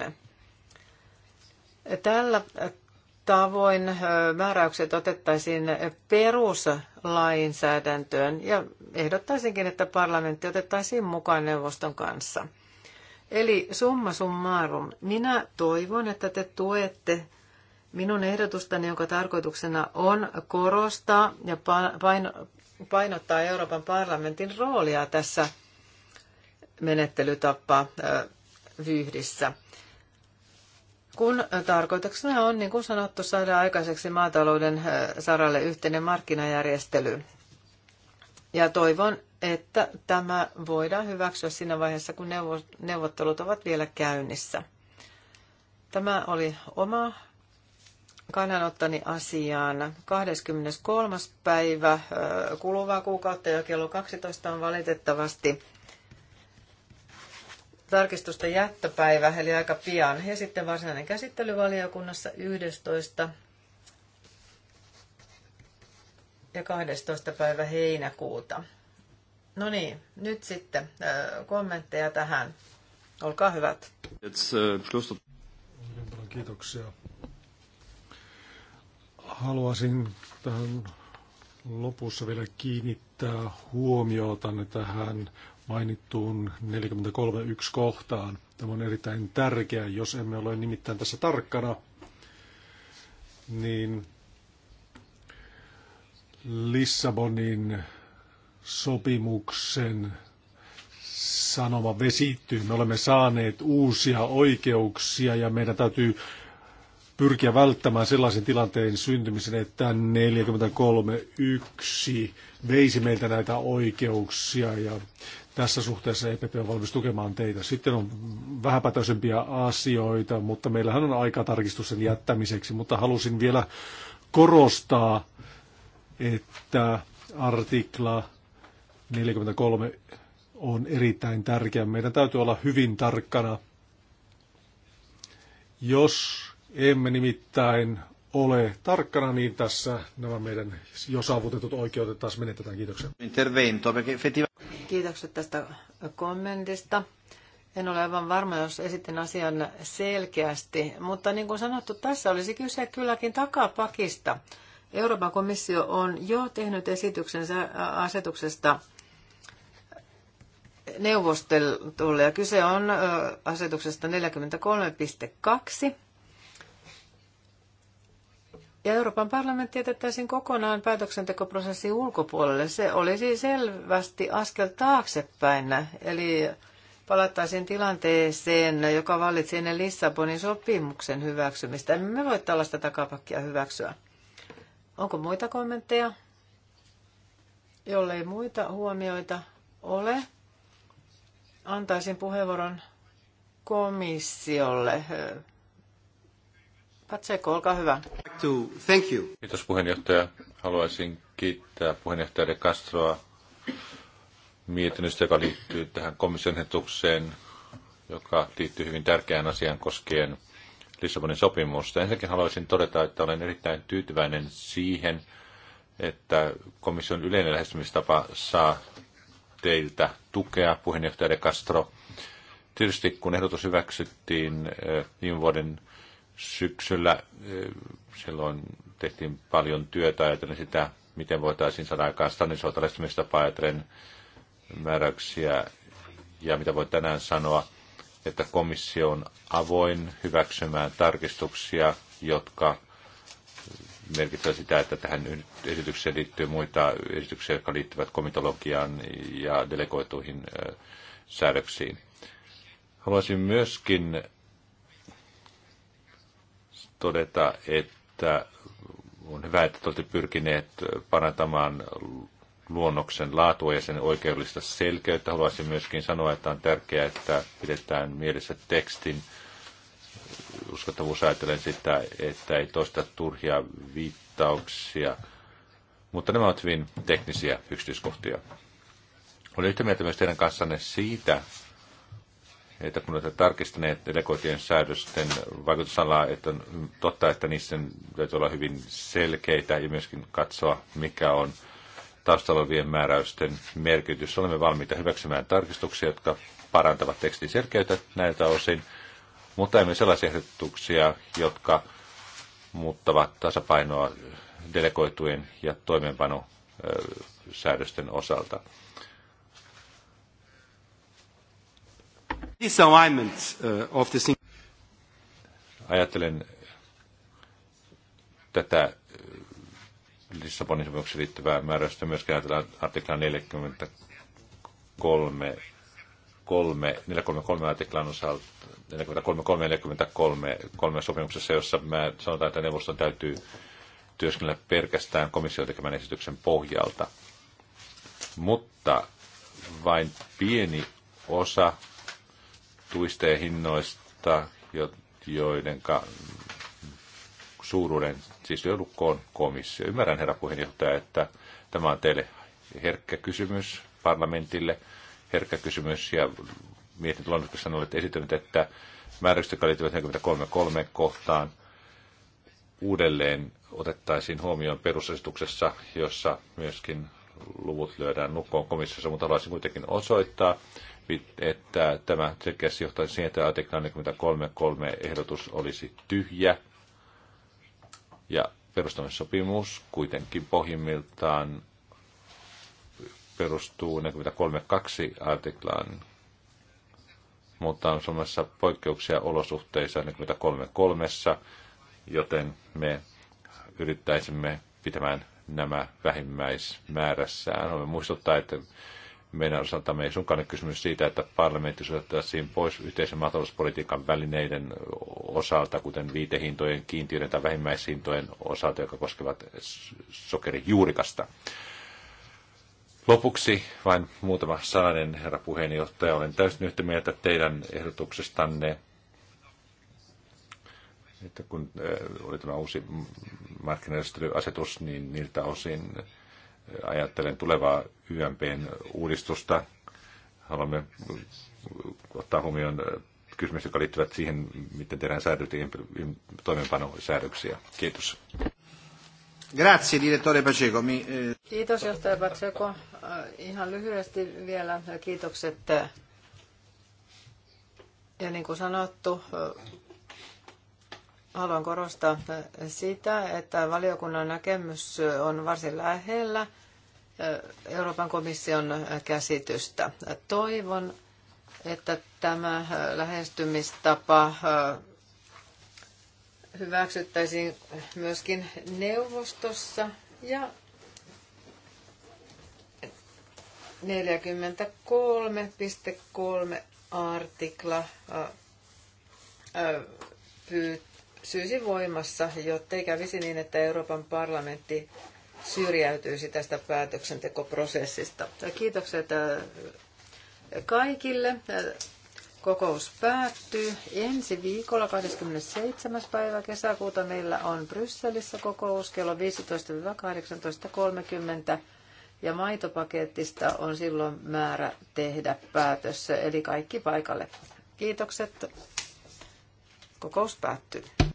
43.3. Tällä tavoin määräykset otettaisiin peruslainsäädäntöön ja ehdottaisinkin, että parlamentti otettaisiin mukaan neuvoston kanssa. Eli summa summarum, minä toivon, että te tuette minun ehdotustani, jonka tarkoituksena on korostaa ja painottaa Euroopan parlamentin roolia tässä menettelytapa vyhdissä kun tarkoituksena on, niin kuin sanottu, saada aikaiseksi maatalouden saralle yhteinen markkinajärjestely. Ja toivon, että tämä voidaan hyväksyä siinä vaiheessa, kun neuvottelut ovat vielä käynnissä. Tämä oli oma kannanottani asiaan. 23. päivä kuluvaa kuukautta ja kello 12 on valitettavasti tarkistusten jättöpäivä, eli aika pian. Ja sitten varsinainen käsittelyvaliokunnassa 11. ja 12. päivä heinäkuuta. No niin, nyt sitten kommentteja tähän. Olkaa hyvät. kiitoksia. Haluaisin tähän lopussa vielä kiinnittää huomiota tähän mainittuun 43.1 kohtaan. Tämä on erittäin tärkeää, jos emme ole nimittäin tässä tarkkana, niin Lissabonin sopimuksen sanoma vesittyy. Me olemme saaneet uusia oikeuksia ja meidän täytyy pyrkiä välttämään sellaisen tilanteen syntymisen, että 43.1 veisi meiltä näitä oikeuksia ja tässä suhteessa EPP on valmis tukemaan teitä. Sitten on vähäpätöisempiä asioita, mutta meillähän on aika tarkistusten jättämiseksi, mutta halusin vielä korostaa, että artikla 43 on erittäin tärkeä. Meidän täytyy olla hyvin tarkkana. Jos emme nimittäin ole tarkkana, niin tässä nämä meidän jo saavutetut oikeudet taas menetetään. Kiitoksia. Intervento, Kiitokset tästä kommentista. En ole aivan varma, jos esitin asian selkeästi, mutta niin kuin sanottu, tässä olisi kyse kylläkin takapakista. Euroopan komissio on jo tehnyt esityksensä asetuksesta neuvostelulle ja kyse on asetuksesta 43.2 ja Euroopan parlamentti jätettäisiin kokonaan päätöksentekoprosessin ulkopuolelle. Se olisi selvästi askel taaksepäin. Eli palattaisiin tilanteeseen, joka vallitsi ennen Lissabonin sopimuksen hyväksymistä. Emme voi tällaista takapakkia hyväksyä. Onko muita kommentteja? Jollei muita huomioita ole, antaisin puheenvuoron komissiolle. Patseko, olkaa hyvä. Thank you. Kiitos puheenjohtaja. Haluaisin kiittää puheenjohtaja De Castroa mietinnöstä, joka liittyy tähän komission ehdotukseen, joka liittyy hyvin tärkeään asiaan koskien Lissabonin sopimusta. Ensinnäkin haluaisin todeta, että olen erittäin tyytyväinen siihen, että komission yleinen lähestymistapa saa teiltä tukea, puheenjohtaja De Castro. Tietysti kun ehdotus hyväksyttiin eh, viime vuoden syksyllä. Eh, silloin tehtiin paljon työtä ajatellen sitä, miten voitaisiin saada aikaan standardisoita lähestymistapaa määräyksiä ja mitä voi tänään sanoa, että komissio on avoin hyväksymään tarkistuksia, jotka merkitsevät sitä, että tähän esitykseen liittyy muita esityksiä, jotka liittyvät komitologiaan ja delegoituihin eh, säädöksiin. Haluaisin myöskin todeta, että on hyvä, että olette pyrkineet parantamaan luonnoksen laatua ja sen oikeudellista selkeyttä. Haluaisin myöskin sanoa, että on tärkeää, että pidetään mielessä tekstin uskottavuus ajatellen sitä, että ei toista turhia viittauksia. Mutta nämä ovat hyvin teknisiä yksityiskohtia. Olen yhtä mieltä myös teidän kanssanne siitä, että kun olette tarkistaneet delegoitien säädösten vaikutusalaa, että on totta, että niissä täytyy olla hyvin selkeitä ja myöskin katsoa, mikä on taustalovien määräysten merkitys. Olemme valmiita hyväksymään tarkistuksia, jotka parantavat tekstin selkeyttä näiltä osin, mutta emme sellaisia ehdotuksia, jotka muuttavat tasapainoa delegoitujen ja toimeenpanosäädösten osalta. Uh, Ajattelen tätä uh, Lissabonin sopimuksen liittyvää määräystä myöskin ajatellaan artikla 43 3, 433 artiklan osalta, 433 43 43 sopimuksessa, jossa mä sanotaan, että neuvoston täytyy työskennellä pelkästään komission tekemän esityksen pohjalta. Mutta vain pieni osa tuista ja hinnoista, joiden suuruuden siis joudukkoon komissio. Ymmärrän, herra puheenjohtaja, että tämä on teille herkkä kysymys parlamentille, herkkä kysymys, ja mietintöluonnoksessa olette esittänyt, että määräykset, jotka liittyvät 43.3 kohtaan, uudelleen otettaisiin huomioon perusasetuksessa, jossa myöskin luvut lyödään nukkoon komissiossa, mutta haluaisin kuitenkin osoittaa, että tämä selkeästi johtaisi siihen, että artikla 43.3 ehdotus olisi tyhjä. Ja perustamissopimus kuitenkin pohjimmiltaan perustuu 43.2 artiklaan, mutta on Suomessa poikkeuksia olosuhteissa 43.3, joten me yrittäisimme pitämään nämä vähimmäismäärässään. Olemme muistuttaa, että meidän osaltamme ei suinkaan ole kysymys siitä, että parlamentti suljettaisiin pois yhteisen maatalouspolitiikan välineiden osalta, kuten viitehintojen, kiintiöiden tai vähimmäishintojen osalta, jotka koskevat sokerijuurikasta. Lopuksi vain muutama sananen, herra puheenjohtaja. Olen täysin yhtä mieltä teidän ehdotuksestanne, että kun äh, oli tämä uusi markkinoistelyasetus, niin niiltä osin Ajattelen tulevaa YMPn uudistusta. Haluamme ottaa huomioon äh, kysymykset, jotka liittyvät siihen, miten tehdään säädöksiä, toimeenpanosäädöksiä. Kiitos. Grazie, direttore Paceco. Mi, eh... Kiitos, johtaja Paceco. Äh, ihan lyhyesti vielä kiitokset. Äh, ja niin kuin sanottu, haluan korostaa sitä, että valiokunnan näkemys on varsin lähellä Euroopan komission käsitystä. Toivon, että tämä lähestymistapa hyväksyttäisiin myöskin neuvostossa ja 43.3 artikla pyytää pysyisi voimassa, ei kävisi niin, että Euroopan parlamentti syrjäytyisi tästä päätöksentekoprosessista. Kiitokset äh, kaikille. Kokous päättyy ensi viikolla 27. päivä kesäkuuta. Meillä on Brysselissä kokous kello 15-18.30 ja maitopaketista on silloin määrä tehdä päätös, eli kaikki paikalle. Kiitokset. Kokous päättyy.